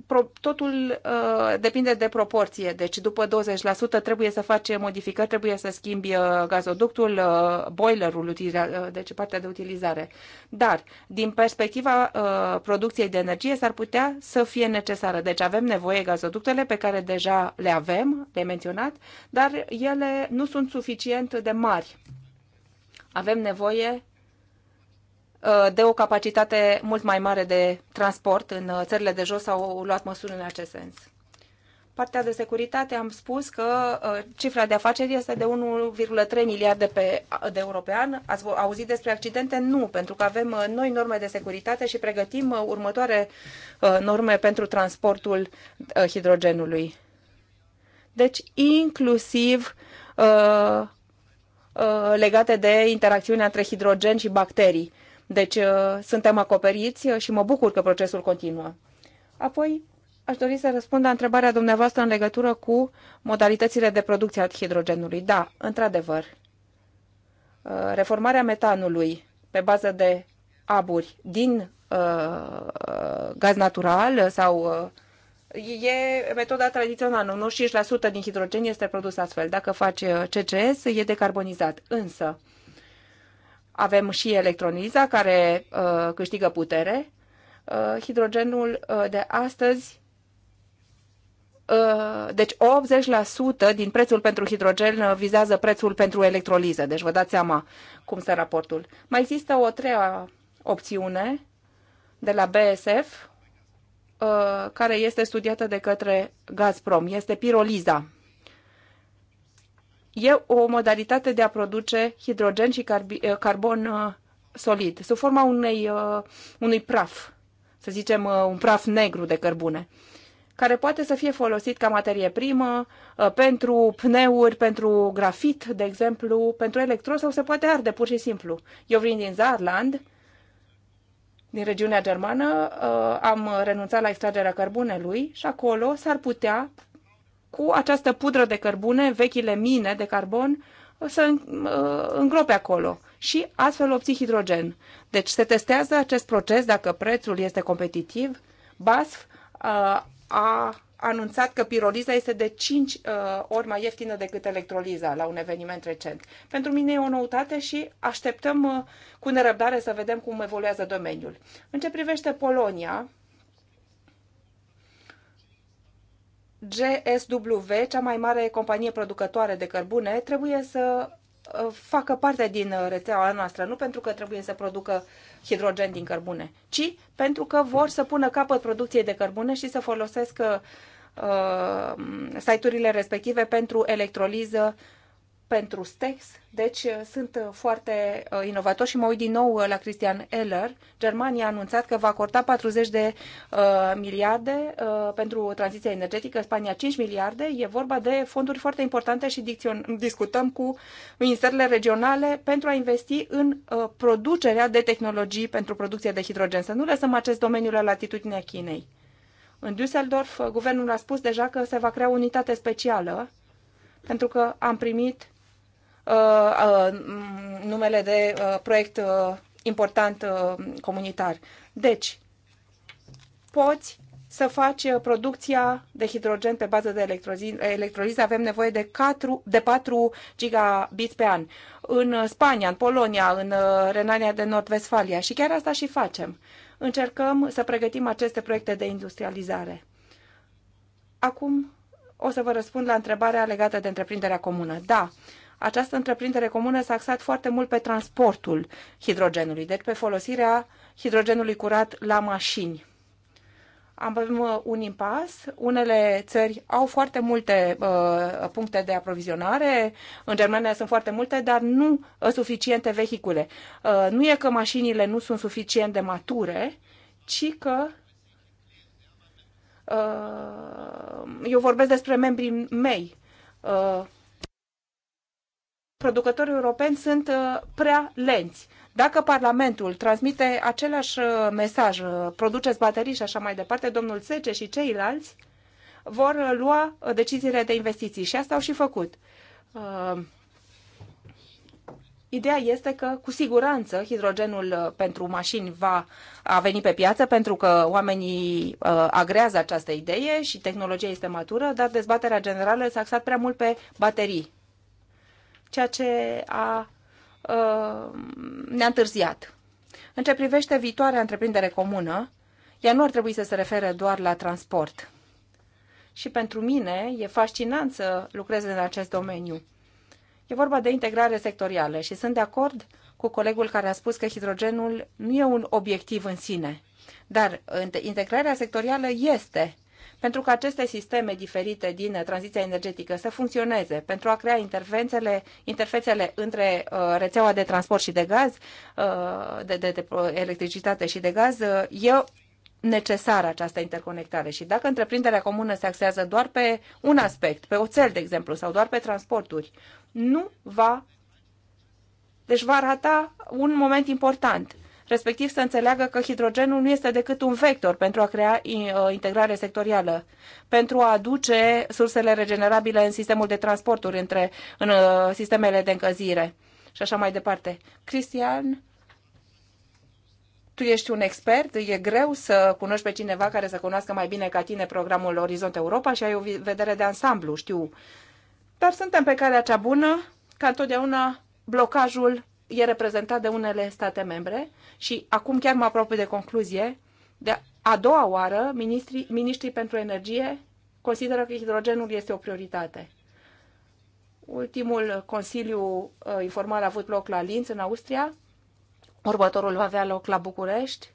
pro, totul uh, depinde de proporție, deci după 20% trebuie să faci modificări, trebuie să schimbi uh, gazoductul, uh, boilerul, uh, deci partea de utilizare. Dar, din perspectiva uh, producției de energie, s-ar putea să fie necesară. Deci avem nevoie gazoductele pe care deja le avem, de menționat, dar ele nu sunt suficient de mari avem nevoie uh, de o capacitate mult mai mare de transport în uh, țările de jos au luat măsuri în acest sens. Partea de securitate am spus că uh, cifra de afaceri este de 1,3 miliarde pe, de euro pe an. Ați auzit despre accidente? Nu, pentru că avem noi norme de securitate și pregătim următoare norme pentru transportul hidrogenului. Deci, inclusiv Uh, legate de interacțiunea între hidrogen și bacterii. Deci uh, suntem acoperiți și mă bucur că procesul continuă. Apoi, aș dori să răspund la întrebarea dumneavoastră în legătură cu modalitățile de producție a hidrogenului. Da, într-adevăr, uh, reformarea metanului pe bază de aburi din gaz natural sau e metoda tradițională, nu din hidrogen este produs astfel. Dacă faci uh, CCS, e decarbonizat. Însă, avem și electroniza care uh, câștigă putere. Uh, hidrogenul uh, de astăzi uh, deci 80% din prețul pentru hidrogen uh, vizează prețul pentru electroliză. Deci vă dați seama cum stă raportul. Mai există o treia opțiune de la BSF, Uh, care este studiată de către Gazprom. Este piroliza. E o modalitate de a produce hidrogen și carb- uh, carbon uh, solid, sub forma unei, unui praf, să zicem un praf negru de cărbune, care poate să fie folosit ca materie primă pentru pneuri, pentru grafit, de exemplu, pentru electro sau se poate arde pur și simplu. Eu vin din Zarland, din regiunea germană, uh, am renunțat la extragerea cărbunelui și acolo s-ar putea, cu această pudră de cărbune, vechile mine de carbon, uh, să uh, îngrope acolo și astfel obții hidrogen. Deci se testează acest proces dacă prețul este competitiv. BASF a anunțat că piroliza este de 5 uh, ori mai ieftină decât electroliza la un eveniment recent. Pentru mine e o noutate și așteptăm uh, cu nerăbdare să vedem cum evoluează domeniul. În ce privește Polonia, GSW, cea mai mare companie producătoare de cărbune, trebuie să facă parte din uh, rețeaua noastră, nu pentru că trebuie să producă hidrogen din cărbune, ci pentru că vor să pună capăt producției de cărbune și să folosesc uh, uh site-urile respective pentru electroliză pentru Stex, deci uh, sunt uh, foarte uh, inovatori și mă uit din nou la Christian Eller. Germania a anunțat că va acorda 40 de uh, miliarde uh, pentru tranziția energetică, Spania 5 miliarde. E vorba de fonduri foarte importante și discutăm cu ministerele regionale pentru a investi în uh, producerea de tehnologii pentru producția de hidrogen. Să nu lăsăm acest domeniu la latitudinea Chinei. În Düsseldorf, guvernul a spus deja că se va crea o unitate specială pentru că am primit Uh, uh, numele de uh, proiect important comunitar. Deci, poți să faci producția de hidrogen pe bază de electroliză, avem nevoie de 4, de 4 gigabit pe an. În Spania, în Polonia, în Renania de Nord-Vestfalia și chiar asta și facem. Încercăm să pregătim aceste proiecte de industrializare. Acum o să vă răspund la întrebarea legată de întreprinderea comună. Da, această întreprindere comună s-a axat foarte mult pe transportul hidrogenului, deci pe folosirea hidrogenului curat la mașini. Am uh, un impas, unele țări au foarte multe uh, puncte de aprovizionare, în Germania sunt foarte multe, dar nu uh, suficiente vehicule. Uh, nu e că mașinile nu sunt suficient de mature, ci că uh, eu vorbesc despre membrii mei producătorii europeni sunt uh, prea lenți. Dacă Parlamentul transmite același uh, mesaj, uh, produceți baterii și așa mai departe, domnul Sece și ceilalți vor lua deciziile de investiții și asta au și făcut. Ideea este că, cu siguranță, hidrogenul pentru mașini va a veni pe piață pentru că oamenii uh, agrează această idee și tehnologia este matură, dar dezbaterea generală s-a axat prea mult pe baterii ceea ce a, uh, ne-a întârziat. În ce privește viitoarea întreprindere comună, ea nu ar trebui să se refere doar la transport. Și pentru mine e fascinant să lucrez în acest domeniu. E vorba de integrare sectorială și sunt de acord cu colegul care a spus că hidrogenul nu e un obiectiv în sine, dar integrarea sectorială este pentru ca aceste sisteme diferite din uh, tranziția energetică să funcționeze, pentru a crea interfețele, interfețele între uh, rețeaua de transport și de gaz, uh, de, de, de electricitate și de gaz, e necesară această interconectare și dacă întreprinderea comună se axează doar pe un aspect, pe oțel, de exemplu, sau doar pe transporturi, nu va deci va rata un moment important respectiv să înțeleagă că hidrogenul nu este decât un vector pentru a crea uh, integrare sectorială, pentru a aduce sursele regenerabile în sistemul de transporturi, între, în uh, sistemele de încălzire și așa mai departe. Cristian, tu ești un expert, e greu să cunoști pe cineva care să cunoască mai bine ca tine programul Orizont Europa și ai o vedere de ansamblu, știu. Dar suntem pe calea cea bună, ca întotdeauna blocajul e reprezentat de unele state membre și acum chiar mă apropii de concluzie, de a doua oară, ministrii, ministrii pentru energie consideră că hidrogenul este o prioritate. Ultimul consiliu uh, informal a avut loc la Linz, în Austria. Următorul va avea loc la București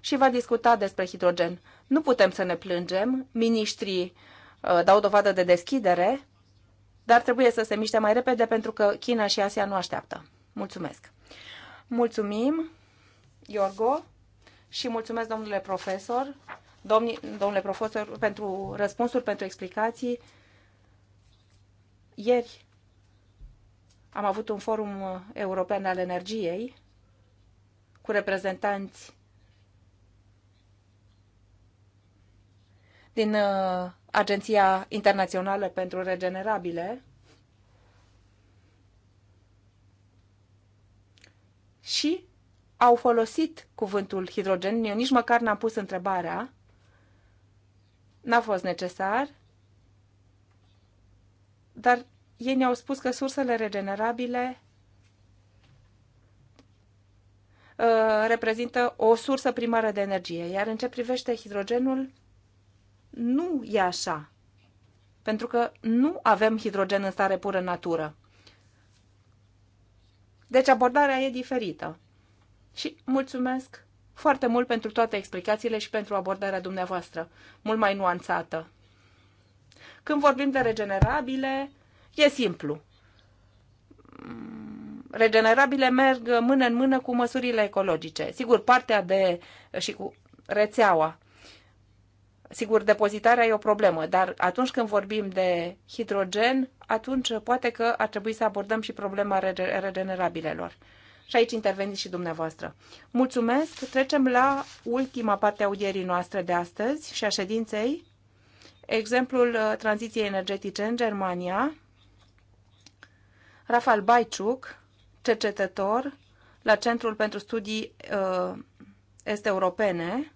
și va discuta despre hidrogen. Nu putem să ne plângem, ministrii uh, dau dovadă de deschidere, dar trebuie să se miște mai repede pentru că China și Asia nu așteaptă. Mulțumesc! Mulțumim, Iorgo, și mulțumesc, domnule profesor, domni, domnule profesor, pentru răspunsuri, pentru explicații. Ieri am avut un forum european al energiei cu reprezentanți din uh, Agenția Internațională pentru Regenerabile, și au folosit cuvântul hidrogen. Eu nici măcar n-am pus întrebarea. N-a fost necesar. Dar ei ne-au spus că sursele regenerabile uh, reprezintă o sursă primară de energie, iar în ce privește hidrogenul, nu e așa. Pentru că nu avem hidrogen în stare pură în natură. Deci abordarea e diferită. Și mulțumesc foarte mult pentru toate explicațiile și pentru abordarea dumneavoastră, mult mai nuanțată. Când vorbim de regenerabile, e simplu. Regenerabile merg mână în mână cu măsurile ecologice. Sigur, partea de și cu rețeaua Sigur, depozitarea e o problemă, dar atunci când vorbim de hidrogen, atunci poate că ar trebui să abordăm și problema regenerabilelor. Și aici interveniți și dumneavoastră. Mulțumesc! Trecem la ultima parte a audierii noastre de astăzi și a ședinței. Exemplul uh, tranziției energetice în Germania. Rafael Baiciuc, cercetător la Centrul pentru Studii uh, Est-Europene,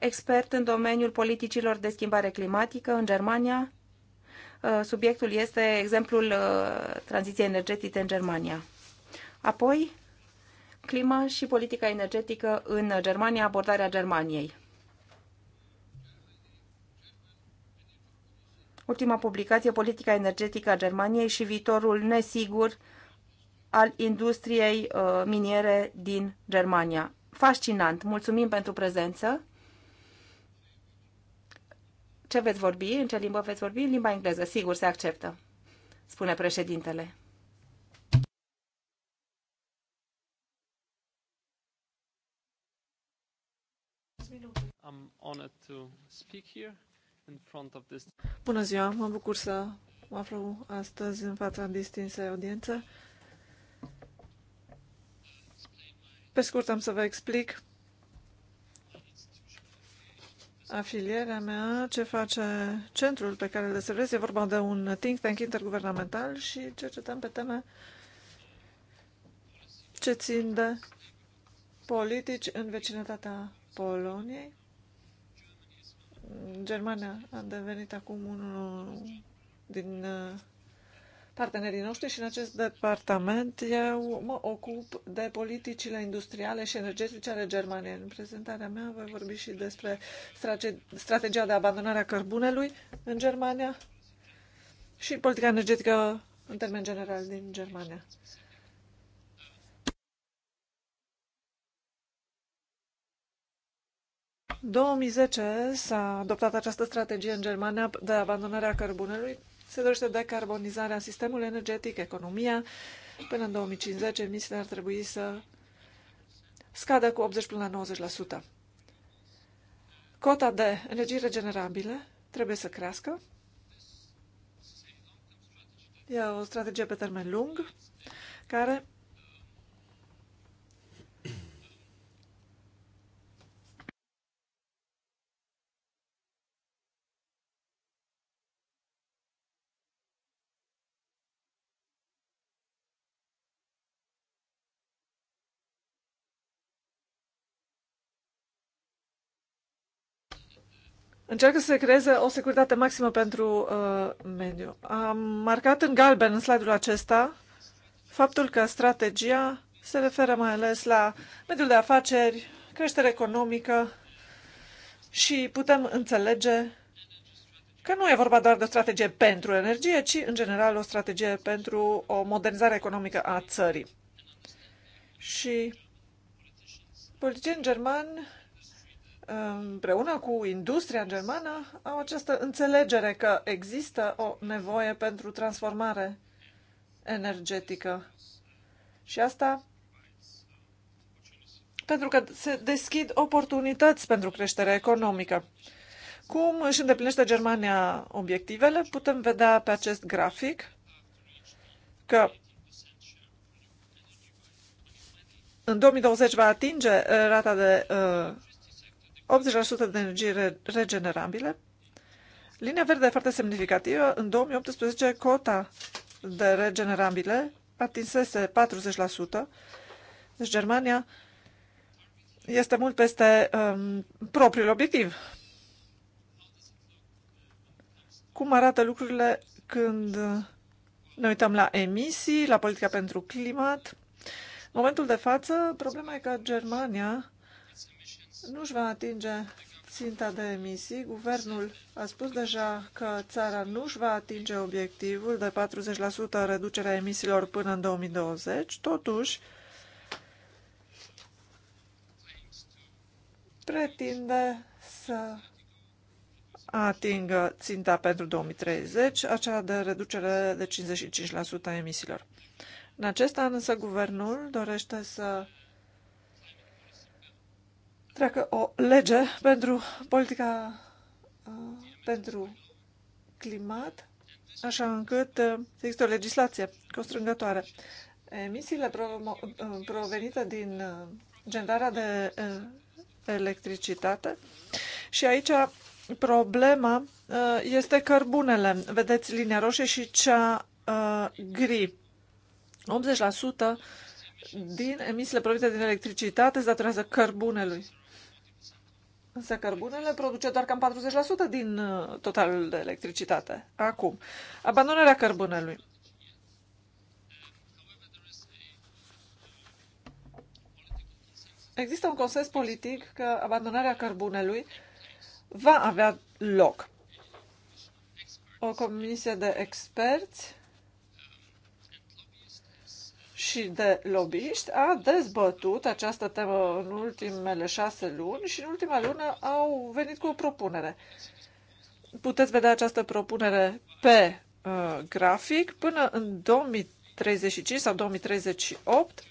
expert în domeniul politicilor de schimbare climatică în Germania. Uh, subiectul este exemplul uh, tranziției energetice în Germania. Apoi, clima și politica energetică în Germania, abordarea Germaniei. Ultima publicație, Politica energetică a Germaniei și viitorul nesigur al industriei uh, miniere din Germania. Fascinant! Mulțumim pentru prezență! ce veți vorbi, în ce limbă veți vorbi, în limba engleză, sigur, se acceptă, spune președintele. Bună ziua, mă bucur să mă aflu astăzi în fața distinsei audiență. Pe scurt am să vă explic afilierea mea, ce face centrul pe care le servesc. E vorba de un think tank interguvernamental și cercetăm pe teme ce țin de politici în vecinătatea Poloniei. Germania a devenit acum unul din uh, partenerii noștri și în acest departament eu mă ocup de politicile industriale și energetice ale Germaniei. În prezentarea mea voi vorbi și despre strategia de abandonare a cărbunelui în Germania și politica energetică în termen general din Germania. În 2010 s-a adoptat această strategie în Germania de abandonare a cărbunelui se dorește decarbonizarea sistemului energetic, economia. Până în 2050, emisiile ar trebui să scadă cu 80 până la 90%. Cota de energie regenerabile trebuie să crească. E o strategie pe termen lung care încearcă să se creeze o securitate maximă pentru uh, mediu. Am marcat în galben în slide-ul acesta faptul că strategia se referă mai ales la mediul de afaceri, creștere economică și putem înțelege că nu e vorba doar de o strategie pentru energie, ci în general o strategie pentru o modernizare economică a țării. Și politicieni germani împreună cu industria germană au această înțelegere că există o nevoie pentru transformare energetică. Și asta pentru că se deschid oportunități pentru creșterea economică. Cum își îndeplinește Germania obiectivele? Putem vedea pe acest grafic că în 2020 va atinge rata de uh, 80% de energie regenerabile. Linia verde foarte semnificativă. În 2018, cota de regenerabile atinsese 40%. Deci Germania este mult peste um, propriul obiectiv. Cum arată lucrurile când ne uităm la emisii, la politica pentru climat? În momentul de față, problema e că Germania nu își va atinge ținta de emisii. Guvernul a spus deja că țara nu își va atinge obiectivul de 40% reducerea emisiilor până în 2020. Totuși, pretinde să atingă ținta pentru 2030, acea de reducere de 55% a emisiilor. În acest an însă guvernul dorește să treacă o lege pentru politica uh, pentru climat, așa încât uh, există o legislație constrângătoare. Emisiile uh, provenite din generarea de electricitate și aici problema este cărbunele. Vedeți linia roșie și cea gri. 80% din emisiile provenite din electricitate se datorează cărbunelui. Însă cărbunele produce doar cam 40% din uh, totalul de electricitate. Acum, abandonarea cărbunelui. Există un consens politic că abandonarea cărbunelui va avea loc. O comisie de experți și de lobbyiști a dezbătut această temă în ultimele șase luni și în ultima lună au venit cu o propunere. Puteți vedea această propunere pe uh, grafic până în 2035 sau 2038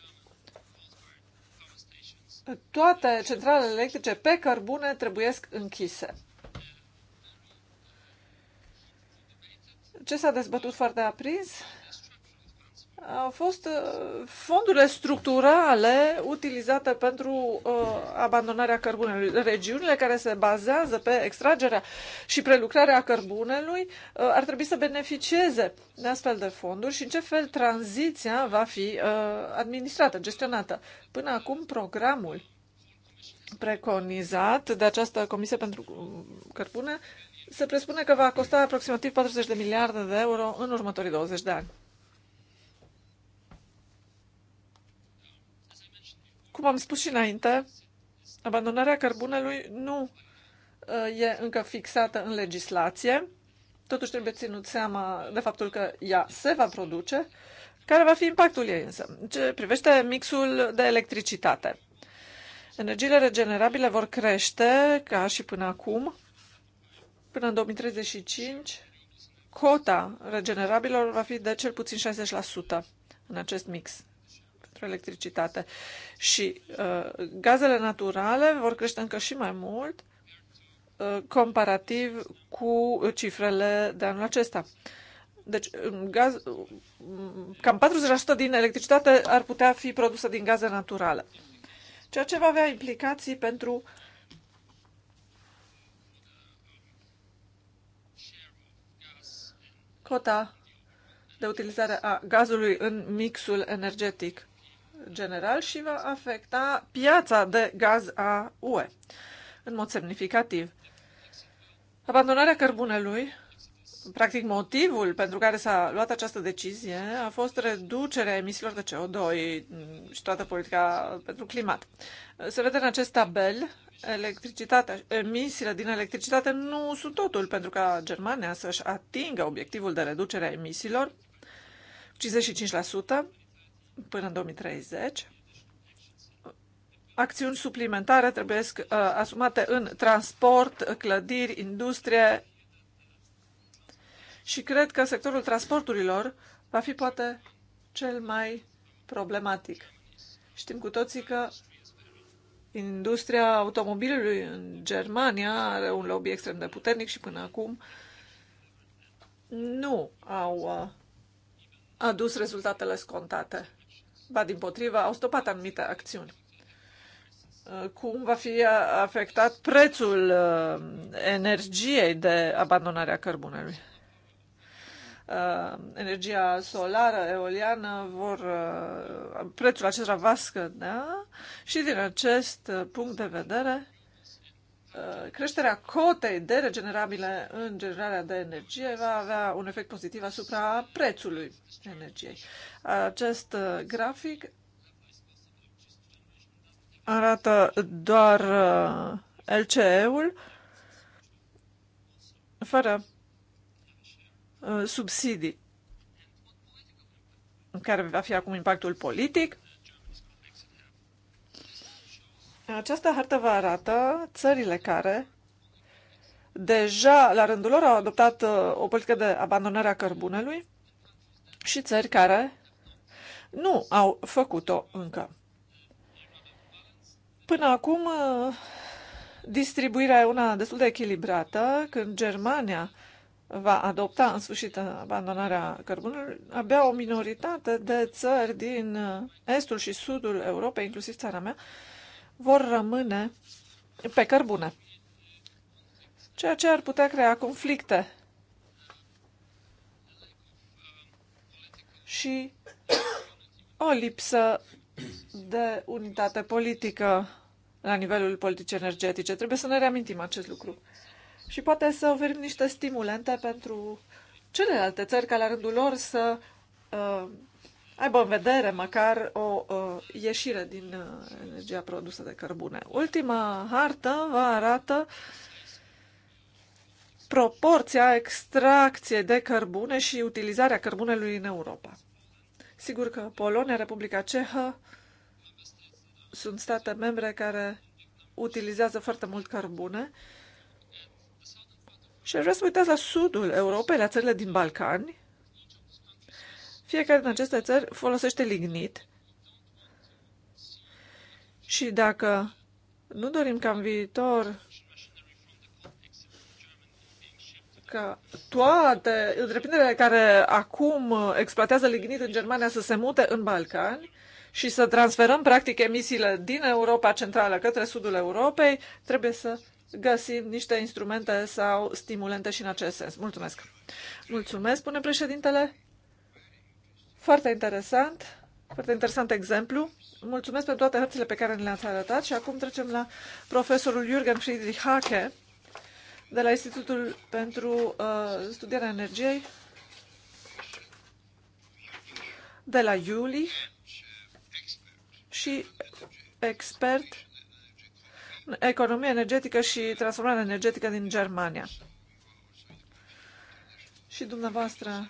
toate centralele electrice pe cărbune trebuiesc închise. Ce s-a dezbătut foarte aprins au fost uh, fondurile structurale utilizate pentru uh, abandonarea cărbunelui. Regiunile care se bazează pe extragerea și prelucrarea cărbunelui uh, ar trebui să beneficieze de astfel de fonduri și în ce fel tranziția va fi uh, administrată, gestionată. Până acum, programul preconizat de această Comisie pentru uh, Cărbune se presupune că va costa aproximativ 40 de miliarde de euro în următorii 20 de ani. Cum am spus și înainte, abandonarea cărbunelui nu uh, e încă fixată în legislație, totuși trebuie ținut seama de faptul că ea se va produce, care va fi impactul ei însă. Ce privește mixul de electricitate. Energiile regenerabile vor crește, ca și până acum, până în 2035, cota regenerabilor va fi de cel puțin 60% în acest mix pentru electricitate. Și uh, gazele naturale vor crește încă și mai mult uh, comparativ cu cifrele de anul acesta. Deci, gaz, cam 40% din electricitate ar putea fi produsă din gaze naturale, ceea ce va avea implicații pentru cota de utilizare a gazului în mixul energetic general și va afecta piața de gaz a UE în mod semnificativ. Abandonarea cărbunelui, practic motivul pentru care s-a luat această decizie, a fost reducerea emisiilor de CO2 și toată politica pentru climat. Se vede în acest tabel electricitatea, emisiile din electricitate nu sunt totul pentru ca Germania să-și atingă obiectivul de reducere a emisiilor până în 2030. Acțiuni suplimentare trebuie uh, asumate în transport, clădiri, industrie și cred că sectorul transporturilor va fi poate cel mai problematic. Știm cu toții că industria automobilului în Germania are un lobby extrem de puternic și până acum nu au uh, adus rezultatele scontate ba din potrivă, au stopat anumite acțiuni. Uh, cum va fi afectat prețul uh, energiei de abandonarea cărbunelui? Uh, energia solară, eoliană, vor, prețul acesta va scădea și din acest punct de vedere Uh, creșterea cotei de regenerabile în generarea de energie va avea un efect pozitiv asupra prețului energiei. Acest uh, grafic arată doar uh, LCE-ul fără subsidii care va fi acum impactul politic această hartă vă arată țările care deja, la rândul lor, au adoptat uh, o politică de abandonare a cărbunelui și țări care nu au făcut-o încă. Până acum, uh, distribuirea e una destul de echilibrată. Când Germania va adopta în sfârșit abandonarea cărbunelui, abia o minoritate de țări din uh, estul și sudul Europei, inclusiv țara mea, vor rămâne pe cărbune, ceea ce ar putea crea conflicte și o lipsă de unitate politică la nivelul politic energetice. Trebuie să ne reamintim acest lucru. Și poate să oferim niște stimulente pentru celelalte țări ca la rândul lor să uh, aibă în vedere măcar o uh, ieșire din uh, energia produsă de cărbune. Ultima hartă vă arată proporția extracției de cărbune și utilizarea cărbunelui în Europa. Sigur că Polonia, Republica Cehă sunt state membre care utilizează foarte mult cărbune și aș vrea să uitați la sudul Europei, la țările din Balcani, fiecare din aceste țări folosește lignit și dacă nu dorim ca în viitor ca toate întreprinderile care acum exploatează lignit în Germania să se mute în Balcani și să transferăm practic emisiile din Europa Centrală către sudul Europei, trebuie să găsim niște instrumente sau stimulente și în acest sens. Mulțumesc! Mulțumesc, spune președintele. Foarte interesant, foarte interesant exemplu. Mulțumesc pentru toate hărțile pe care ne le-ați arătat și acum trecem la profesorul Jürgen Friedrich Hake de la Institutul pentru uh, Studierea Energiei de la Iuli și expert în economie energetică și transformare energetică din Germania. Și dumneavoastră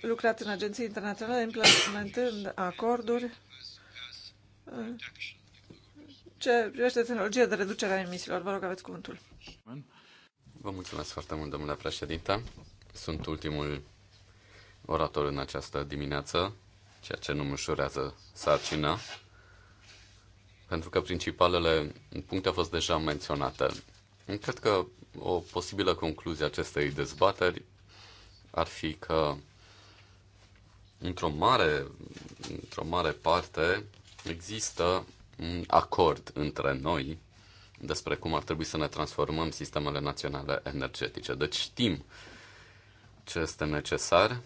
lucrat în agenții internaționale implementând acorduri uh, ce privește tehnologia de reducere a emisiilor. Vă rog, aveți cuvântul. Vă mulțumesc foarte mult, domnule președinte. Sunt ultimul orator în această dimineață, ceea ce nu-mi ușurează sarcina, pentru că principalele puncte au fost deja menționate. Cred că o posibilă concluzie acestei dezbateri ar fi că într-o mare, într-o mare parte există un acord între noi despre cum ar trebui să ne transformăm sistemele naționale energetice. Deci știm ce este necesar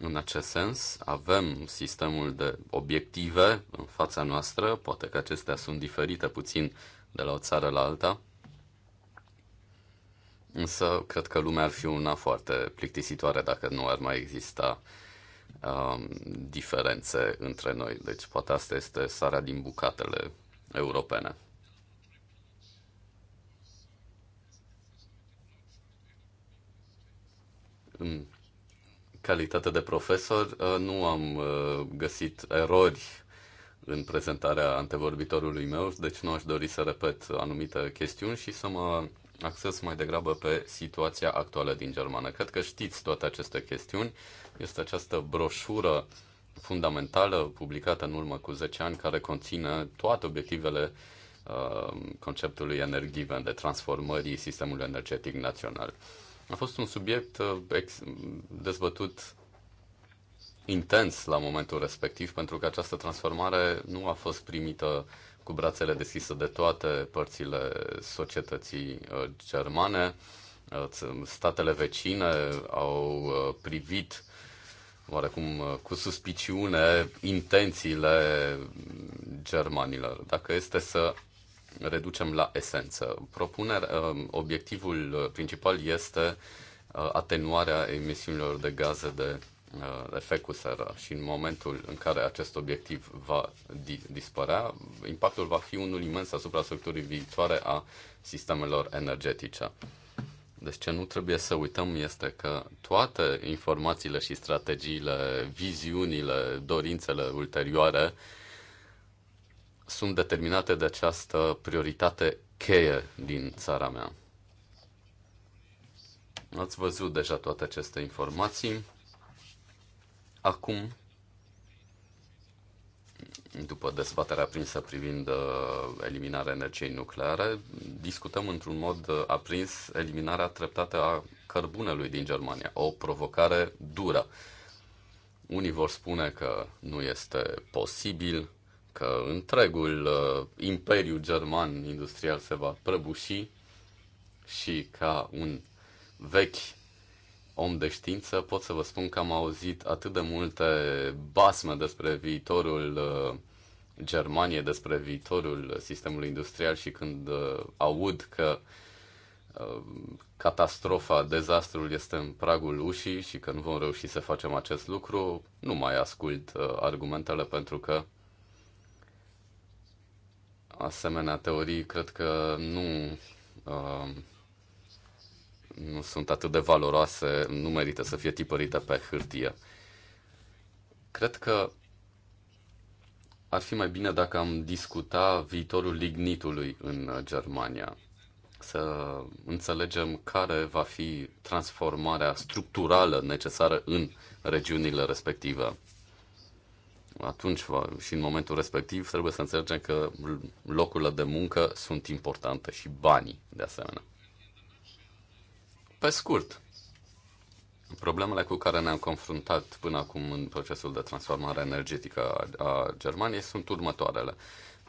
în acest sens. Avem sistemul de obiective în fața noastră, poate că acestea sunt diferite puțin de la o țară la alta, însă cred că lumea ar fi una foarte plictisitoare dacă nu ar mai exista uh, um, diferențe între noi. Deci poate asta este sarea din bucatele europene. În calitate de profesor, uh, nu am uh, găsit erori în prezentarea antevorbitorului meu, deci nu aș dori să repet anumite chestiuni și să mă acces mai degrabă pe situația actuală din Germană. Cred că știți toate aceste chestiuni este această broșură fundamentală publicată în urmă cu 10 ani care conține toate obiectivele uh, conceptului energiven de transformării sistemului energetic național. A fost un subiect uh, ex- dezbătut intens la momentul respectiv, pentru că această transformare nu a fost primită cu brațele deschise de toate părțile societății uh, germane. Uh, statele vecine au privit oarecum uh, cu suspiciune intențiile germanilor. Dacă este să reducem la esență, propunerea, um, obiectivul principal este uh, atenuarea emisiunilor de gaze de uh, efect cu seră și în momentul în care acest obiectiv va di- dispărea, impactul va fi unul imens asupra structurii viitoare a sistemelor energetice. Deci ce nu trebuie să uităm este că toate informațiile și strategiile, viziunile, dorințele ulterioare sunt determinate de această prioritate cheie din țara mea. Ați văzut deja toate aceste informații. Acum după dezbaterea prinsă privind uh, eliminarea energiei nucleare, discutăm într-un mod uh, aprins eliminarea treptată a cărbunelui din Germania, o provocare dură. Unii vor spune că nu este posibil, că întregul uh, imperiu german industrial se va prăbuși și ca un vechi om de știință, pot să vă spun că am auzit atât de multe basme despre viitorul uh, Germaniei, despre viitorul sistemului industrial și când uh, aud că uh, catastrofa, dezastrul este în pragul ușii și că nu vom reuși să facem acest lucru, nu mai ascult argumentele pentru că asemenea teorii cred că nu nu sunt atât de valoroase, nu merită să fie tipărite pe hârtie. Cred că ar fi mai bine dacă am discuta viitorul lignitului în Germania. Să înțelegem care va fi transformarea structurală necesară în regiunile respective. Atunci și în momentul respectiv trebuie să înțelegem că locurile de muncă sunt importante și banii de asemenea. Pe scurt, problemele cu care ne-am confruntat până acum în procesul de transformare energetică a Germaniei sunt următoarele.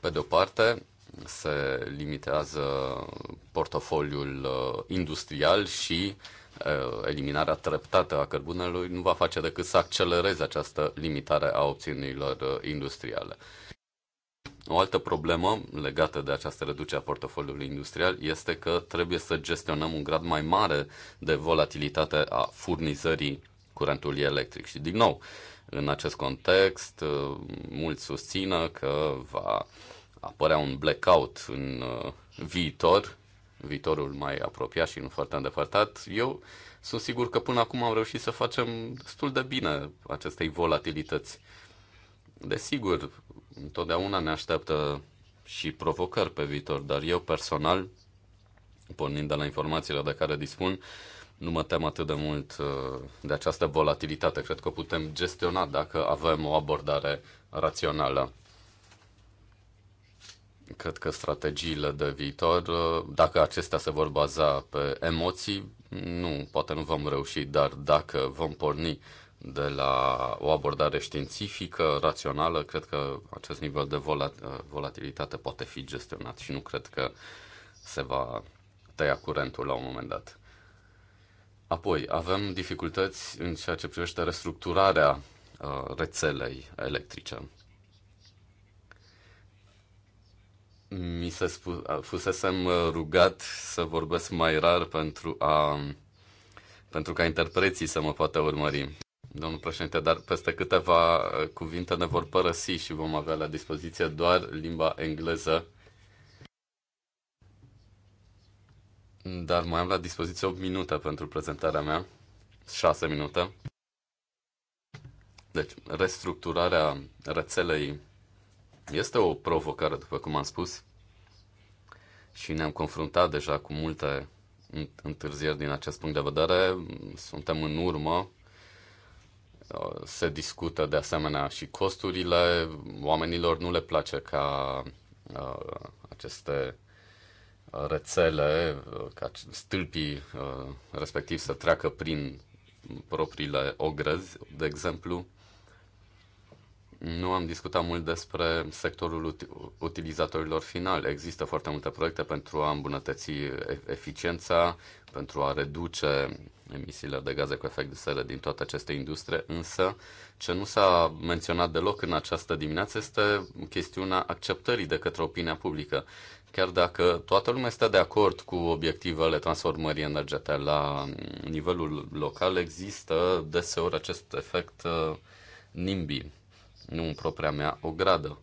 Pe de o parte, se limitează portofoliul uh, industrial și uh, eliminarea treptată a cărbunelui nu va face decât să accelereze această limitare a opțiunilor uh, industriale. O altă problemă legată de această reducere a portofoliului industrial este că trebuie să gestionăm un grad mai mare de volatilitate a furnizării curentului electric. Și din nou, în acest context, uh, mulți susțină că va apărea un blackout în uh, viitor, viitorul mai apropiat și nu foarte îndepărtat. Eu sunt sigur că până acum am reușit să facem destul de bine acestei volatilități Desigur, întotdeauna ne așteaptă și provocări pe viitor, dar eu personal, pornind de la informațiile de care dispun, nu mă tem atât de mult uh, de această volatilitate. Cred că o putem gestiona dacă avem o abordare rațională. Cred că strategiile de viitor, uh, dacă acestea se vor baza pe emoții, nu, poate nu vom reuși, dar dacă vom porni de la o abordare științifică, rațională, cred că acest nivel de volatilitate poate fi gestionat și nu cred că se va tăia curentul la un moment dat. Apoi, avem dificultăți în ceea ce privește restructurarea uh, rețelei electrice. Mi se spu- fusesem uh, rugat să vorbesc mai rar pentru a pentru ca interpreții să mă poată urmări domnul președinte, dar peste câteva uh, cuvinte ne vor părăsi și vom avea la dispoziție doar limba engleză. Dar mai am la dispoziție 8 minute pentru prezentarea mea, 6 minute. Deci, restructurarea rețelei este o provocare, după cum am spus, și ne-am confruntat deja cu multe întârzieri din acest punct de vedere. Suntem în urmă se discută de asemenea și costurile. Oamenilor nu le place ca uh, aceste uh, rețele, uh, ca stâlpii respectiv să treacă prin propriile ogrăzi, de exemplu. Nu am discutat mult despre sectorul utilizatorilor finali. Există foarte multe proiecte pentru a îmbunătăți eficiența, pentru a reduce emisiile de gaze cu efect de seră din toate aceste industrie, însă ce nu s-a menționat deloc în această dimineață este chestiunea acceptării de către opinia publică. Chiar dacă toată lumea este de acord cu obiectivele transformării energetice la nivelul local, există deseori acest efect uh, nimbii nu în propria mea ogradă.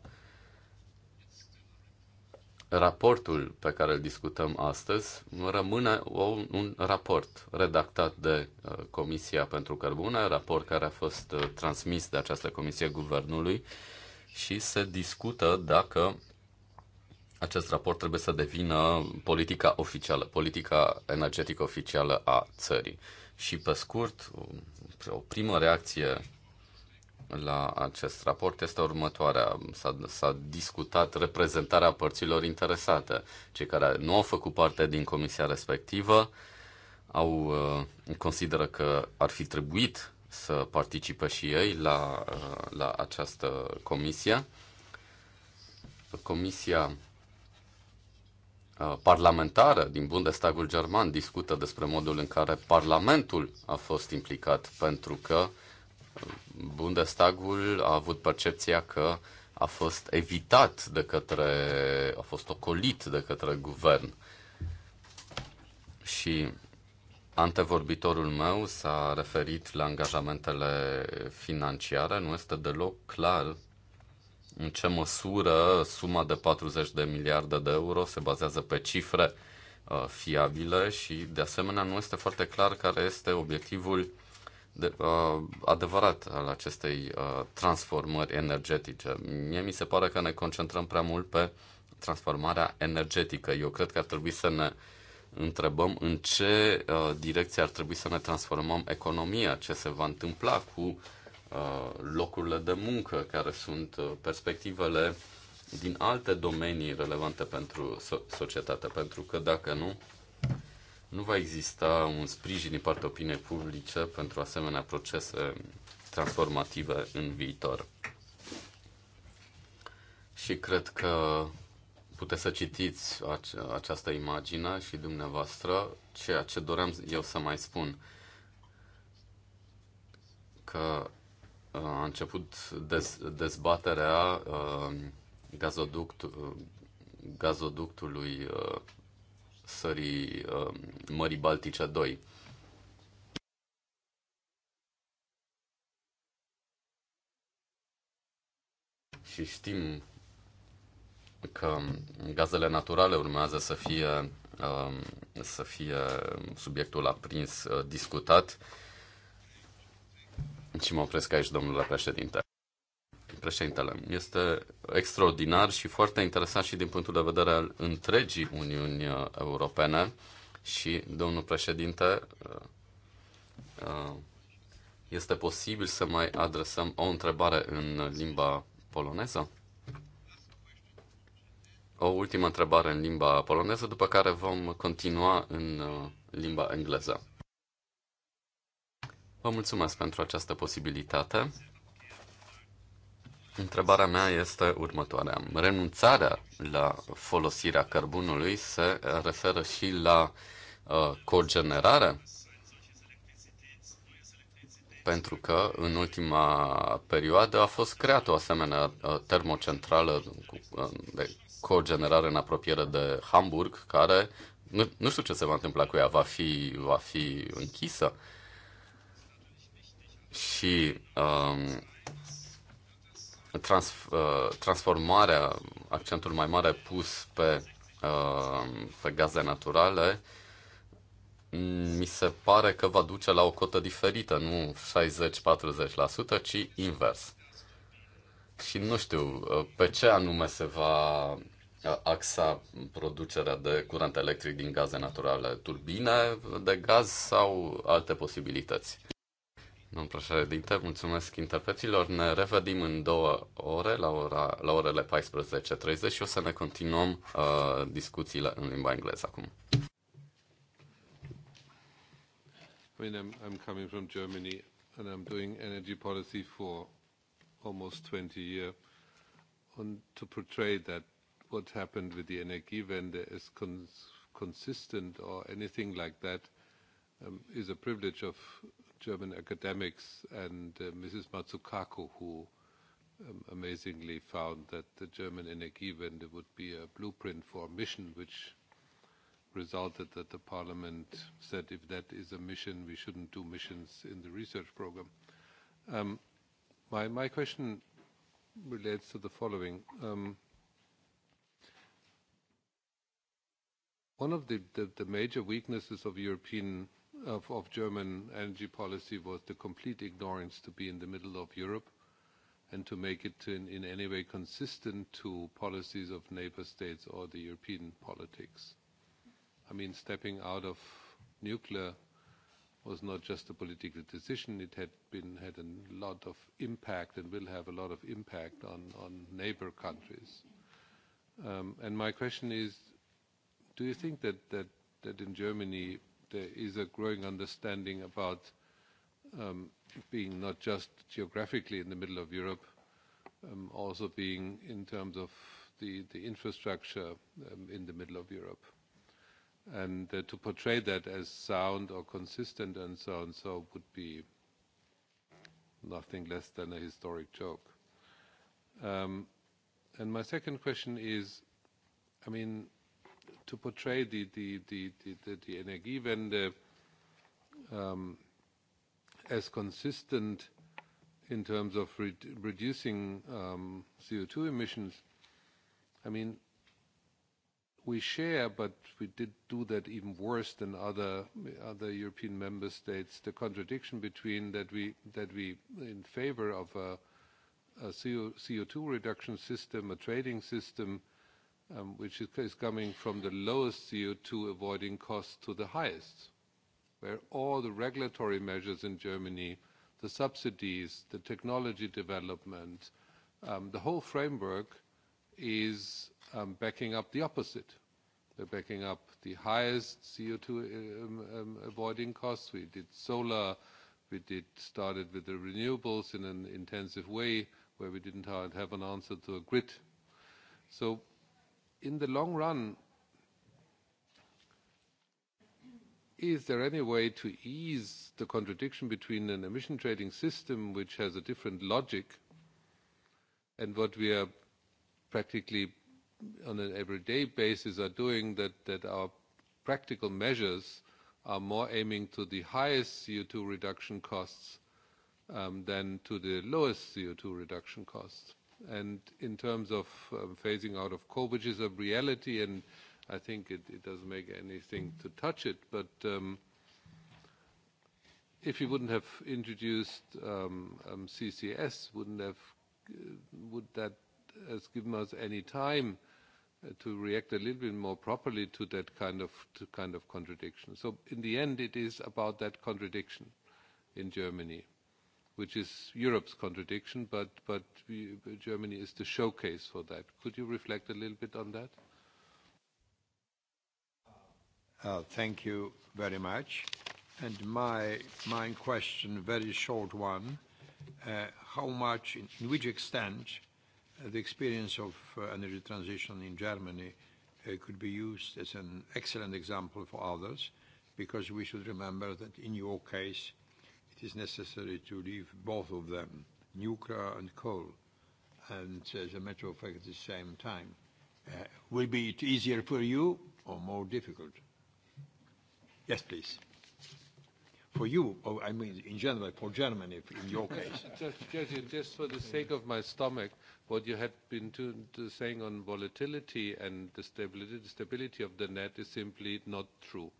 Raportul pe care îl discutăm astăzi rămâne un raport redactat de uh, Comisia pentru Cărbune, raport care a fost uh, transmis de această comisie guvernului și se discută dacă acest raport trebuie să devină politica oficială, politica energetică oficială a țării. Și pe scurt, o primă reacție la acest raport este următoarea. S-a, s-a discutat reprezentarea părților interesate. Cei care nu au făcut parte din comisia respectivă au uh, consideră că ar fi trebuit să participe și ei la, uh, la această comisie. Comisia uh, parlamentară din Bundestagul german discută despre modul în care Parlamentul a fost implicat pentru că uh, Bundestagul a avut percepția că a fost evitat de către, a fost ocolit de către guvern. Și antevorbitorul meu s-a referit la angajamentele financiare. Nu este deloc clar în ce măsură suma de 40 de miliarde de euro se bazează pe cifre uh, fiabile și, de asemenea, nu este foarte clar care este obiectivul de, uh, adevărat al acestei uh, transformări energetice. Mie mi se pare că ne concentrăm prea mult pe transformarea energetică. Eu cred că ar trebui să ne întrebăm în ce uh, direcție ar trebui să ne transformăm economia, ce se va întâmpla cu uh, locurile de muncă, care sunt uh, perspectivele din alte domenii relevante pentru so- societate, pentru că dacă nu, nu va exista un sprijin din partea opiniei publice pentru asemenea procese transformative în viitor. Și cred că puteți să citiți ace- această imagine și dumneavoastră ceea ce doream eu să mai spun. Că uh, a început dez- dezbaterea uh, gazoduct, uh, gazoductului uh, sării uh, Mării Baltice 2. Și știm că gazele naturale urmează să fie, uh, să fie subiectul aprins, uh, discutat. Și mă opresc aici, domnule președinte președintele. Este extraordinar și foarte interesant și din punctul de vedere al întregii Uniuni uh, Europene și, domnul președinte, uh, uh, este posibil să mai adresăm o întrebare în limba poloneză? O ultimă întrebare în limba poloneză, după care vom continua în limba engleză. Vă mulțumesc pentru această posibilitate. Întrebarea mea este următoarea. Renunțarea la folosirea cărbunului se referă și la uh, cogenerare? Pentru că în ultima perioadă a fost creată o asemenea uh, termocentrală uh, de cogenerare în apropiere de Hamburg, care nu, nu știu ce se va întâmpla cu ea, va fi, va fi închisă. Și uh, trans, uh, transformarea, accentul mai mare pus pe, uh, pe gaze naturale, mi se pare că va duce la o cotă diferită, nu 60-40%, ci invers. Și nu știu uh, pe ce anume se va axa producerea de curent electric din gaze naturale, turbine de gaz sau alte posibilități domn președinte, mulțumesc interpreților. Ne revedim în două ore, la, ora, la orele 14.30 și o să ne continuăm uh, discuțiile în limba engleză acum. I mean, I'm, I'm coming from Germany and I'm doing energy policy for almost 20 years. And to portray that what happened with the Energiewende is cons consistent or anything like that um, is a privilege of German academics and uh, Mrs. Matsukako, who um, amazingly found that the German Energiewende would be a blueprint for a mission, which resulted that the parliament said if that is a mission, we shouldn't do missions in the research program. Um, my, my question relates to the following. Um, one of the, the, the major weaknesses of European of, of German energy policy was the complete ignorance to be in the middle of Europe and to make it in, in any way consistent to policies of neighbor states or the European politics. I mean, stepping out of nuclear was not just a political decision. It had been had a lot of impact and will have a lot of impact on, on neighbor countries. Um, and my question is, do you think that, that, that in Germany there is a growing understanding about um, being not just geographically in the middle of Europe, um, also being in terms of the, the infrastructure um, in the middle of Europe. And uh, to portray that as sound or consistent and so on so would be nothing less than a historic joke. Um, and my second question is, I mean, to portray the, the, the, the, the Energiewende um, as consistent in terms of re reducing um, CO2 emissions, I mean, we share, but we did do that even worse than other other European member states. The contradiction between that we that we in favor of a, a CO, CO2 reduction system, a trading system, um, which is coming from the lowest CO2 avoiding costs to the highest, where all the regulatory measures in Germany, the subsidies, the technology development, um, the whole framework is um, backing up the opposite. They're backing up the highest CO2 um, um, avoiding costs. We did solar, we did started with the renewables in an intensive way where we didn't have an answer to a grid. So in the long run, is there any way to ease the contradiction between an emission trading system which has a different logic and what we are practically on an everyday basis are doing that, that our practical measures are more aiming to the highest CO2 reduction costs um, than to the lowest CO2 reduction costs? And in terms of um, phasing out of coal, which is a reality, and I think it, it doesn't make anything to touch it, but um, if you wouldn't have introduced um, um, CCS, wouldn't have, uh, would that has given us any time uh, to react a little bit more properly to that kind of to kind of contradiction. So in the end, it is about that contradiction in Germany which is Europe's contradiction, but, but Germany is the showcase for that. Could you reflect a little bit on that? Uh, thank you very much. And my, my question, very short one, uh, how much, in, in which extent, uh, the experience of uh, energy transition in Germany uh, could be used as an excellent example for others, because we should remember that in your case, it is necessary to leave both of them, nuclear and coal, and as a matter of fact, at the same time. Uh, will be it easier for you or more difficult? Yes, please. For you, or I mean, in general, for Germany, in your case. just, just, just for the sake of my stomach, what you had been to, to saying on volatility and the stability, the stability of the net is simply not true.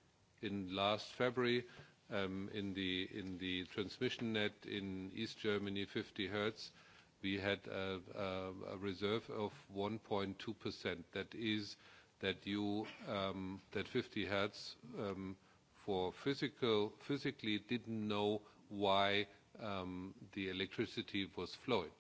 In last February, um, in, the, in the transmission net in East Germany, 50 hertz, we had a, a, a reserve of 1.2%. That is that you um, that 50 hertz um, for physical physically didn't know why um, the electricity was flowing.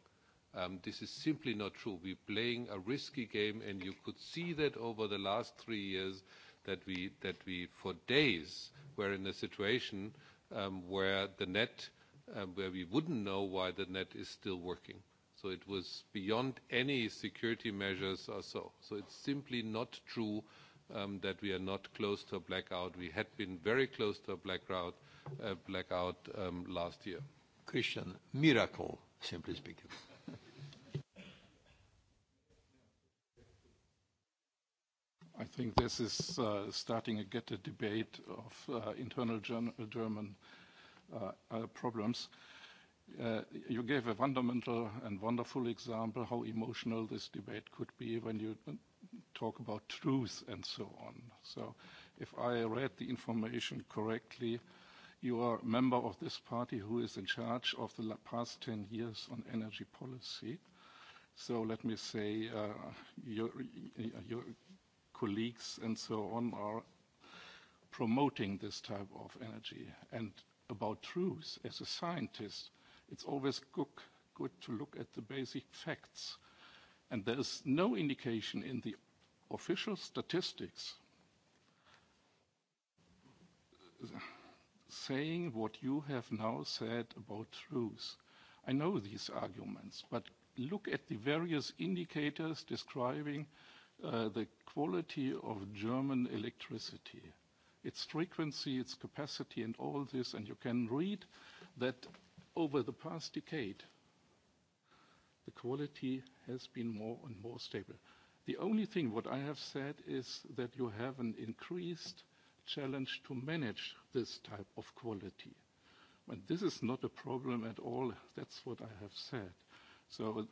Um, this is simply not true. We're playing a risky game, and you could see that over the last three years that we that we for days we're in a situation um, where the net, um, where we wouldn't know why the net is still working. So it was beyond any security measures or so. So it's simply not true um, that we are not close to a blackout. We had been very close to a blackout, uh, blackout um, last year. Christian, miracle, simply speaking. I think this is uh, starting to get a debate of uh, internal German, uh, uh, problems. Uh, you gave a fundamental and wonderful example how emotional this debate could be when you uh, talk about truth and so on. So if I read the information correctly, you are a member of this party who is in charge of the past 10 years on energy policy. So let me say uh, you, colleagues and so on are promoting this type of energy. And about truth, as a scientist, it's always good, good to look at the basic facts. And there is no indication in the official statistics saying what you have now said about truth. I know these arguments, but look at the various indicators describing Uh, the quality of German electricity, its frequency, its capacity, and all this. And you can read that over the past decade, the quality has been more and more stable. The only thing what I have said is that you have an increased challenge to manage this type of quality. And this is not a problem at all. That's what I have said. So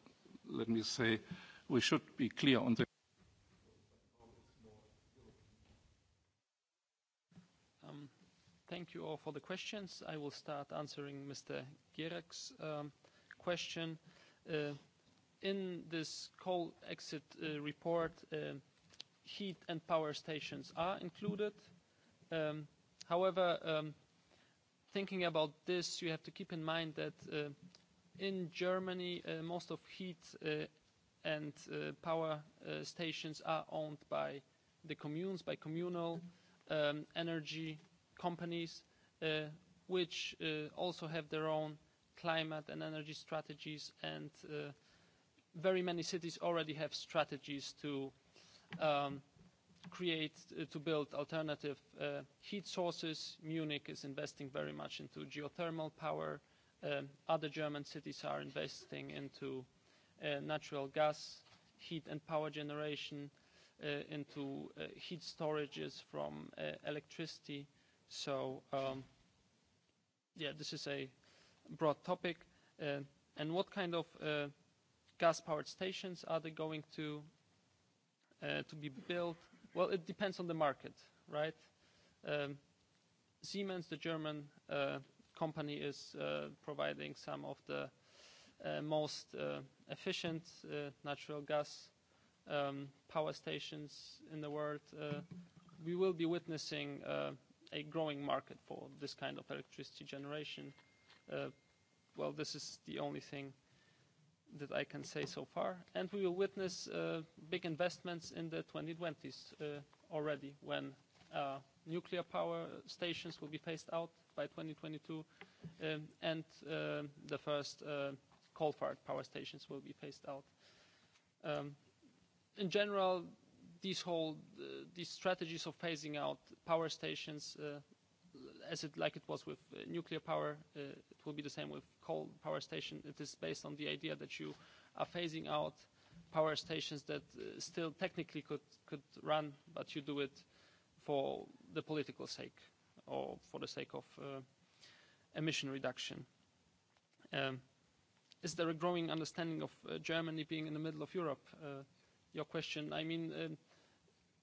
let me say we should be clear on the Thank you all for the questions. I will start answering Mr. Gierek's um, question. Uh, in this coal exit uh, report, uh, heat and power stations are included. Um, however, um, thinking about this, you have to keep in mind that uh, in Germany, uh, most of heat uh, and uh, power uh, stations are owned by the communes, by communal um, energy companies uh, which uh, also have their own climate and energy strategies and uh, very many cities already have strategies to um, create, uh, to build alternative uh, heat sources. Munich is investing very much into geothermal power. Um, other German cities are investing into uh, natural gas, heat and power generation, uh, into uh, heat storages from uh, electricity. Uh, So, um, yeah, this is a broad topic. Uh, and what kind of uh, gas-powered stations are they going to uh, to be built? Well, it depends on the market, right? Um, Siemens, the German uh, company, is uh, providing some of the uh, most uh, efficient uh, natural gas um, power stations in the world. Uh, we will be witnessing uh, a growing market for this kind of electricity generation. Uh, well, this is the only thing that I can say so far. And we will witness uh, big investments in the 2020s uh, already when uh, nuclear power stations will be phased out by 2022 um, and uh, the first uh, coal-fired power stations will be phased out. Um, in general, these whole uh, these strategies of phasing out power stations uh, as it like it was with uh, nuclear power uh, it will be the same with coal power station it is based on the idea that you are phasing out power stations that uh, still technically could could run but you do it for the political sake or for the sake of uh, emission reduction um, is there a growing understanding of uh, Germany being in the middle of Europe uh, your question I mean um,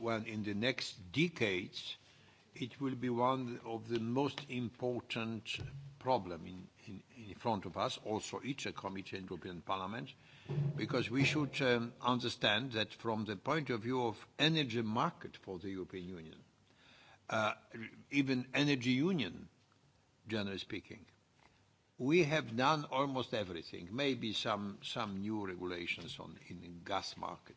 when in the next decades it will be one of the most important problem in, in, in front of us, also each committee in European Parliament, because we should um, understand that from the point of view of energy market for the European Union, uh, even energy union, generally speaking, we have done almost everything, maybe some, some new regulations on in the gas market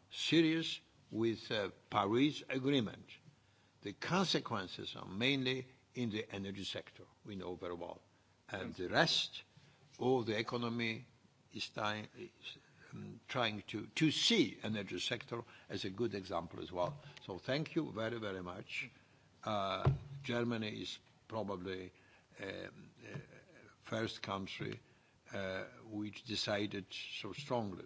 serious with the uh, Paris Agreement. The consequences are mainly in the energy sector, we know very well. And the rest of the economy is, ty- is um, trying to, to see energy sector as a good example as well. So thank you very, very much. Uh, Germany is probably um, uh, first country uh, which decided so strongly